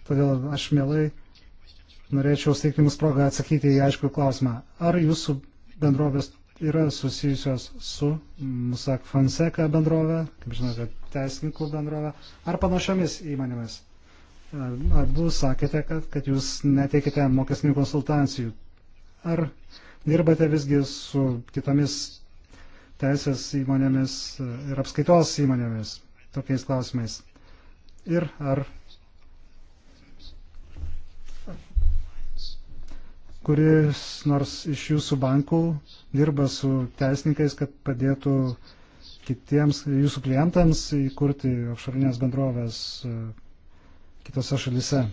todėl aš mielai norėčiau steigti jums progą atsakyti į aiškų klausimą. Ar jūsų bendrovės yra susijusios su Musak Fonseca bendrovė, kaip žinote, teisininkų bendrovė, ar panašiomis įmonėmis? E, abu sakėte, kad, kad jūs neteikite mokesnių konsultacijų. Ar dirbate visgi su kitomis teisės įmonėmis ir apskaitos įmonėmis tokiais klausimais. Ir ar kuris nors iš jūsų bankų dirba su teisininkais, kad padėtų kitiems jūsų klientams įkurti apšarinės bendrovės e, kitose šalise.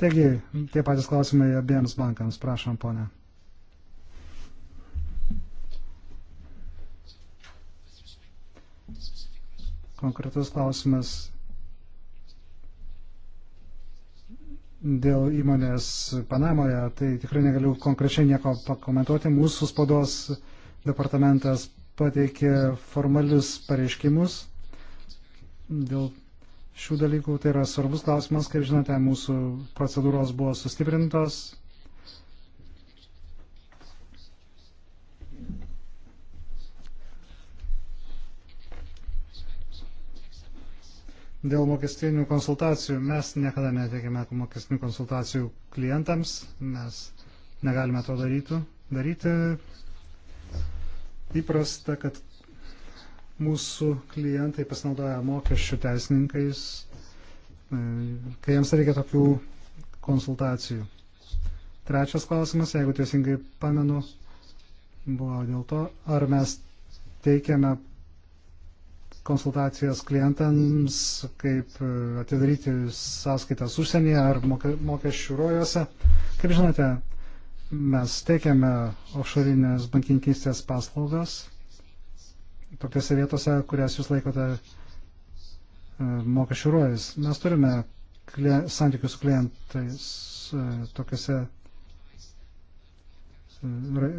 Taigi, tie patys klausimai abiems bankams, prašom, ponė. konkretus klausimas dėl įmonės Panamoje, tai tikrai negaliu konkrečiai nieko pakomentuoti. Mūsų spados departamentas pateikė formalius pareiškimus dėl šių dalykų. Tai yra svarbus klausimas, kaip žinote, mūsų procedūros buvo sustiprintos Dėl mokestinių konsultacijų mes niekada neteikime mokestinių konsultacijų klientams, mes negalime to daryti. daryti. Įprasta, kad mūsų klientai pasinaudoja mokesčių teisininkais, e, kai jiems reikia tokių konsultacijų. Trečias klausimas, jeigu teisingai pamenu, buvo dėl to, ar mes teikiame konsultacijas klientams, kaip e, atidaryti sąskaitas užsienyje ar mokesčių rojuose. Kaip žinote, mes teikiame offshore'inės bankininkystės paslaugas tokiose vietose, kurias jūs laikote e, mokesčių rojais. Mes turime klien, santykius su klientais e, tokiuose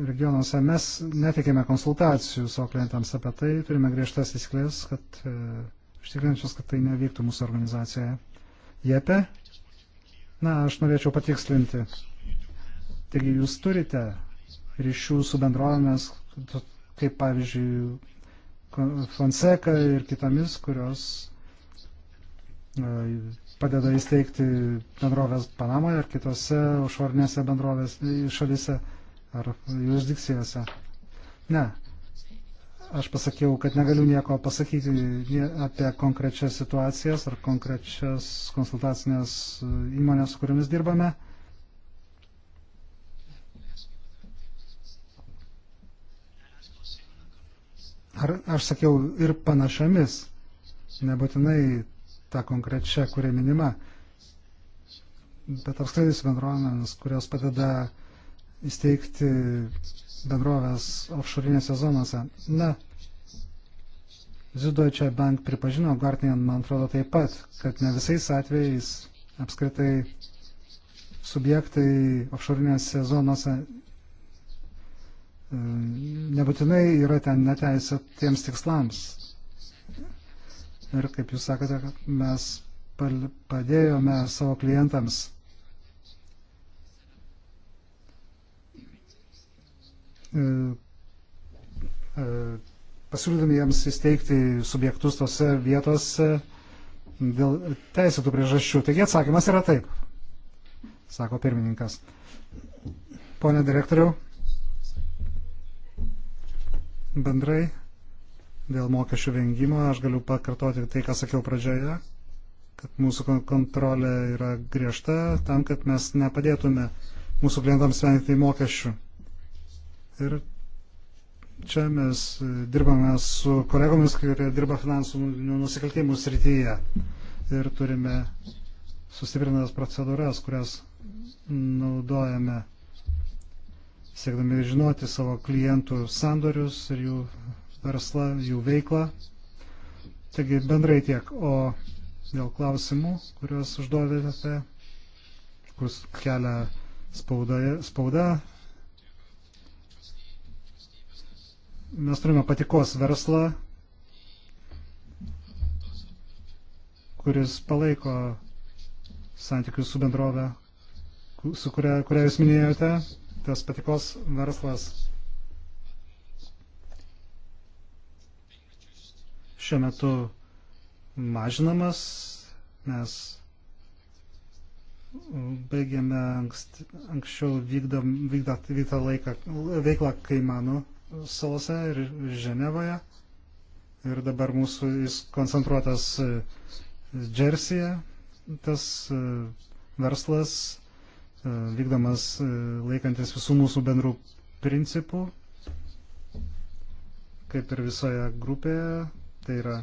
regionuose mes netikime konsultacijų savo klientams apie tai, turime griežtas įsiklės, kad e, užtikrinčios, kad tai nevyktų mūsų organizacijoje. Jepe, na, aš norėčiau patikslinti. Taigi jūs turite ryšių su bendrovėmis, kaip pavyzdžiui Fonseca ir kitomis, kurios e, padeda įsteigti bendrovės Panamoje ar kitose užvarnėse bendrovės šalise ar jurisdikcijose. Ne. Aš pasakiau, kad negaliu nieko pasakyti apie konkrečias situacijas ar konkrečias konsultacinės įmonės, su kuriamis dirbame. Ar aš sakiau ir panašiamis, nebūtinai ta konkrečia, kuria minima, bet apskritai su bendruomenėmis, kurios padeda uh, įsteigti bendrovės offshore'inėse zonose. Na, Ziduočia Bank pripažino, Gartnian, man atrodo, taip pat, kad ne visais atvejais apskritai subjektai offshore'inėse zonose e, nebūtinai yra ten neteisėtiems tikslams. Ir kaip jūs sakote, mes padėjome savo klientams E, e, pasiūlydami jiems įsteigti subjektus tose vietose dėl teisėtų priežasčių. Taigi atsakymas yra taip, sako pirmininkas. Pone direktoriau, bendrai dėl mokesčių vengimo aš galiu pakartoti tai, ką sakiau pradžioje, kad mūsų kontrolė yra griežta tam, kad mes nepadėtume mūsų klientams vengti mokesčių. Ir čia mes e, dirbame su kolegomis, kurie dirba finansų nu, nusikaltimų srityje. Ir turime sustiprinęs procedūras, kurias naudojame siekdami žinoti savo klientų sandorius ir jų verslą, jų veiklą. Taigi bendrai tiek. O dėl klausimų, kuriuos užduodate, kur kelia spauda, spauda mes turime patikos verslą, kuris palaiko santykius su bendrove, su kuria, kuria jūs minėjote. Tas patikos verslas šiuo metu mažinamas, nes baigėme ankst, anksčiau vykdom, vykdą, vykdą laiką, veiklą Kaimanų salose ir Ženevoje. Ir dabar mūsų jis koncentruotas e, Džersyje. Tas e, verslas e, vykdomas laikantis visų mūsų bendrų principų, kaip ir visoje grupėje, tai yra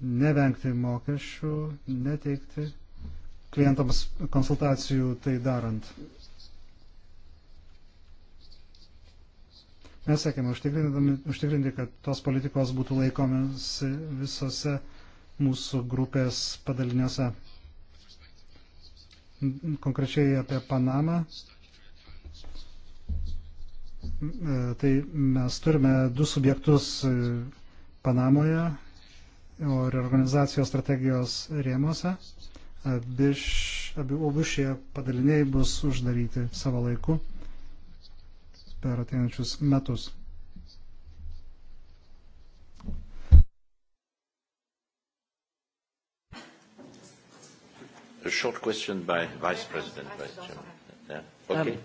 nevengti mokesčių, neteikti klientams konsultacijų tai darant. Mes sakėme, užtikrinti, kad tos politikos būtų laikomis visose mūsų grupės padaliniuose. Konkrečiai apie Panamą. Tai mes turime du subjektus e, Panamoje, o reorganizacijos strategijos rėmose. Abi, abi šie padaliniai bus uždaryti savo laiku per ateinančius metus. A short question by Vice President. By yeah. Okay. Um,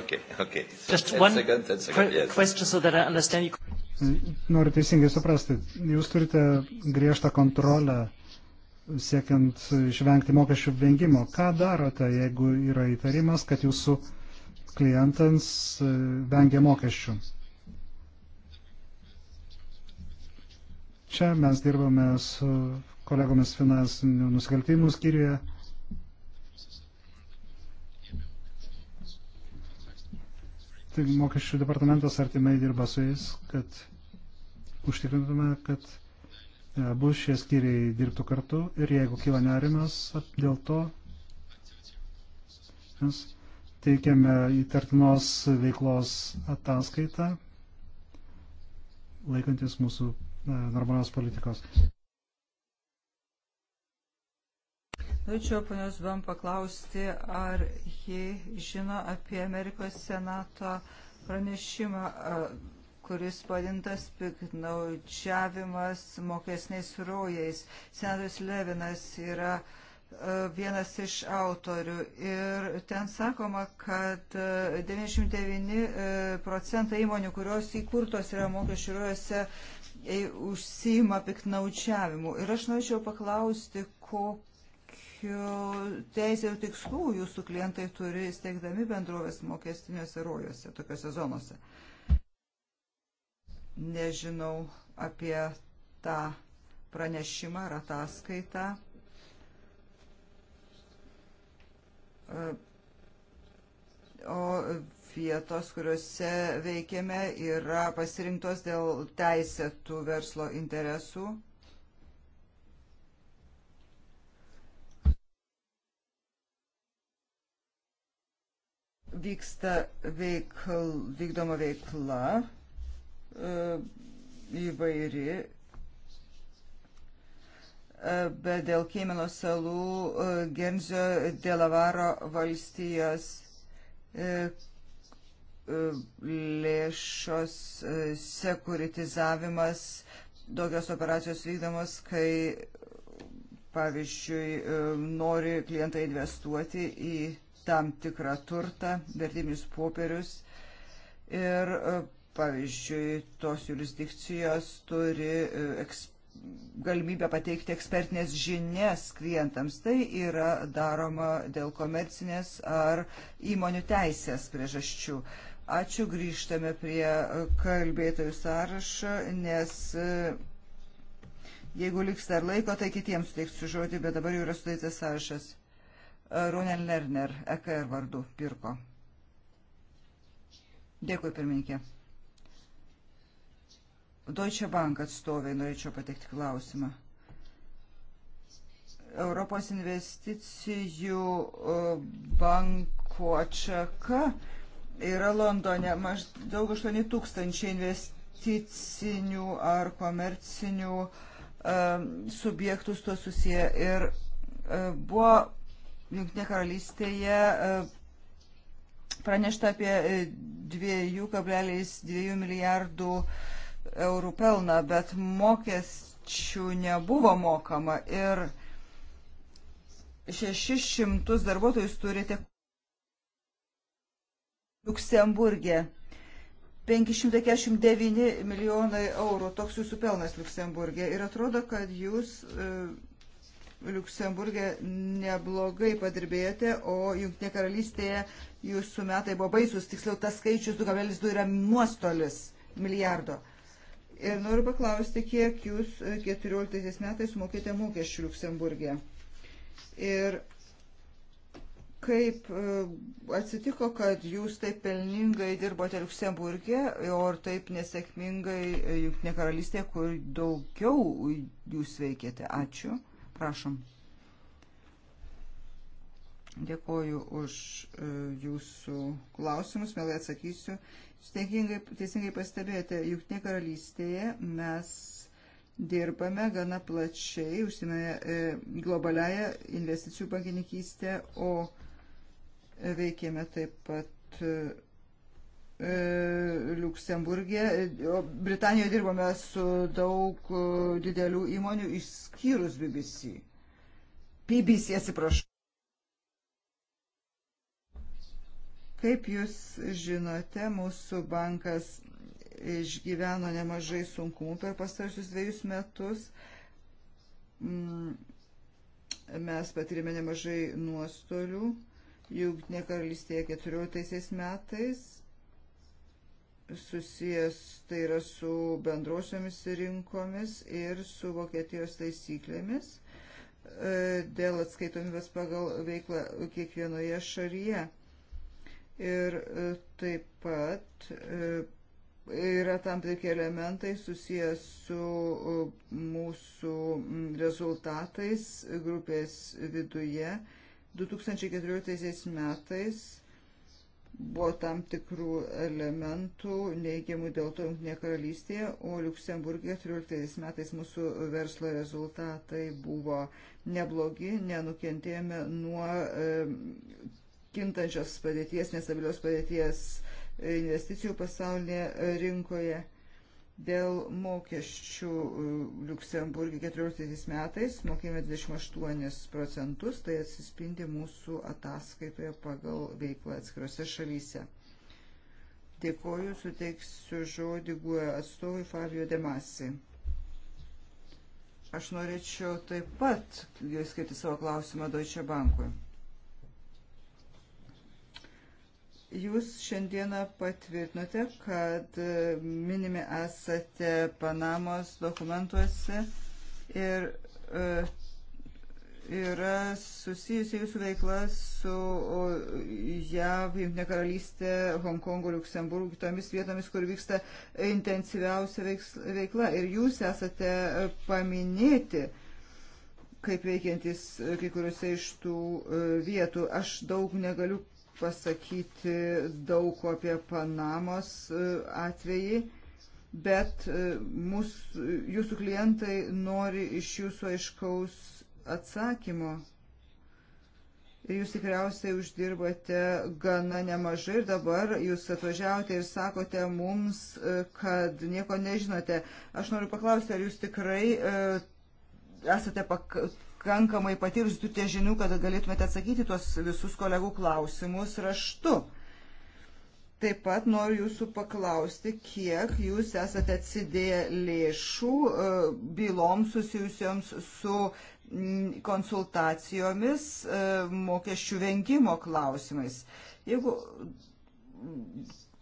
okay. Okay. So Just one second, second, qu yes. question so that I understand you. Noriu teisingai suprasti. Jūs turite griežtą kontrolę siekiant išvengti mokesčių vengimo. Ką darote, jeigu yra įtarimas, kad jūsų uh, klientams e, vengia mokesčių. Čia mes dirbame su kolegomis finansinių nusikaltimų skyriuje. Tai mokesčių departamentas artimai dirba su jais, kad užtikrintume, kad e, abu šie skyriai dirbtų kartu ir jeigu kyla nerimas dėl to, mes teikiame įtartinos veiklos ataskaitą, laikantis mūsų e, normalios politikos. Norėčiau ponios Bam paklausti, ar ji žino apie Amerikos Senato pranešimą, e, kuris padintas piknaudžiavimas mokesniais rojais. Senatorius Levinas yra uh, vienas iš autorių. Ir ten sakoma, kad 99 e, e, procentai įmonių, kurios įkurtos yra mokesčių ruojose, e, užsima piknaučiavimu. Ir aš norėčiau paklausti, kokiu teisėjų tikslų jūsų klientai turi steigdami bendrovės mokestinėse ruojose, tokiuose zonuose. Nežinau apie tą pranešimą ar ataskaitą. O vietos, kuriuose veikiame, yra pasirinktos dėl teisėtų verslo interesų. vyksta veikl, vykdoma veikla e, įvairi bet dėl Keimeno salų, e, Genzio, Delavaro valstijos e, e, lėšos sekuritizavimas, tokios operacijos vykdomos, kai, pavyzdžiui, nori klientai investuoti į tam tikrą turtą, vertimius popierius ir, pavyzdžiui, tos jurisdikcijos turi ekspertų galimybę pateikti ekspertinės žinias klientams. Tai yra daroma dėl komercinės ar įmonių teisės priežasčių. Ačiū, grįžtame prie kalbėtojų sąrašo, nes e, jeigu liks dar laiko, tai kitiems suteiksiu žodį, bet dabar jau yra sudarytas sąrašas. E, Ronel Lerner, EKR vardu, pirko. Dėkui, pirmininkė. Deutsche Bank atstovai norėčiau patekti klausimą. Europos investicijų e, banko atšaka yra Londone maždaug 8 tūkstančiai investicinių ar komercinių um, subjektų su to susiję ir uh, buvo Junktinė karalystėje uh, pranešta apie 2,2 milijardų uh, eurų pelną, bet mokesčių nebuvo mokama ir 600 darbuotojus turite Luksemburgė. 549 milijonai eurų toks jūsų pelnas Luksemburgė. Ir atrodo, kad jūs e, Luksemburgė neblogai padirbėjote, o Junktinė karalystėje jūsų metai buvo baisus. Tiksliau, tas skaičius 2,2 yra nuostolis milijardo. Ir e, noriu paklausti, kiek jūs 14 e, metais mokėte mokesčių Luksemburgė. Ir kaip e, atsitiko, kad jūs taip pelningai dirbote Luksemburgė, o taip nesėkmingai Junktinė karalystė, kur daugiau jūs veikėte. Ačiū. Prašom. Dėkoju už e, jūsų klausimus, mielai atsakysiu. Jūs teisingai, teisingai pastebėjote, Junktinė karalystėje mes dirbame gana plačiai, užsimėje e, globaliają investicijų bankininkystę, o e, veikėme taip pat e, e Luksemburgė. Britanijoje dirbame su daug didelių įmonių, išskyrus BBC. BBC, atsiprašau. Kaip jūs žinote, mūsų bankas išgyveno nemažai sunkumų per pastarusius dviejus metus. Mm, mes patyrėme nemažai nuostolių. Jungtinė karalystėje 14 metais susijęs tai yra su bendrosiomis rinkomis ir su Vokietijos taisyklėmis e, dėl atskaitomybės pagal veiklą kiekvienoje šalyje ir e, taip pat e, yra tam tikri elementai susijęs su e, mūsų rezultatais grupės viduje. 2014 metais buvo tam tikrų elementų neigiamų dėl to Junktinėje karalystėje, o Luksemburgė 14 metais mūsų verslo rezultatai buvo neblogi, nenukentėjome nuo e, kintančios padėties, nestabilios padėties e, investicijų pasaulyje e, rinkoje dėl mokesčių e, Luksemburgė 14 metais mokėjome 28 procentus, tai atsispindi mūsų ataskaitoje pagal veiklą atskirose šalyse. Dėkoju, suteiksiu žodį GUE atstovui Fabio Demasi. Aš norėčiau taip pat skirti savo klausimą Deutsche Bankui. Jūs šiandieną patvirtinote, kad e, minimi esate Panamos dokumentuose ir e, yra susijusi jūsų veikla su JAV, Junktinė karalystė, Hongkongu, Luksemburgu, kitomis vietomis, kur vyksta intensyviausia veikla. Ir jūs esate e, paminėti kaip veikiantis e, kai kuriuose iš tų vietų. Aš daug negaliu pasakyti daug apie Panamos e, atvejį, bet e, mūsų, jūsų klientai nori iš jūsų aiškaus atsakymo. Jūs tikriausiai uždirbate gana nemažai ir dabar jūs atvažiavote ir sakote mums, e, kad nieko nežinote. Aš noriu paklausti, ar jūs tikrai esate pak pakankamai pati ir jūs turite žinių, kad galėtumėte atsakyti tuos visus kolegų klausimus raštu. Taip pat noriu jūsų paklausti, kiek jūs esate atsidėję lėšų e, byloms susijusioms su konsultacijomis e, mokesčių vengimo klausimais. Jeigu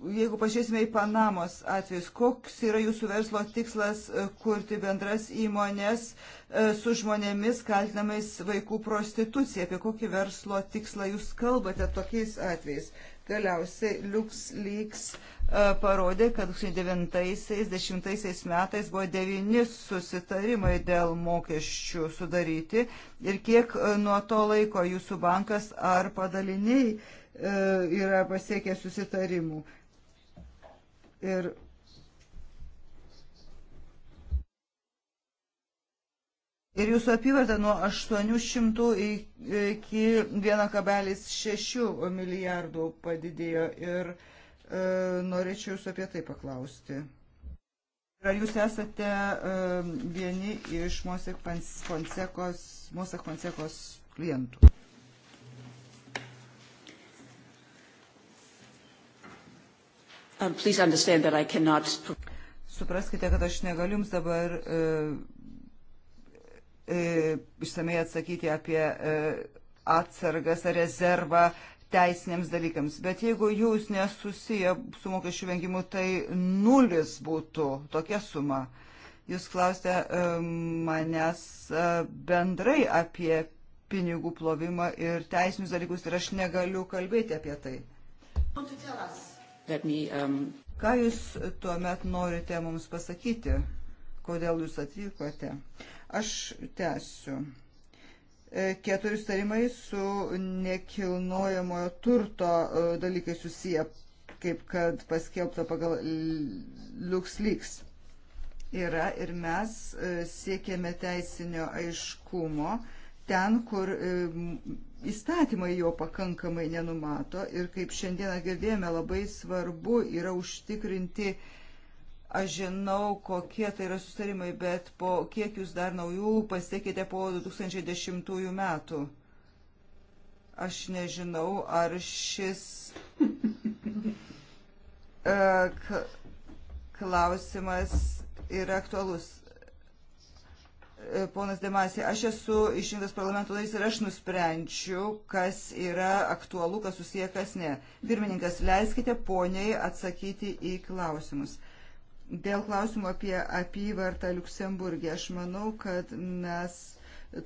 Jeigu pažiūrėsime į Panamos atvejus, koks yra jūsų verslo tikslas e, kurti bendras įmonės e, su žmonėmis kaltinamais vaikų prostitucija? Apie kokį verslo tikslą jūs kalbate tokiais atvejais? Galiausiai LuxLeaks e, parodė, kad 2009-2010 metais buvo devyni susitarimai dėl mokesčių sudaryti ir kiek nuo to laiko jūsų bankas ar padaliniai yra pasiekę susitarimų. Ir Ir jūsų apyvarta nuo 800 iki 1,6 milijardų padidėjo ir e, norėčiau jūsų apie tai paklausti. Ar jūs esate e, vieni iš Mosek Fonsekos, Mosek Fonsekos klientų? Um, please understand that I cannot... Supraskite, kad aš negaliu jums dabar e, e, išsamei atsakyti apie e, atsargas ar rezervą teisiniams dalykams. Bet jeigu jūs nesusiję su mokesčių vengimu, tai nulis būtų tokia suma. Jūs klausite e, manęs e, bendrai apie pinigų plovimą ir teisinius dalykus ir aš negaliu kalbėti apie tai. Don't you tell us? me, um... Ką jūs tuomet norite mums pasakyti, kodėl jūs atvykote? Aš tęsiu. E, keturi starimai su nekilnojamojo turto e, dalykai susiję, kaip kad paskelbta pagal LuxLeaks yra ir mes e, siekėme teisinio aiškumo ten, kur įstatymai jo pakankamai nenumato ir kaip šiandieną girdėjome, labai svarbu yra užtikrinti, aš žinau, kokie tai yra sustarimai, bet po kiek jūs dar naujų pasiekite po 2010 metų. Aš nežinau, ar šis e, klausimas yra aktualus. E, ponas Demasė, aš esu išrinktas parlamento narys ir aš nusprendžiu, kas yra aktualu, kas susiję, kas ne. Pirmininkas, leiskite poniai atsakyti į klausimus. Dėl klausimų apie apyvartą Luksemburgė, aš manau, kad mes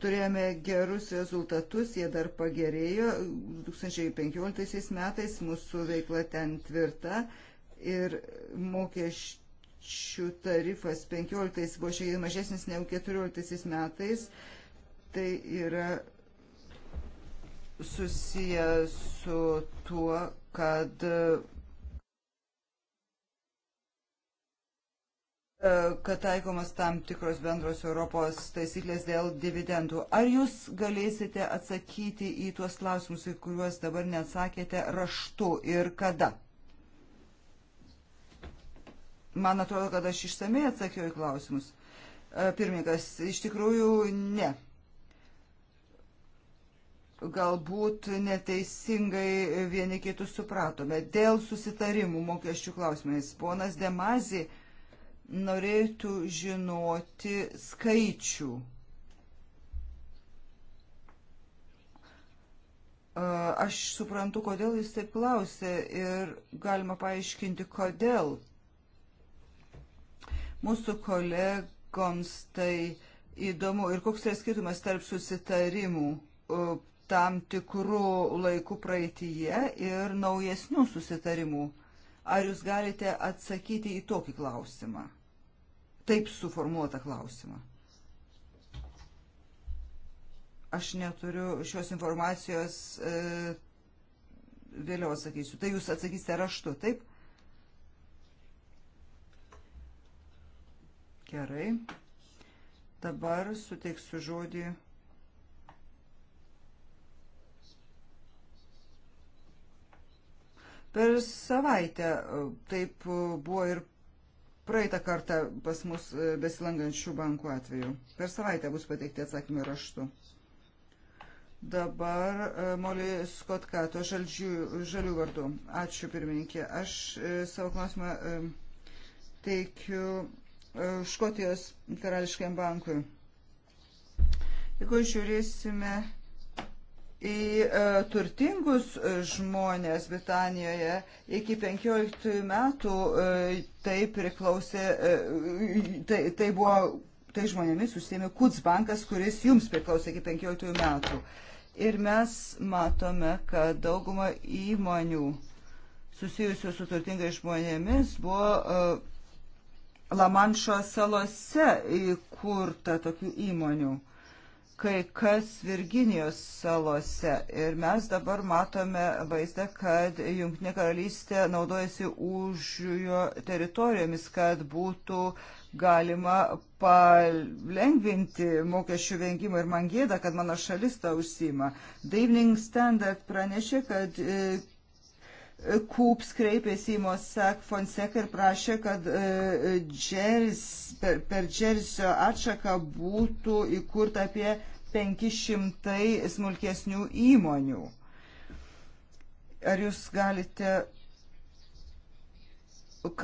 turėjome gerus rezultatus, jie dar pagerėjo. 2015 metais mūsų veikla ten tvirta ir mokesčių cigarečių tarifas 15 buvo šiek tiek mažesnis negu 14 metais. Tai yra susiję su tuo, kad e, kad taikomas tam tikros bendros Europos taisyklės dėl dividendų. Ar jūs galėsite atsakyti į tuos klausimus, į kuriuos dabar neatsakėte raštu ir kada? Man atrodo, kad aš išsamei atsakiau į klausimus. E, pirmininkas, iš tikrųjų ne. Galbūt neteisingai vieni kitus supratome. Dėl susitarimų mokesčių klausimais, ponas Demazi norėtų žinoti skaičių. E, aš suprantu, kodėl jis taip klausė ir galima paaiškinti, kodėl. Mūsų kolegoms tai įdomu ir koks yra skirtumas tarp susitarimų tam tikrų laikų praeitie ir naujesnių susitarimų. Ar jūs galite atsakyti į tokį klausimą? Taip suformuotą klausimą. Aš neturiu šios informacijos, e, vėliau atsakysiu. Tai jūs atsakysite raštu, taip? Gerai. Dabar suteiksiu žodį per savaitę. Taip buvo ir praeitą kartą pas mus besilangančių bankų atveju. Per savaitę bus pateikti atsakymai raštu. Dabar e, Moli Skotkato žaldžių, žalių vardu. Ačiū pirmininkė. Aš e, savo klausimą e, teikiu E, Škotijos karališkiam bankui. Jeigu žiūrėsime į e, turtingus e, žmonės Britanijoje, iki 15 metų tai priklausė, tai, tai buvo, tai žmonėmis užsėmė Kuts bankas, kuris jums priklausė iki 15 metų. Ir mes matome, kad dauguma įmonių susijusių su turtingais žmonėmis buvo uh, Lamanšo salose įkurta tokių įmonių, kai kas Virginijos salose. Ir mes dabar matome vaizdą, kad Junktinė karalystė naudojasi už jo teritorijomis, kad būtų galima palengvinti mokesčių vengimą ir man gėda, kad mano šalis tą užsima. Davening Standard pranešė, kad e, Kūps kreipėsi į Mosak Fonseca ir prašė, kad džeris, e, e, per, per Džersio atšaką būtų įkurta apie 500 smulkesnių įmonių. Ar jūs galite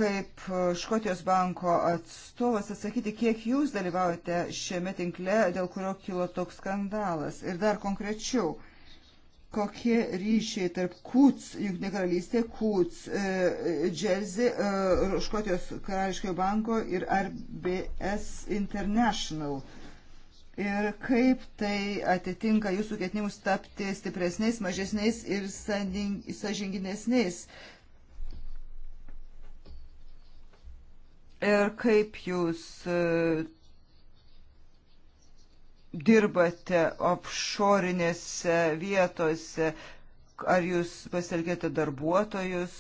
kaip Škotijos banko atstovas atsakyti, kiek jūs dalyvaujate šiame tinkle, dėl kurio kilo toks skandalas? Ir dar konkrečiau kokie ryšiai tarp Kūts, Junktinė karalystė, Kūts, Džerzi, e, e, Škotijos karališkojo banko ir RBS International. Ir kaip tai atitinka jūsų ketinimus tapti stipresniais, mažesniais ir sažinginesniais. Ir kaip jūs e, dirbate offshore'inėse vietose, ar jūs pasitelkėte darbuotojus,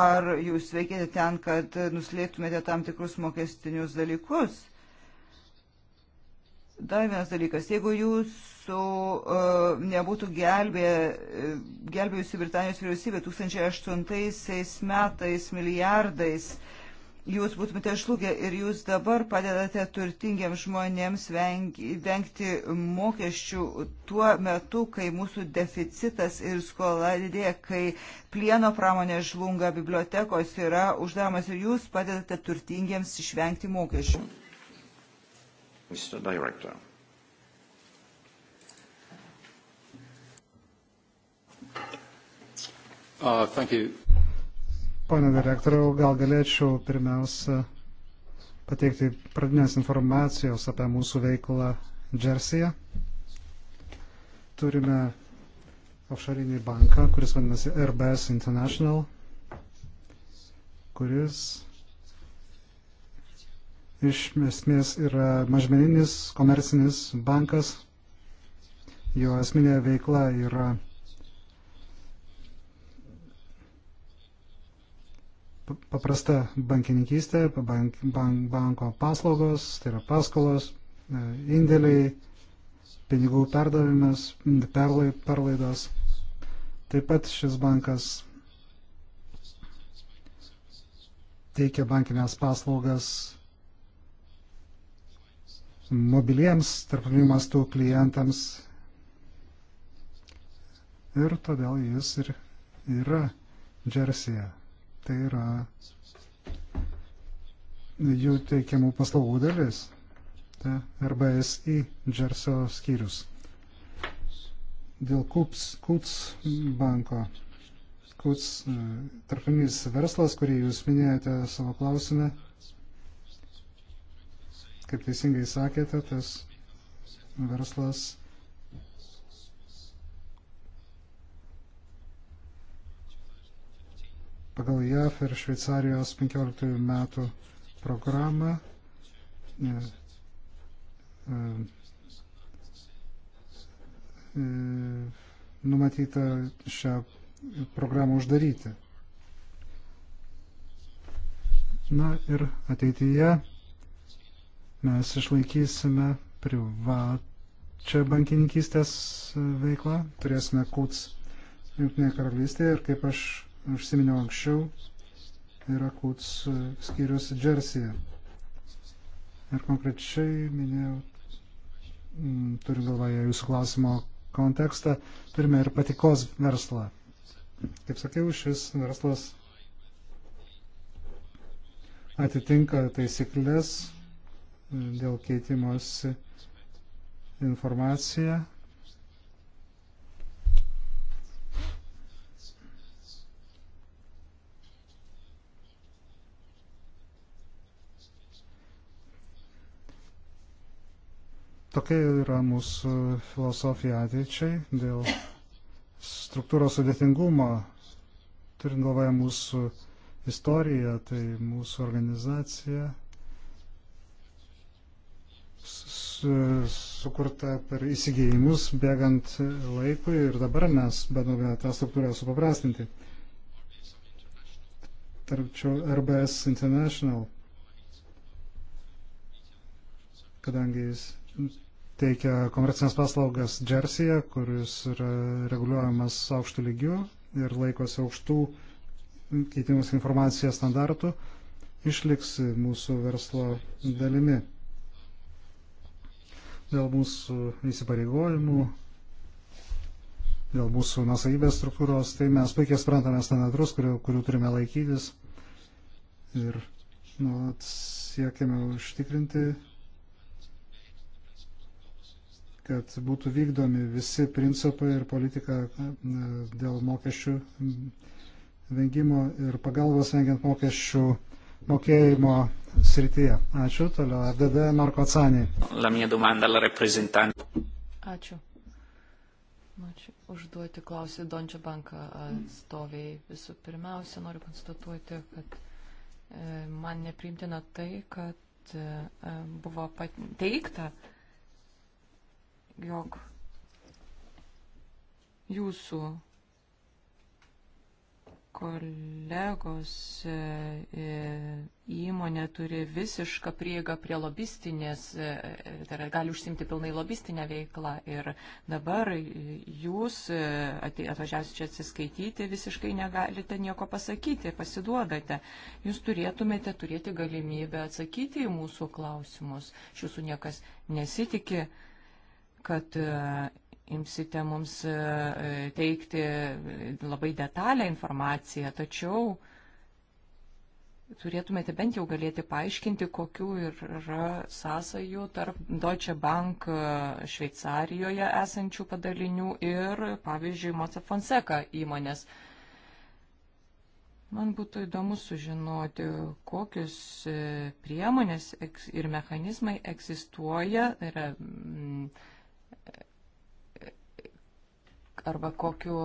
ar jūs veikėte ten, kad nuslėptumėte tam tikrus mokestinius dalykus. Dar vienas dalykas, jeigu jūsų uh, nebūtų gelbė, e, gelbėjusi Britanijos vyriausybė 2008 metais milijardais, uh, jūs būtumėte žlugę ir jūs dabar padedate turtingiems žmonėms vengti mokesčių tuo metu, kai mūsų deficitas ir skola didėja, kai plieno pramonė žlunga, bibliotekos yra uždaromas ir jūs padedate turtingiems išvengti mokesčių. Mr. Director. Uh, thank you. Pone direktoriau, gal galėčiau pirmiausia pateikti pradinės informacijos apie mūsų veiklą Džersyje. Turime offshore'inį banką, kuris vadinasi RBS International, kuris iš esmės yra mažmeninis komercinis bankas. Jo esminė veikla yra paprasta bankininkystė, bank, bank, banko paslaugos, tai yra paskolos, e, indėliai, pinigų perdavimas, perlai, perlaidos. Taip pat šis bankas teikia bankinės paslaugas mobiliems tarptautinių mastų klientams ir todėl jis ir yra Džersija tai yra jų teikiamų paslaugų dalis. Tai RBSI Džerso skyrius. Dėl KUPS, KUTS banko. KUTS e, tarptautinis verslas, kurį jūs minėjote savo klausime. Kaip teisingai sakėte, tas verslas pagal JAF ir Šveicarijos 15 metų programą. E, e, e, numatyta šią programą uždaryti. Na ir ateityje mes išlaikysime privačią bankininkystės veiklą, turėsime kūts Junktinėje karalystėje ir kaip aš užsiminiau anksčiau, yra kuts skyrius Džersija. Ir konkrečiai minėjau, mm, turiu galvoje jūsų klausimo kontekstą, turime ir patikos verslą. Kaip sakiau, šis verslas atitinka taisyklės mm, dėl keitimosi informacija Tokia yra mūsų filosofija ateičiai dėl struktūros sudėtingumo, turint galvoje mūsų istoriją, tai mūsų organizacija sukurta per įsigėjimus bėgant laikui ir dabar mes bandome tą struktūrą supaprastinti. Tarpčiau RBS International, kadangi jis teikia komercinės paslaugas Džersyje, kuris yra reguliuojamas aukštų lygių ir laikosi aukštų keitimus informaciją standartų, išliks mūsų verslo dalimi. Dėl mūsų įsipareigojimų, dėl mūsų nusavybės struktūros, tai mes puikiai suprantame standartus, kurių, kurių turime laikytis ir nu, siekiame užtikrinti kad būtų vykdomi visi principai ir politika e, dėl mokesčių vengimo ir pagalbos vengiant mokesčių mokėjimo srityje. Ačiū. Toliau FDD Marko Cani. Ačiū. Ačiū. Užduoti klausimą Dončio banką atstoviai. Visų pirmiausia, noriu konstatuoti, kad e, man neprimtina tai, kad e, buvo pateikta jog jūsų kolegos e, e, įmonė turi visišką prieigą prie lobistinės, e, tai yra gali užsimti pilnai lobistinę veiklą ir dabar jūs atvažiavus čia atsiskaityti visiškai negalite nieko pasakyti, pasiduodate. Jūs turėtumėte turėti galimybę atsakyti į mūsų klausimus. Iš jūsų niekas nesitikė kad e, imsite mums e, teikti labai detalę informaciją, tačiau turėtumėte bent jau galėti paaiškinti, kokiu yra sąsajų tarp Deutsche Bank e, Šveicarijoje esančių padalinių ir, pavyzdžiui, Moca Fonseca įmonės. Man būtų įdomu sužinoti, kokius priemonės ir mechanizmai egzistuoja, tai yra, mm, arba kokiu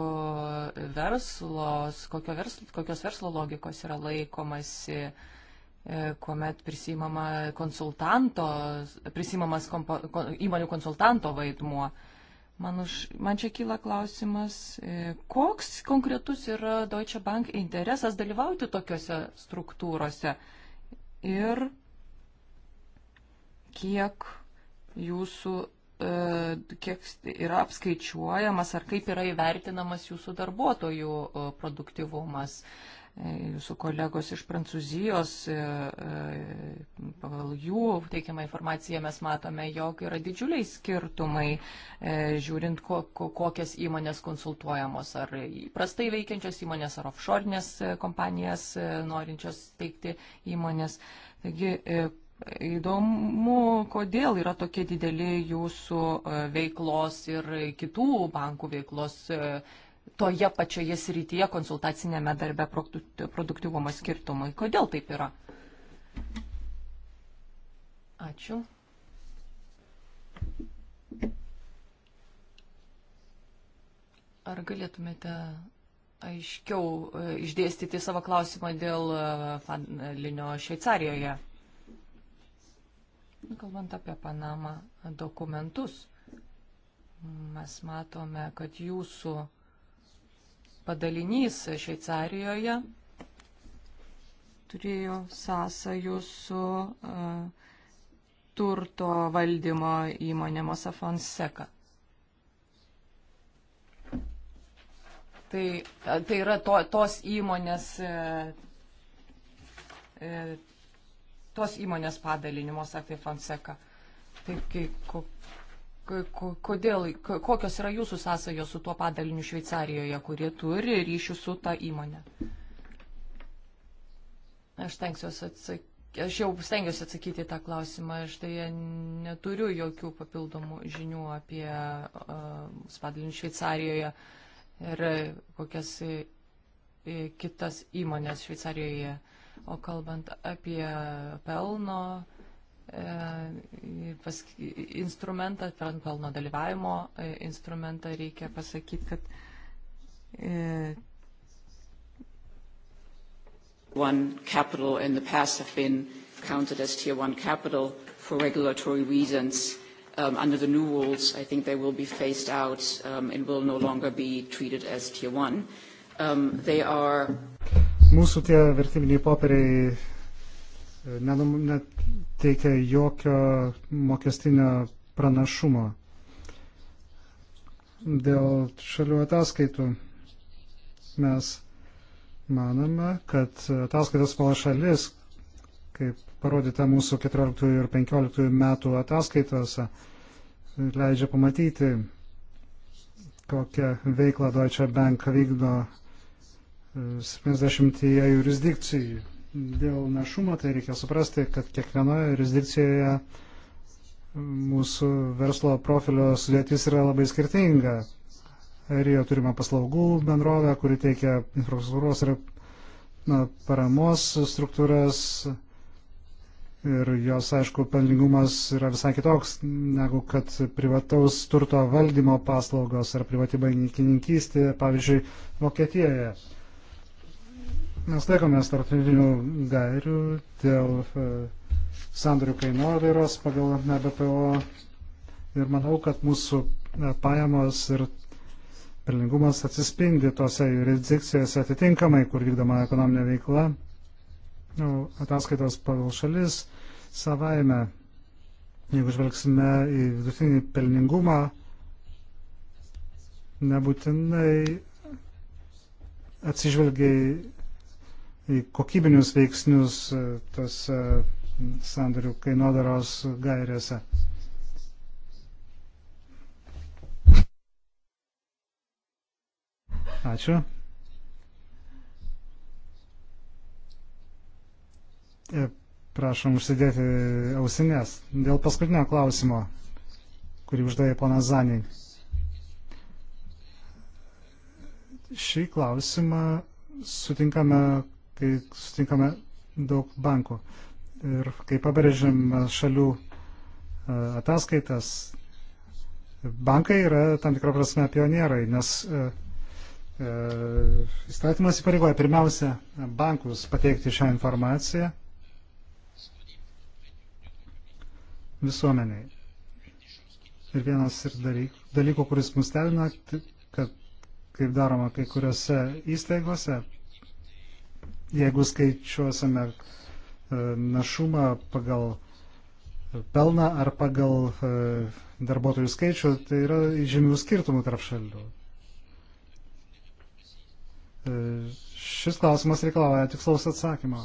e, verslos, kokio verslo, kokios verslo logikos yra laikomasi, e, kuomet prisimama konsultanto, prisimamas kompo, įmonių konsultanto vaidmuo. Man, už, man čia kyla klausimas, e, koks konkretus yra Deutsche Bank interesas dalyvauti tokiuose struktūrose ir kiek jūsų E, kiek yra apskaičiuojamas ar kaip yra įvertinamas jūsų darbuotojų e, produktivumas. E, jūsų kolegos iš Prancūzijos, pagal jų teikiamą informaciją mes matome, jog yra didžiuliai skirtumai, žiūrint, kokias įmonės konsultuojamos, ar įprastai veikiančios įmonės, ar offshore'nės kompanijas, norinčios teikti įmonės. Taigi, Įdomu, kodėl yra tokie dideli jūsų e, veiklos ir kitų bankų veiklos e, toje pačioje srityje konsultacinėme darbe produktivumo skirtumai. Kodėl taip yra? Ačiū. Ar galėtumėte aiškiau e, išdėstyti savo klausimą dėl linio Šveicarijoje? Kalbant apie Panamą dokumentus, mes matome, kad jūsų padalinys Šveicarijoje turėjo sąsajų su uh, turto valdymo įmonė Mosafonseka. Tai, tai yra to, tos įmonės e, e, tos įmonės padalinimo, sakė Fonseca. Tai kai, ko, kodėl, kokios yra jūsų sąsajos su tuo padaliniu Šveicarijoje, kurie turi ryšių su ta įmonė? Aš tenksiuosi atsakyti. Aš jau stengiuosi atsakyti tą klausimą, aš tai neturiu jokių papildomų žinių apie uh, spadalinius Šveicarijoje ir kokias uh, kitas įmonės Šveicarijoje uh, O kalbant apie pelno e, instrumentą, pelno dalyvavimo e, instrumentą, reikia pasakyti, kad e, one capital in the past have been counted as tier one capital for regulatory reasons. Um, under the new rules, I think they will be phased out um, and will no longer be treated as tier one. Um, they are mūsų tie vertybiniai popieriai e, neteikia jokio mokestinio pranašumo. Dėl šalių ataskaitų mes manome, kad ataskaitas pagal šalis, kaip parodyta mūsų 14 ir 15 metų ataskaitose, leidžia pamatyti, kokią veiklą Deutsche Bank vykdo 70 jurisdikcijų. Dėl našumo tai reikia suprasti, kad kiekvienoje jurisdikcijoje mūsų verslo profilio sudėtis yra labai skirtinga. Airijoje turime paslaugų bendrovę, kuri teikia infrastruktūros ir na, paramos struktūras ir jos, aišku, pelningumas yra visai kitoks negu kad privataus turto valdymo paslaugos ar privati bankininkystė, pavyzdžiui, Vokietijoje Mes laikomės tarptautinių gairių dėl e, sandorių kainodairos pagal BPO ir manau, kad mūsų e, pajamos ir pelningumas atsispindi tose jurisdikcijose atitinkamai, kur vykdoma ekonominė veikla. Ataskaitos pagal šalis savaime, jeigu žvelgsime į vidutinį pelningumą, nebūtinai atsižvelgiai kokybinius veiksnius e, tos sandorių kainodaros gairėse. Ačiū. E, prašom užsidėti ausinės. Dėl paskutinio klausimo, kurį uždavė ponas Zaniai. Šį klausimą sutinkame kai sutinkame daug bankų. Ir kai pabrėžiame šalių e, ataskaitas, bankai yra tam tikrą prasme pionierai, nes e, e, įstatymas įpareigoja pirmiausia bankus pateikti šią informaciją visuomeniai. Ir vienas ir dalyk, dalykų, kuris mus stebina, kad kaip daroma kai kuriuose įstaigose, Jeigu skaičiuosime e, našumą pagal pelną ar pagal e, darbuotojų skaičių, tai yra žymių skirtumų tarp šalių. E, šis klausimas reikalauja tikslaus atsakymo.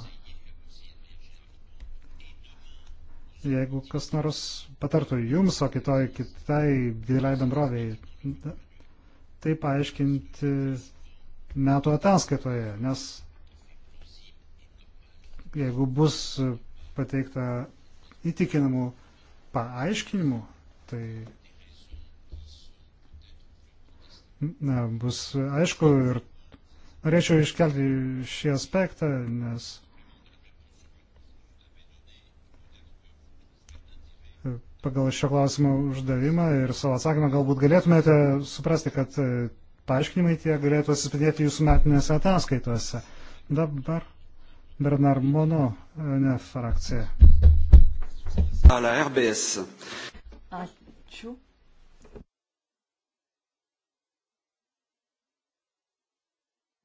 Jeigu kas nors patartų jums, o kitoj kitai dideliai bendroviai, tai paaiškinti metų ataskaitoje, nes jeigu bus pateikta įtikinamų paaiškinimų, tai na, bus aišku ir norėčiau iškelti šį aspektą, nes pagal šio klausimo uždavimą ir savo atsakymą galbūt galėtumėte suprasti, kad paaiškinimai tie galėtų atsispindėti jūsų metinėse ataskaitose. Dabar Bernard Mono, ne frakcija. Ala RBS. Ačiū.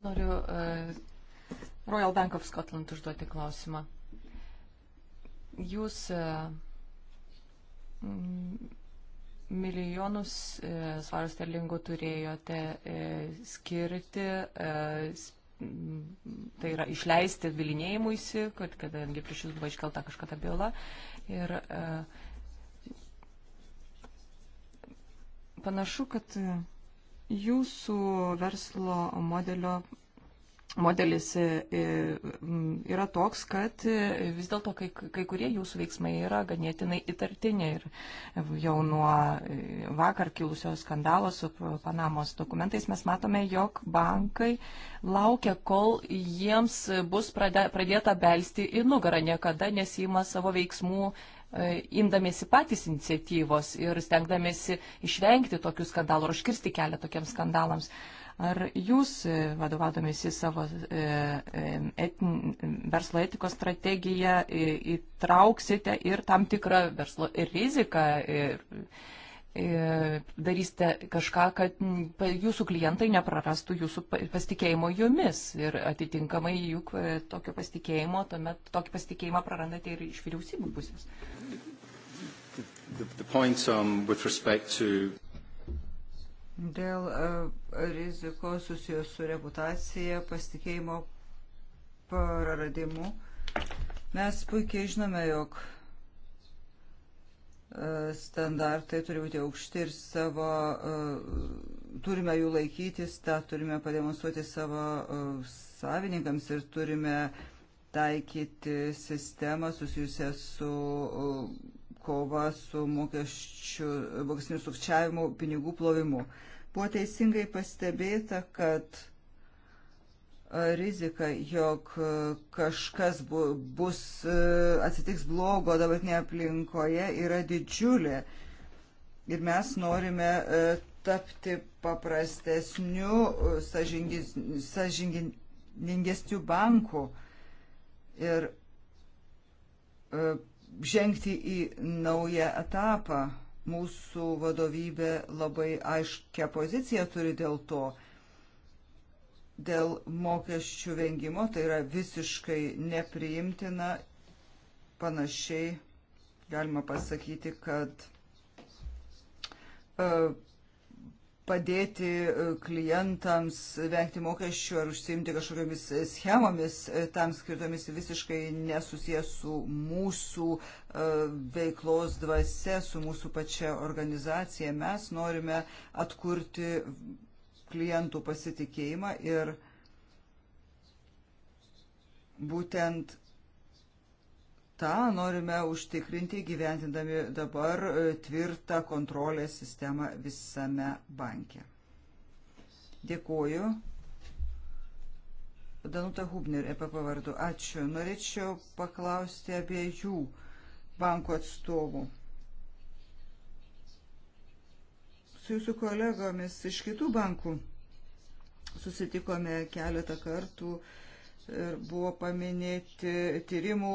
Noriu uh, Royal Bank of Scotland užduoti klausimą. Jūs uh, milijonus uh, svarų sterlingų turėjote uh, skirti uh, tai yra išleisti bilinėjimuisi, kad, kadangi prieš jūs buvo iškelta kažkada byla. Ir e, panašu, kad e, jūsų verslo modelio modelis e, e, yra toks, kad e, vis dėlto kai, kai kurie jūsų veiksmai yra ganėtinai įtartini ir jau nuo vakar kilusio skandalo su Panamos dokumentais mes matome, jog bankai laukia, kol jiems bus pradėta belsti į nugarą, niekada nesima savo veiksmų imdamėsi patys iniciatyvos ir stengdamėsi išvengti tokių skandalų ir užkirsti kelią tokiems skandalams. Ar jūs, e, vadovaudomėsi savo e, e, etin, verslo etikos strategiją, įtrauksite ir tam tikrą verslo riziką? Ir, darysite kažką, kad jūsų klientai neprarastų jūsų pasitikėjimo jumis ir atitinkamai juk tokio pasitikėjimo, tuomet tokį pasitikėjimą prarandate ir iš vyriausybių pusės. The, the point, um, to... Dėl e, rizikos susijęs su reputacija, pasitikėjimo praradimu. Mes puikiai žinome, jog e, standartai turi būti aukšti ir savo, e, turime jų laikytis, tą turime pademonstruoti savo savininkams ir turime taikyti sistemą susijusią su kova su mokesčių, mokesnių sukčiavimu, pinigų plovimu. Buvo teisingai pastebėta, kad rizika, jog kažkas bu, bus, atsitiks blogo dabartinėje aplinkoje, yra didžiulė. Ir mes norime tapti paprastesniu, sažingesniu banku. Ir žengti į naują etapą. Mūsų vadovybė labai aiškia pozicija turi dėl to. Dėl mokesčių vengimo tai yra visiškai nepriimtina. Panašiai galima pasakyti, kad e, padėti e, klientams vengti mokesčių ar užsiimti kažkokiamis e, schemomis e, tam skirtomis visiškai nesusijęs su mūsų veiklos dvasia, su mūsų pačia organizacija. Mes norime atkurti klientų pasitikėjimą ir būtent tą norime užtikrinti gyventindami dabar e, tvirtą kontrolės sistemą visame banke. Dėkuoju. Danuta Hubner, EPP vardu. Ačiū. Norėčiau paklausti apie jų banko atstovų. Su jūsų kolegomis iš kitų bankų susitikome keletą kartų ir buvo paminėti tyrimų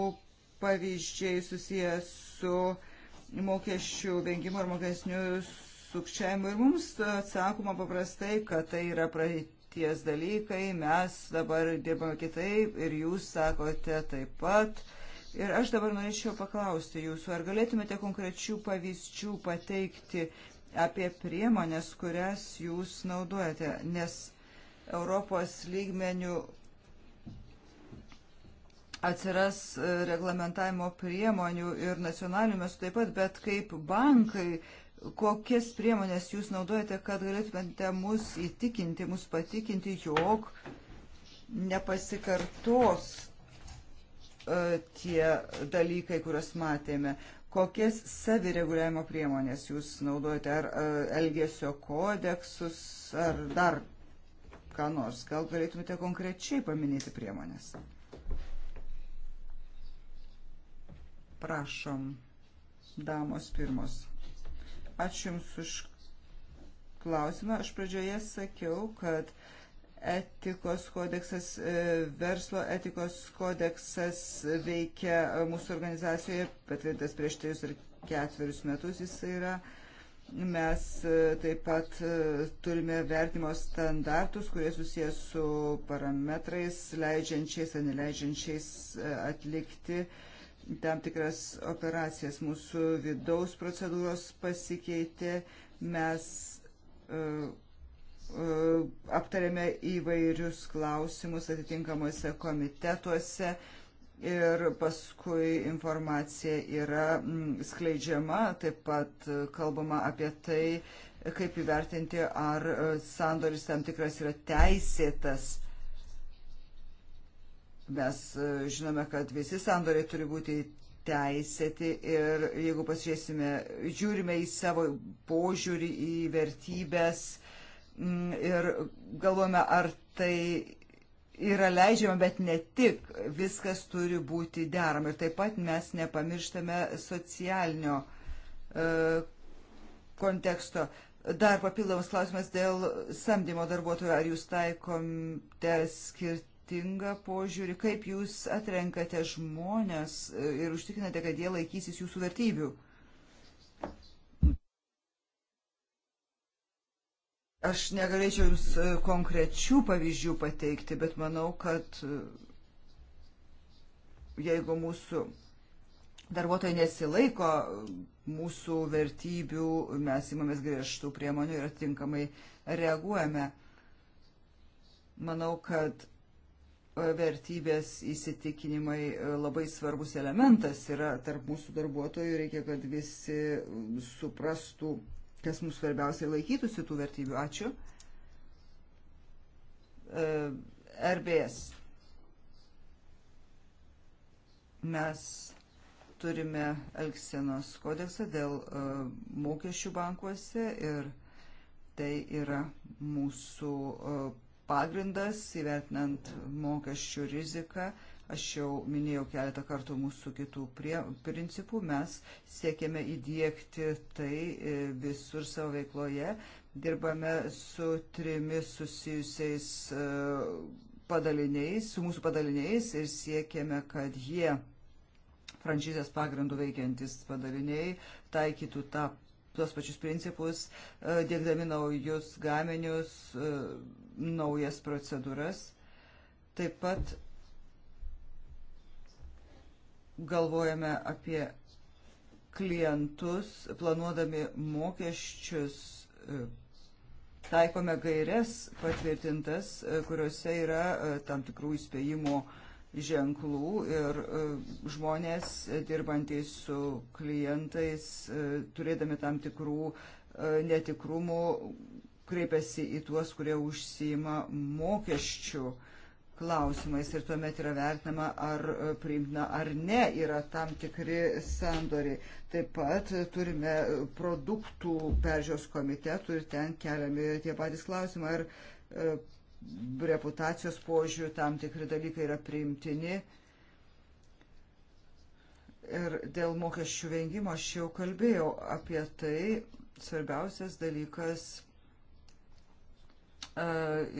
pavyzdžiai susijęs su mokesčių vengimo ir mokesnių sukčiavimu. Ir mums atsakoma paprastai, kad tai yra praeities dalykai, mes dabar dirbame kitaip ir jūs sakote taip pat. Ir aš dabar norėčiau paklausti jūsų, ar galėtumėte konkrečių pavyzdžių pateikti apie priemonės, kurias jūs naudojate, nes Europos lygmenių atsiras e, reglamentavimo priemonių ir nacionalinių mes taip pat, bet kaip bankai, kokias priemonės jūs naudojate, kad galėtumėte mus įtikinti, mus patikinti, jog nepasikartos e, tie dalykai, kuriuos matėme. Kokias savireguliavimo priemonės jūs naudojate, ar e, elgesio kodeksus, ar dar ką nors. Gal galėtumėte konkrečiai paminėti priemonės? Prašom, damos pirmos. Ačiū Jums už klausimą. Aš pradžioje sakiau, kad etikos kodeksas, e, verslo etikos kodeksas veikia e, mūsų organizacijoje, patvirtintas prieš trejus ar ketverius metus jis yra. Mes e, taip pat turime vertimo standartus, kurie susijęs su parametrais, leidžiančiais ar neleidžiančiais atlikti uh, tam tikras operacijas. Mūsų vidaus procedūros pasikeitė, mes uh, uh, aptarėme įvairius klausimus atitinkamuose komitetuose ir paskui informacija yra mm, skleidžiama, taip pat kalbama apie tai, kaip įvertinti, ar e, sandoris tam tikras yra teisėtas Mes e, žinome, kad visi sandoriai turi būti teisėti ir jeigu pasižiūrėsime, žiūrime į savo požiūrį, į vertybės mm, ir galvojame, ar tai yra leidžiama, bet ne tik, viskas turi būti derama. Ir taip pat mes nepamirštame socialinio e, konteksto. Dar papildomas klausimas dėl samdymo darbuotojų. Ar jūs taikomte tai skirti skirtingą požiūrį, kaip jūs atrenkate žmonės e, ir užtikrinate, kad jie laikysis jūsų vertybių. Aš negalėčiau Jums e, konkrečių pavyzdžių pateikti, bet manau, kad e, jeigu mūsų darbuotojai nesilaiko mūsų vertybių, mes imamės griežtų priemonių ir atitinkamai reaguojame. Manau, kad vertybės įsitikinimai e, labai svarbus elementas yra tarp mūsų darbuotojų, reikia, kad visi suprastų, kas mums svarbiausiai laikytųsi tų vertybių. Ačiū. E, RBS. Mes turime Elksenos kodeksą dėl e, mokesčių bankuose ir tai yra mūsų pagrindas įvertinant mokesčių riziką. Aš jau minėjau keletą kartų mūsų kitų prie, principų. Mes siekėme įdėkti tai e, visur savo veikloje. Dirbame su trimis susijusiais e, padaliniais, su mūsų padaliniais ir siekėme, kad jie franšizės pagrindų veikiantis padaliniai taikytų tą tuos pačius principus, e, dėkdami naujus gaminius, e, naujas procedūras. Taip pat galvojame apie klientus, planuodami mokesčius, e, taikome gairias patvirtintas, kuriuose yra tam tikrų įspėjimo ženklų ir e, žmonės dirbantys su klientais, e, turėdami tam tikrų e, netikrumų, kreipiasi į tuos, kurie užsima mokesčių klausimais ir tuomet yra vertinama, ar priimtina ar ne yra tam tikri sandoriai. Taip pat turime produktų peržiūros komitetų ir ten keliami tie patys klausimai, ar reputacijos požiūrių tam tikri dalykai yra priimtini. Ir dėl mokesčių vengimo aš jau kalbėjau apie tai. Svarbiausias dalykas e,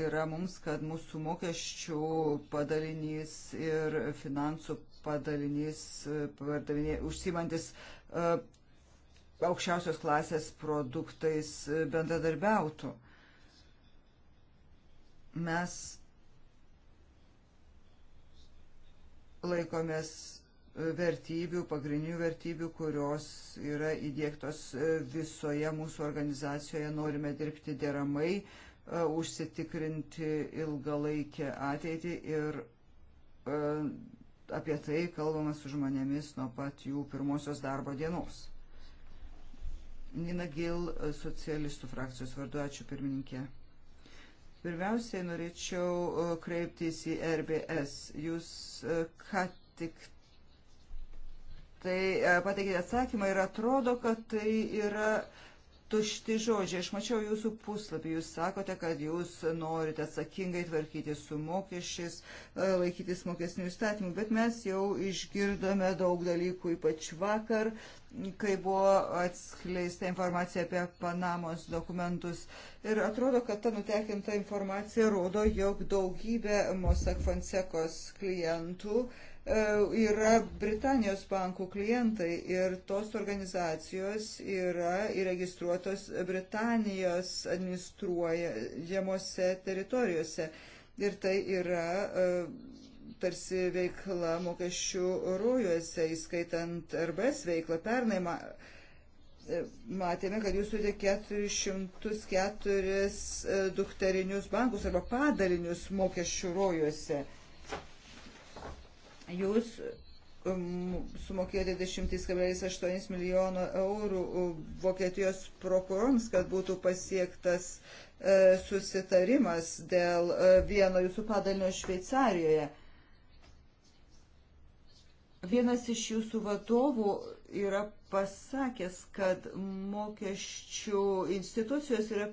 yra mums, kad mūsų mokesčių padalinys ir finansų padalinys, e, užsimantis e, aukščiausios klasės produktais bendradarbiautų mes laikomės vertybių, pagrindinių vertybių, kurios yra įdėktos visoje mūsų organizacijoje, norime dirbti deramai, e, užsitikrinti ilgalaikę ateitį ir e, apie tai kalbama su žmonėmis nuo pat jų pirmosios darbo dienos. Nina Gil, socialistų frakcijos vardu, ačiū pirmininkė. Pirmiausiai norėčiau e, kreiptis į RBS. Jūs e, ką tik tai e, pateikite atsakymą ir atrodo, kad tai yra tušti žodžiai. Aš mačiau jūsų puslapį, jūs sakote, kad jūs norite atsakingai tvarkyti su mokesčiais, e, laikytis mokesnių įstatymų, bet mes jau išgirdome daug dalykų, ypač vakar, kai buvo atskleista informacija apie Panamos dokumentus. Ir atrodo, kad ta nutekinta informacija rodo, jog daugybė Mosak Fonsekos klientų uh, E, yra Britanijos bankų klientai ir tos organizacijos yra įregistruotos Britanijos administruojamose teritorijose. Ir tai yra e, tarsi veikla mokesčių rojuose, įskaitant RBS veiklą pernai. Ma, e, matėme, kad jūs turite 404 dukterinius bankus arba padalinius mokesčių rojuose. Jūs um, sumokėjo 20,8 milijono eurų um, Vokietijos prokurorams, kad būtų pasiektas e, susitarimas dėl e, vieno jūsų padalinio Šveicarijoje. Vienas iš jūsų vadovų yra pasakęs, kad mokesčių institucijos yra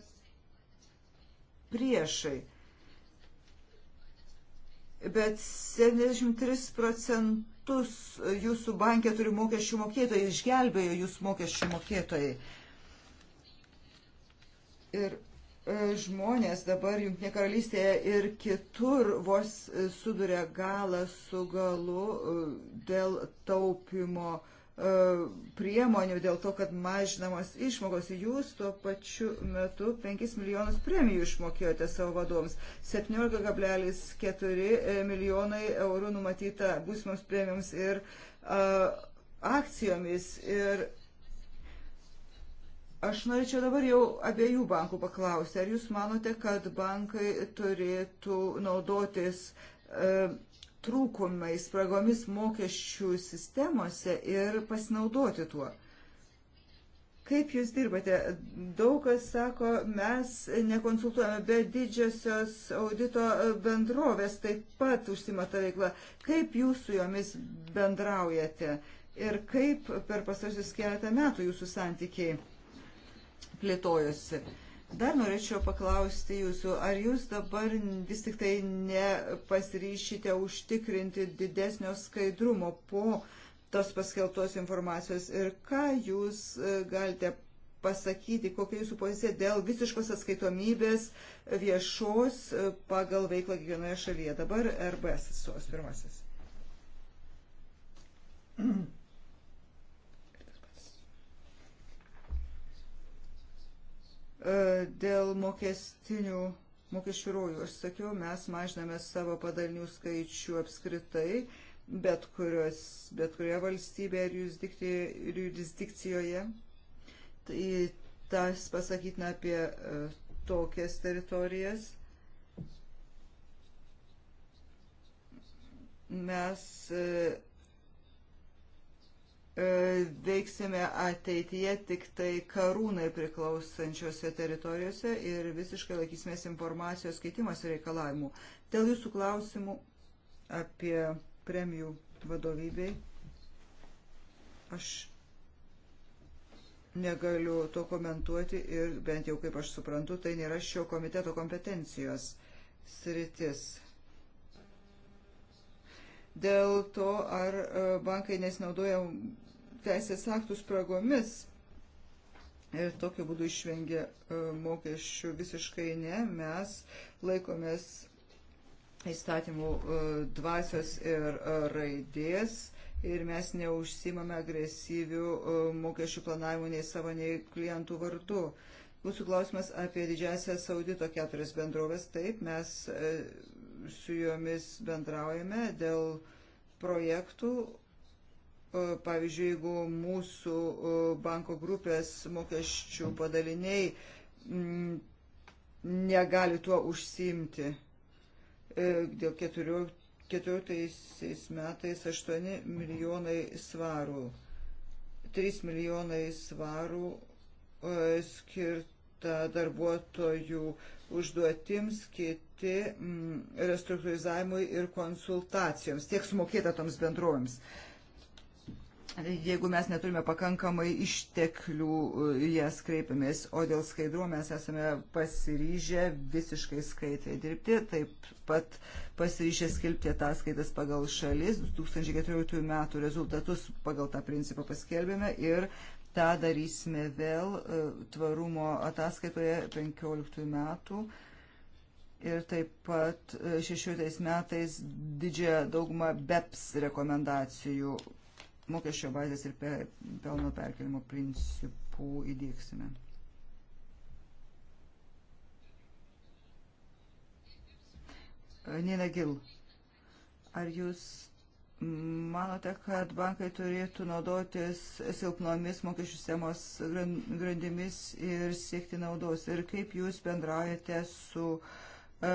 priešai bet 73 procentus jūsų bankė turi mokesčių mokėtojai, išgelbėjo jūs mokesčių mokėtojai. Ir e, žmonės dabar Junktinė karalystėje ir kitur vos suduria galą su galu e, dėl taupimo uh, E, priemonių dėl to, kad mažinamos išmokos. Jūs tuo pačiu metu 5 milijonus premijų išmokėjote savo vadovams. 17,4 e, milijonai eurų numatyta būsimoms premijoms ir a, e, akcijomis. Ir aš norėčiau dabar jau abiejų bankų paklausti. Ar jūs manote, kad bankai turėtų naudotis a, trūkumais, spragomis mokesčių sistemose ir pasinaudoti tuo. Kaip jūs dirbate? Daug kas sako, mes nekonsultuojame, bet didžiosios audito bendrovės taip pat užsimata veikla. Kaip jūs su jomis bendraujate ir kaip per pastarsius keletą metų jūsų santykiai plėtojosi? Dar norėčiau paklausti jūsų, ar jūs dabar vis tik tai nepasiryšite užtikrinti didesnio skaidrumo po tos paskeltos informacijos ir ką jūs e, galite pasakyti, kokia jūsų pozicija dėl visiškos atskaitomybės viešos e, pagal veiklą kiekvienoje šalyje. Dabar RBS atstovas pirmasis. E, dėl mokestinių mokesčių rojų, aš sakiau, mes mažiname savo padalinių skaičių apskritai, bet, kurios, bet kurioje valstybėje ir jurisdikcijoje. Tai tas pasakytina apie e, tokias teritorijas. Mes e, E, veiksime ateityje tik tai karūnai priklausančiose teritorijose ir visiškai laikysimės informacijos keitimas reikalavimų. Dėl jūsų klausimų apie premijų vadovybei aš negaliu to komentuoti ir bent jau kaip aš suprantu, tai nėra šio komiteto kompetencijos sritis dėl to, ar e, bankai nesinaudoja teisės aktų spragomis ir tokiu būdu išvengia e, mokesčių visiškai ne. Mes laikomės įstatymų e, dvasios ir e, raidės ir mes neužsimame agresyvių mokesčių planavimų nei savo, nei klientų vardu. Jūsų klausimas apie didžiasias audito keturias bendrovės. Taip, mes su jomis bendraujame dėl projektų Pavyzdžiui, jeigu mūsų banko grupės mokesčių padaliniai mm, negali tuo užsiimti. E, dėl 14 metais 8 milijonai svarų. 3 milijonai svarų e, skirta darbuotojų užduotims, kiti mm, restruktūrizavimui ir konsultacijoms. Tiek sumokėta toms bendrovėms jeigu mes neturime pakankamai išteklių, jas kreipiamės, o dėl skaidrumo mes esame pasiryžę visiškai skaidriai dirbti, taip pat pasiryžę skelbti ataskaitas pagal šalis, 2014 metų rezultatus pagal tą principą paskelbėme ir tą darysime vėl e, tvarumo ataskaitoje 2015 metų. Ir taip pat 16 e, metais didžiąją daugumą BEPS rekomendacijų mokesčio bazės ir pe, pelno perkelimo principų įdėksime. Nina Gil, ar jūs manote, kad bankai turėtų naudotis silpnomis mokesčių sistemos grandimis ir siekti naudos? Ir kaip jūs bendraujate su uh, E,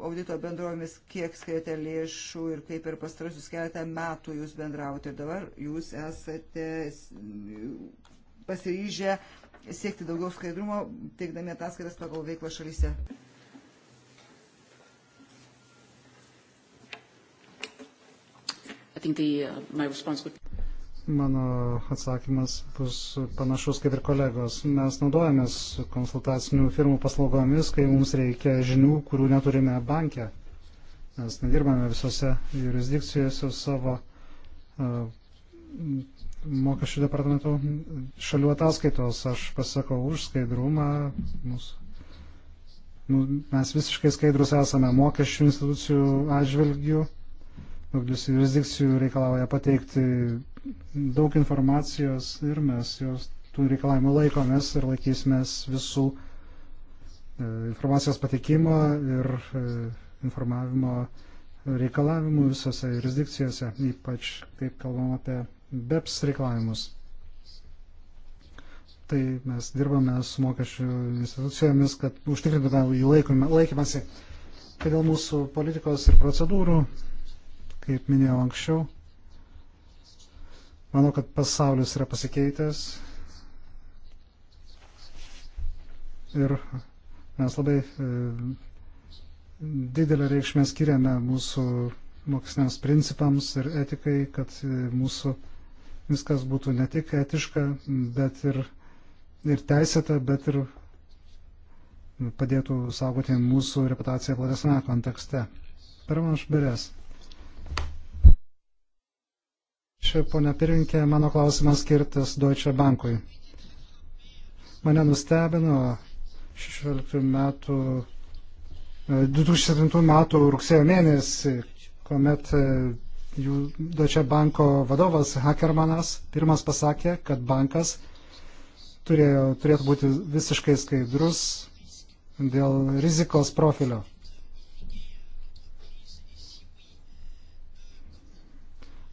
audito bendrovėmis, kiek skiriate lėšų ir kaip per pastarusius keletą metų jūs bendravote. Dabar jūs esate pasiryžę siekti daugiau skaidrumo, teikdami ataskaitas pagal veiklą šalyse. I think the, uh, my response would be mano atsakymas bus panašus kaip ir kolegos. Mes naudojamės konsultacinių firmų paslaugomis, kai mums reikia žinių, kurių neturime banke. Mes nedirbame visose jurisdikcijose savo uh, mokesčių departamentų šalių ataskaitos. Aš pasakau už skaidrumą. Mūsų. Nu, mes visiškai skaidrus esame mokesčių institucijų atžvilgių daugelis jurisdikcijų reikalauja pateikti daug informacijos ir mes jos tų reikalavimų laikomės ir laikysimės visų e, informacijos patikimo ir e, informavimo reikalavimų visose jurisdikcijose, ypač kaip kalbam apie BEPS reikalavimus. Tai mes dirbame su mokesčių institucijomis, kad užtikrintume jų laikymasi. Tai dėl mūsų politikos ir procedūrų, kaip minėjau anksčiau, Manau, kad pasaulis yra pasikeitęs ir mes labai e, didelę reikšmę skiriame mūsų moksliniams principams ir etikai, kad e, mūsų viskas būtų ne tik etiška, bet ir, ir teisėta, bet ir padėtų saugoti mūsų reputaciją platesnėme kontekste. Per manš berės. Čia, ponia pirinkė, mano klausimas skirtas Deutsche Bankui. Mane nustebino 16 metų, 2007 e, metų rugsėjo mėnesį, kuomet e, jų Deutsche Banko vadovas Hakermanas pirmas pasakė, kad bankas turėjo, turėtų būti visiškai skaidrus dėl rizikos profilio.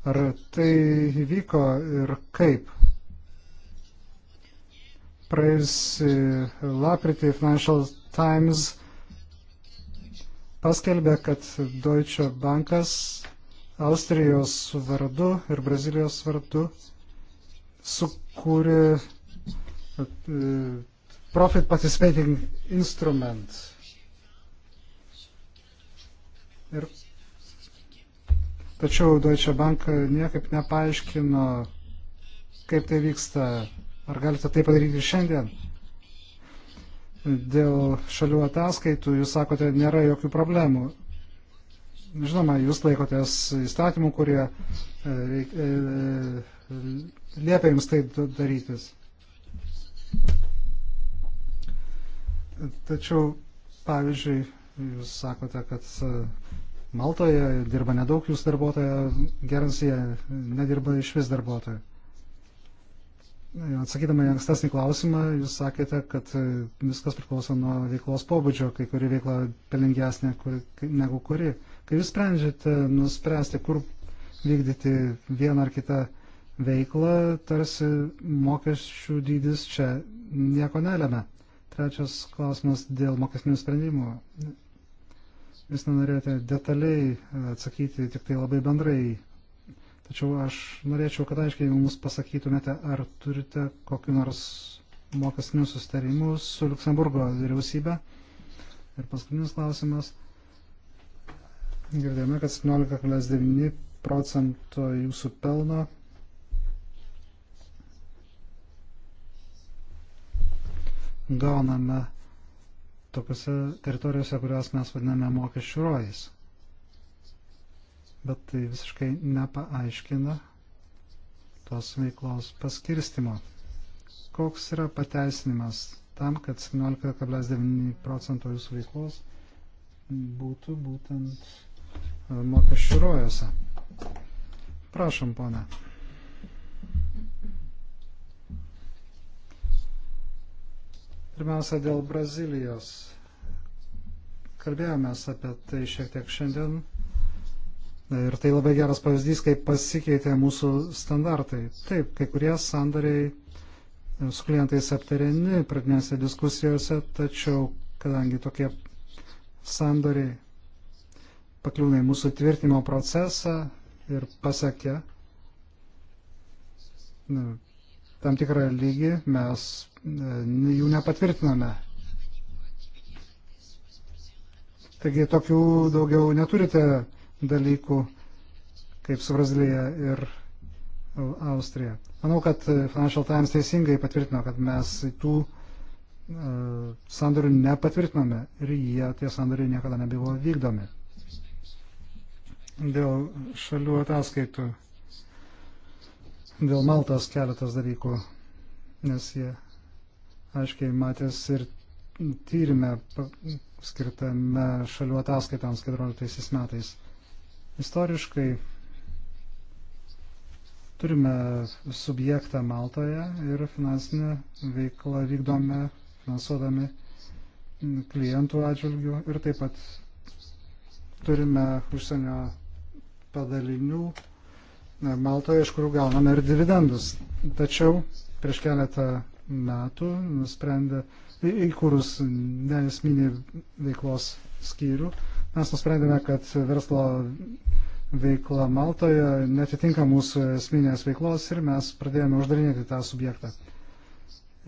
Ar tai įvyko ir kaip? Praėjusį e, lapritį Financial Times paskelbė, kad Deutsche Bankas Austrijos vardu ir Brazilijos vardu sukūrė e, Profit Participating Instrument. Ir Tačiau Deutsche Bank niekaip nepaaiškino, kaip tai vyksta. Ar galite tai padaryti šiandien? Dėl šalių ataskaitų, jūs sakote, nėra jokių problemų. Žinoma, jūs laikotės įstatymų, kurie e, reik, e, e, liepia jums tai darytis. Tačiau, pavyzdžiui, jūs sakote, kad Maltoje dirba nedaug jūs darbuotojų, Gernsija nedirba iš vis darbuotojų. Atsakydama į ankstesnį klausimą, jūs sakėte, kad e, viskas priklauso nuo veiklos pobūdžio, kai kuri veikla pelingesnė kur, negu kuri. Kai jūs sprendžiate nuspręsti, kur vykdyti vieną ar kitą veiklą, tarsi mokesčių dydis čia nieko nelėmė. Trečias klausimas dėl mokesnių sprendimų. Jūs nenorėjote detaliai atsakyti, tik tai labai bendrai. Tačiau aš norėčiau, kad aiškiai mums pasakytumėte, ar turite kokiu nors mokestinių sustarimų su Luksemburgo vyriausybė. Ir paskutinis klausimas. Girdėjome, kad 17,9 procento jūsų pelno gauname tokiuose teritorijose, kurias mes vadiname mokesčių rojais. Bet tai visiškai nepaaiškina tos veiklos paskirstimo. Koks yra pateisinimas tam, kad 17,9 procento jūsų veiklos būtų būtent e, mokesčių rojose? Prašom, pone. Pirmiausia, dėl Brazilijos. Kalbėjomės apie tai šiek tiek šiandien. Ir tai labai geras pavyzdys, kaip pasikeitė mūsų standartai. Taip, kai kurie sandariai su klientais aptariami pradinėse diskusijose, tačiau kadangi tokie sandoriai pakliūna į mūsų tvirtinimo procesą ir pasakė, tam tikrą lygį mes e, jų nepatvirtiname. Taigi tokių daugiau neturite dalykų kaip su Brazilija ir Austrija. Manau, kad e, Financial Times teisingai patvirtino, kad mes tų e, sandorių nepatvirtinome ir jie tie sandoriai niekada nebuvo vykdomi. Dėl šalių ataskaitų dėl Maltas keletas dalykų, nes jie aiškiai matės ir tyrimę skirtame šalių ataskaitams 14 metais. Istoriškai turime subjektą Maltoje ir finansinę veiklą vykdome, finansuodami klientų atžvilgių ir taip pat turime užsienio padalinių Maltoje, iš kurių gauname ir dividendus. Tačiau prieš keletą metų nusprendė, įkūrus neesminį veiklos skyrių, mes nusprendėme, kad verslo veikla Maltoje netitinka mūsų esminės veiklos ir mes pradėjome uždarinėti tą subjektą.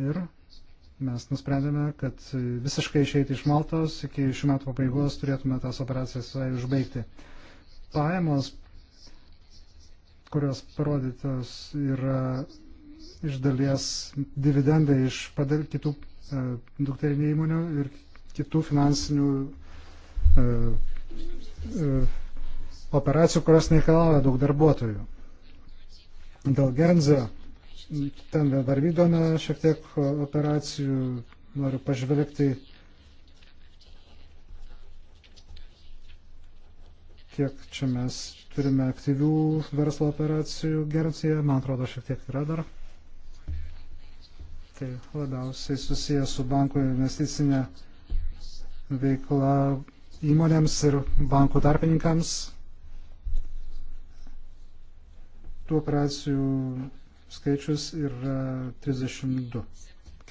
Ir mes nusprendėme, kad visiškai išeiti iš Maltos iki šių metų pabaigos turėtume tas operacijas užbaigti. Pajamos kurios parodytos yra iš dalies dividendai iš padal, kitų e, dukterinių įmonių ir kitų finansinių e, e, operacijų, kurios nereikalauja daug darbuotojų. Dėl Gernzio ten dar vykdome šiek tiek operacijų, noriu pažvelgti, kiek čia mes turime aktyvių verslo operacijų Gercijoje, man atrodo, šiek tiek yra dar. Tai labiausiai susijęs su bankų investicinė veikla įmonėms ir bankų tarpininkams. Tų operacijų skaičius yra 32.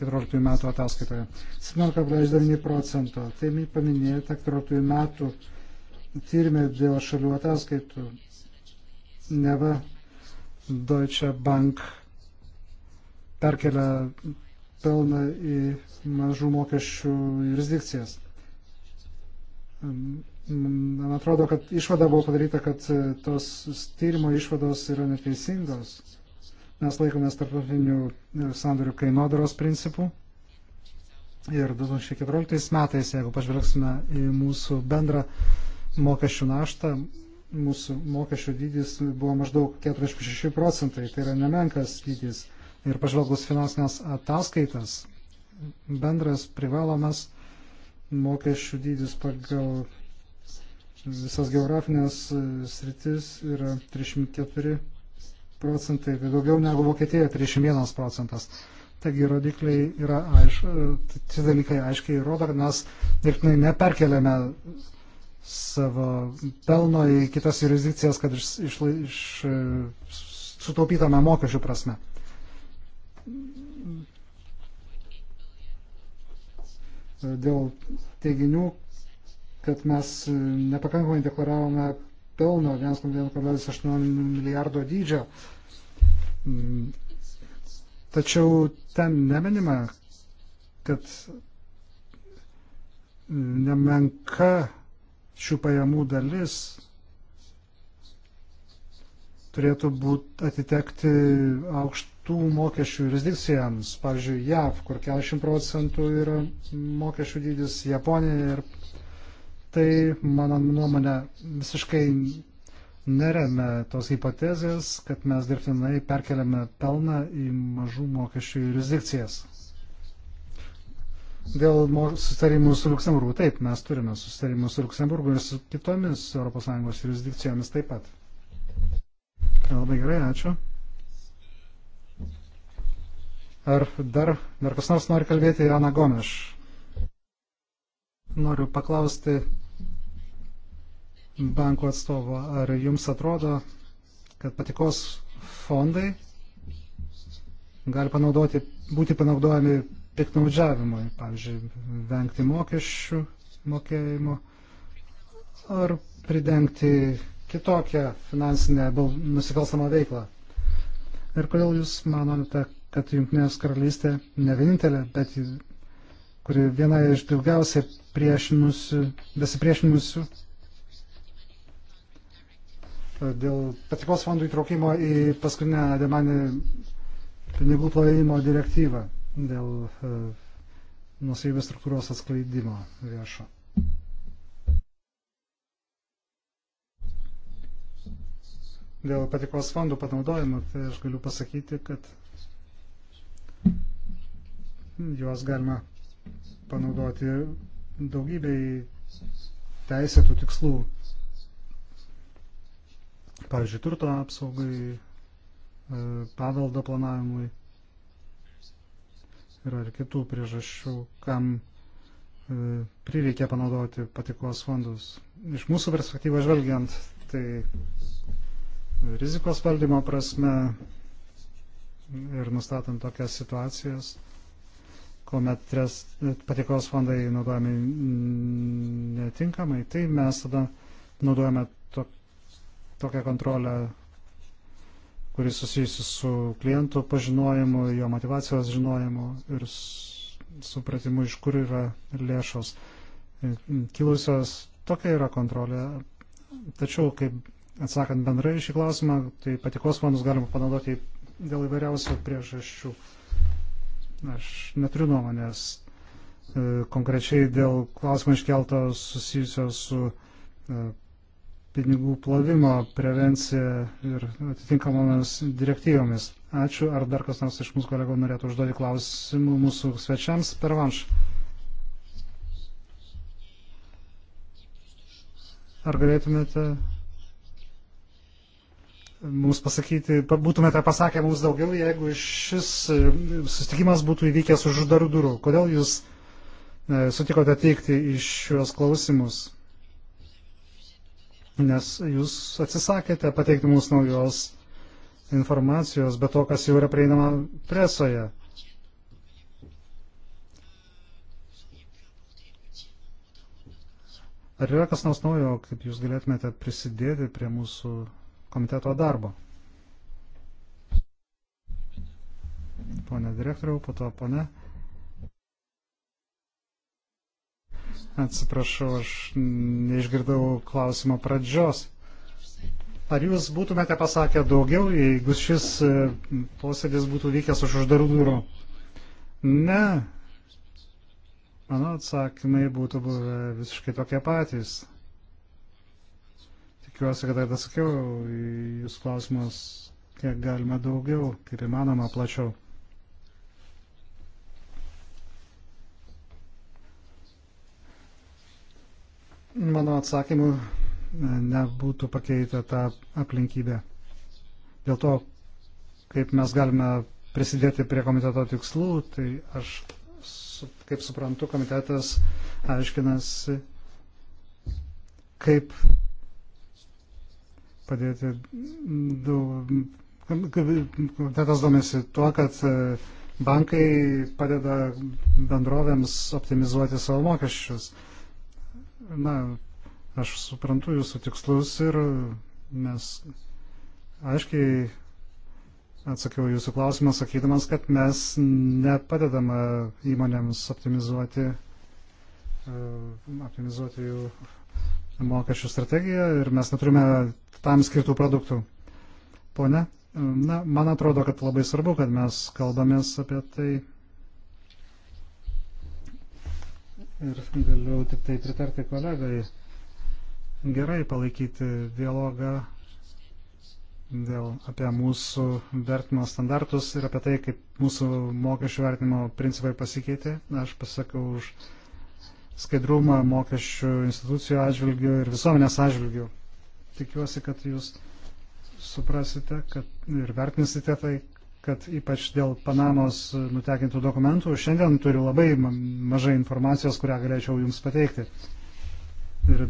14 metų ataskaitoje. 17,9 procento. Tai paminėta 14 metų tyrimė dėl šalių ataskaitų. Neva Deutsche Bank perkelia pelną į mažų mokesčių jurisdikcijas. Man atrodo, kad išvada buvo padaryta, kad tos tyrimo išvados yra neteisingos. Mes laikomės tarptautinių sandorių kainodaros principų. Ir 2014 metais, jeigu pažvelgsime į mūsų bendrą mokesčių naštą, mūsų mokesčių dydis buvo maždaug 46 procentai, tai yra nemenkas dydis. Ir pažvelgus finansinės ataskaitas, bendras privalomas mokesčių dydis pagal visas geografinės e, sritis yra 304 procentai, tai daugiau negu Vokietijoje 31 procentas. Taigi rodikliai yra aiškiai, e, tie dalykai aiškiai rodo, kad mes dirbtinai neperkeliame savo pelno į kitas jurisdikcijas, kad iš, iš, iš, sutaupytame mokesčių prasme. Dėl teiginių, kad mes nepakankamai deklaravome pelno 1,8 milijardo dydžio. Tačiau ten neminima, kad nemenka šių pajamų dalis turėtų būti atitekti aukštų mokesčių jurisdikcijams, pavyzdžiui, JAV, kur 40 procentų yra mokesčių dydis, Japonija ir tai, mano nuomonė, visiškai neremia tos hipotezės, kad mes dirbtinai perkeliame pelną į mažų mokesčių jurisdikcijas. Dėl susitarimų su Luksemburgu. Taip, mes turime susitarimų su Luksemburgu ir su kitomis ES jurisdikcijomis taip pat. Labai gerai, ačiū. Ar dar, dar kas nors nori kalbėti, Ana Gomeš? Noriu paklausti banko atstovo, ar jums atrodo, kad patikos fondai gali panaudoti, būti panaudojami piknaudžiavimui, pavyzdžiui, vengti mokesčių mokėjimo ar pridengti kitokią finansinę nusikalstamą veiklą. Ir kodėl jūs manote, kad Junktinės karalystė ne vienintelė, bet kuri viena iš daugiausiai besipriešinusių e, dėl patikos fondų įtraukimo į paskutinę demanį pinigų plovimo direktyvą dėl e, nusavybės struktūros atskleidimo viešo. Dėl patikos fondų panaudojimo, tai aš galiu pasakyti, kad juos galima panaudoti daugybei teisėtų tikslų. Pavyzdžiui, turto apsaugai, e, paveldo planavimui yra ir kitų priežasčių, kam e, prireikė panaudoti patikos fondus. Iš mūsų perspektyvos žvelgiant, tai rizikos valdymo prasme ir nustatant tokias situacijas, kuomet tres, e, patikos fondai naudojami netinkamai, tai mes tada naudojame to, tokią kontrolę kuris susijusi su klientų pažinojimu, jo motivacijos žinojimu ir supratimu, iš kur yra lėšos kilusios. Tokia yra kontrolė. Tačiau, kaip atsakant bendrai šį klausimą, tai patikos fondus galima panaudoti dėl įvairiausių priežasčių. Aš neturiu nuomonės e, konkrečiai dėl klausimo iškelto susijusio su e, pinigų plovimo prevencija ir atitinkamomis direktyvomis. Ačiū. Ar dar kas nors iš mūsų kolegų norėtų užduoti klausimų mūsų svečiams per vanš? Ar galėtumėte mums pasakyti, būtumėte pasakę mums daugiau, jeigu šis e, susitikimas būtų įvykęs už uždarų durų? Kodėl jūs e, sutikote teikti iš šios klausimus? nes jūs atsisakėte pateikti mums naujos informacijos, bet to, kas jau yra prieinama presoje. Ar yra kas nors naujo, kaip jūs galėtumėte prisidėti prie mūsų komiteto darbo? Pone direktoriau, po to pone. Atsiprašau, aš neišgirdau klausimo pradžios. Ar jūs būtumėte pasakę daugiau, jeigu šis e, posėdis būtų vykęs už uždarų durų? Ne. Mano atsakymai būtų buvę visiškai tokie patys. Tikiuosi, kad atsakiau jūs klausimus kiek galima daugiau, kaip įmanoma plačiau. mano atsakymų e, nebūtų pakeitę tą aplinkybę. Dėl to, kaip mes galime prisidėti prie komiteto tikslų, tai aš, kaip suprantu, komitetas aiškinasi, kaip padėti daug. Komitetas domisi tuo, kad e, bankai padeda bendrovėms optimizuoti savo mokesčius. Na, aš suprantu jūsų tikslus ir mes aiškiai atsakiau jūsų klausimą, sakydamas, kad mes nepadedame įmonėms optimizuoti, e, optimizuoti jų mokesčių strategiją ir mes neturime tam skirtų produktų. Pone, na, man atrodo, kad labai svarbu, kad mes kalbamės apie tai ir galiu tik tai pritarti kolegai. Gerai palaikyti dialogą dėl apie mūsų vertimo standartus ir apie tai, kaip mūsų mokesčių vertimo principai pasikeitė. Aš pasakau už skaidrumą mokesčių institucijų atžvilgių ir visuomenės atžvilgių. Tikiuosi, kad jūs suprasite kad ir vertinsite tai kad ypač dėl Panamos nutekintų dokumentų šiandien turiu labai mažai informacijos, kurią galėčiau Jums pateikti. Ir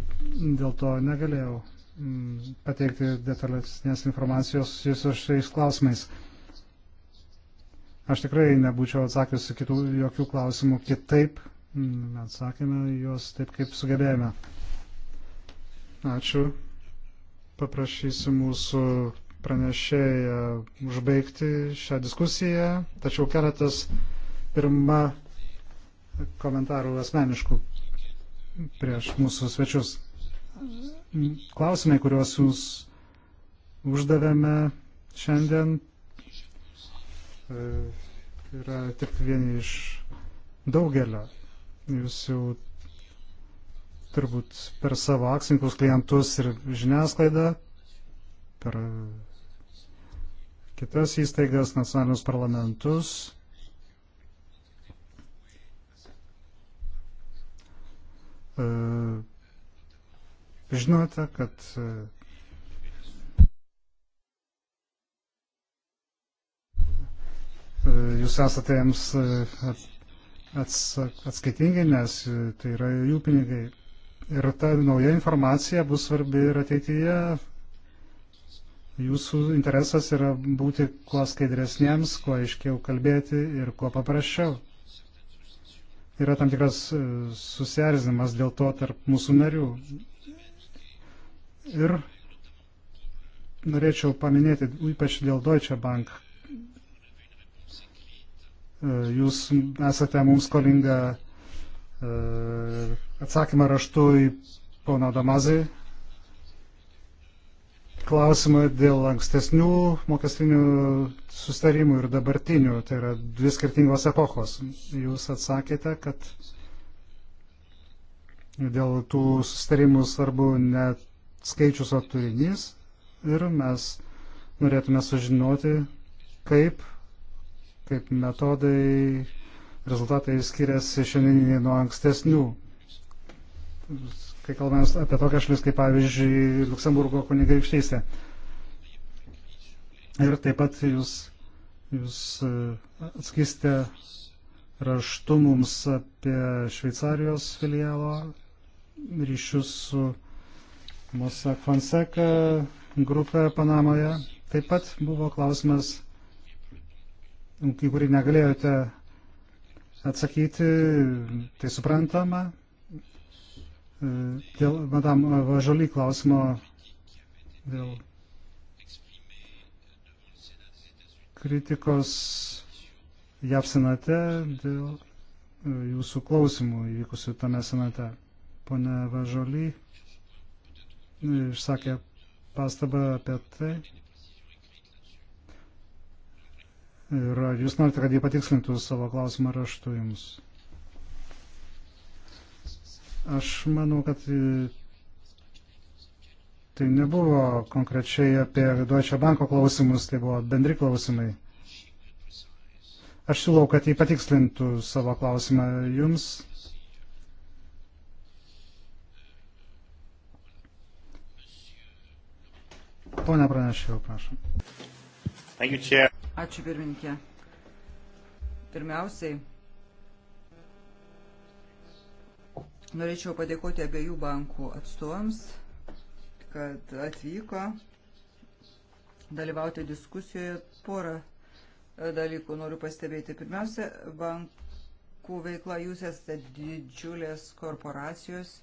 dėl to negalėjau mm, pateikti detalesnės informacijos susijusios šiais klausimais. Aš tikrai nebūčiau atsakiusi kitų jokių klausimų kitaip. Mm, atsakėme juos taip, kaip sugebėjome. Ačiū. Paprašysiu mūsų pranešėją užbaigti šią diskusiją, tačiau keletas pirma komentarų asmeniškų prieš mūsų svečius. Klausimai, kuriuos jūs uždavėme šiandien, e, yra tik vieni iš daugelio. Jūs jau turbūt per savo akcininkus, klientus ir žiniasklaidą, per kitas įstaigas, nacionalinius parlamentus. E, žinote, kad e, e, jūs esate jiems atskaitingi, nes tai yra jų pinigai. Ir ta nauja informacija bus svarbi ir ateityje Jūsų interesas yra būti kuo skaidresniems, kuo aiškiau kalbėti ir kuo paprasčiau. Yra tam tikras e, susierzinimas dėl to tarp mūsų narių. Ir norėčiau paminėti, ypač dėl Deutsche Bank. E, jūs esate mums kolinga e, atsakymą raštu į pono Damazai klausimą dėl ankstesnių mokestinių sustarimų ir dabartinių, tai yra dvi skirtingos epochos. Jūs atsakėte, kad dėl tų sustarimų svarbu ne skaičius, o turinys ir mes norėtume sužinoti, kaip, kaip metodai, rezultatai skiriasi šiandieniniai nuo ankstesnių kai kalbame apie tokias šalis kaip pavyzdžiui Luksemburgo kunigaikštystė. Ir taip pat jūs, jūs e, atskysite raštu mums apie Šveicarijos filialo ryšius su Mossack Fonseca grupė Panamoje. Taip pat buvo klausimas, į kurį negalėjote atsakyti, tai suprantama, E, dėl, madam, važaly klausimo dėl kritikos JAV senate dėl e, jūsų klausimų įvykusių tame senate. Pone Važoly e, išsakė pastabą apie tai. Ir jūs norite, kad jie patikslintų savo klausimą raštu jums? Aš manau, kad e, tai nebuvo konkrečiai apie Deutsche Banko klausimus, tai buvo bendri klausimai. Aš siūlau, kad jį patikslintų savo klausimą jums. Pone pranešėjau, prašom. Ačiū pirmininkė. Pirmiausiai, Norėčiau padėkoti abiejų bankų atstovams, kad atvyko dalyvauti diskusijoje. Porą e, dalykų noriu pastebėti. Pirmiausia, bankų veikla, jūs esate didžiulės korporacijos,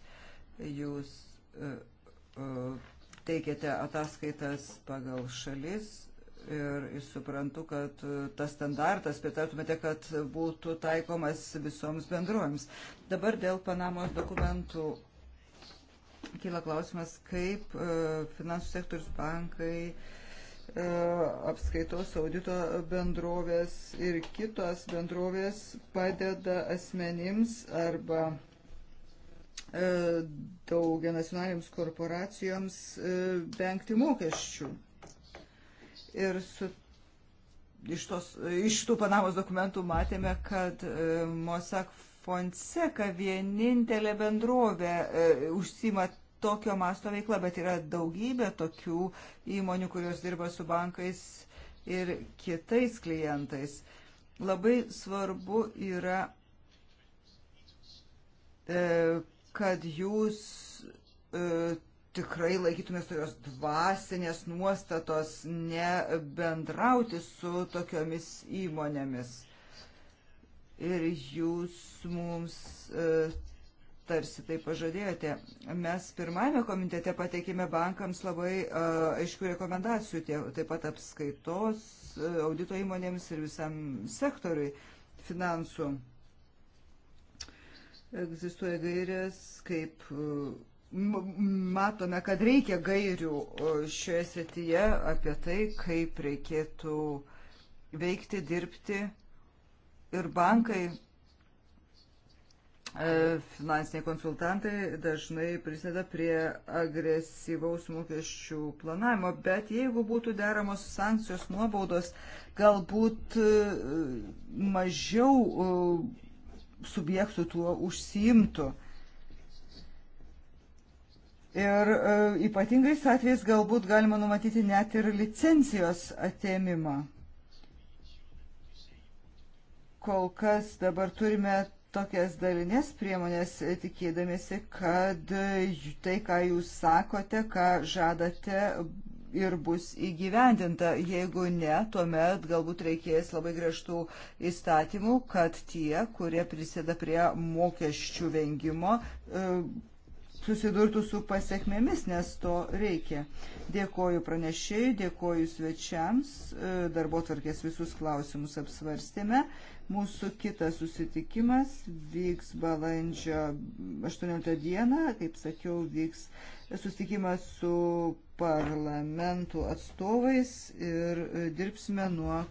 jūs e, e, teikiate ataskaitas pagal šalis, ir, ir suprantu, kad e, tas standartas, pritartumėte, kad būtų taikomas visoms bendruojams. Dabar dėl Panamos dokumentų kyla klausimas, kaip e, finansų sektorius bankai, e, apskaitos audito bendrovės ir kitos bendrovės padeda asmenims arba daugia nacionalinėms korporacijoms vengti mokesčių ir su, iš, tos, iš tų Panamos dokumentų matėme, kad e, Mossack Fonseca vienintelė bendrovė e, užsima tokio masto veikla, bet yra daugybė tokių įmonių, kurios dirba su bankais ir kitais klientais. Labai svarbu yra, e, kad jūs tikrai laikytumės tokios dvasinės nuostatos nebendrauti su tokiomis įmonėmis. Ir jūs mums e, tarsi tai pažadėjote. Mes pirmame komitete pateikėme bankams labai e, aiškių rekomendacijų, taip pat apskaitos e, audito įmonėms ir visam sektoriui finansų. Egzistuoja gairės, kaip matome, kad reikia gairių šioje srityje apie tai, kaip reikėtų veikti, dirbti ir bankai, e, finansiniai konsultantai dažnai prisideda prie agresyvaus mokesčių planavimo, bet jeigu būtų deramos sankcijos nuobaudos, galbūt e, mažiau e, subjektų tuo užsiimtų Ir e, ypatingais atvejais galbūt galima numatyti net ir licencijos atėmimą. Kol kas dabar turime tokias dalinės priemonės, tikėdamėsi, kad tai, ką jūs sakote, ką žadate, ir bus įgyvendinta. Jeigu ne, tuomet galbūt reikės labai griežtų įstatymų, kad tie, kurie prisėda prie mokesčių vengimo, e, susidurtų su pasiekmėmis, nes to reikia. Dėkoju pranešėjai, dėkoju svečiams, e, darbo tvarkės visus klausimus apsvarstėme. Mūsų kitas susitikimas vyks balandžio 18 dieną, kaip sakiau, vyks susitikimas su parlamentų atstovais ir dirbsime nuo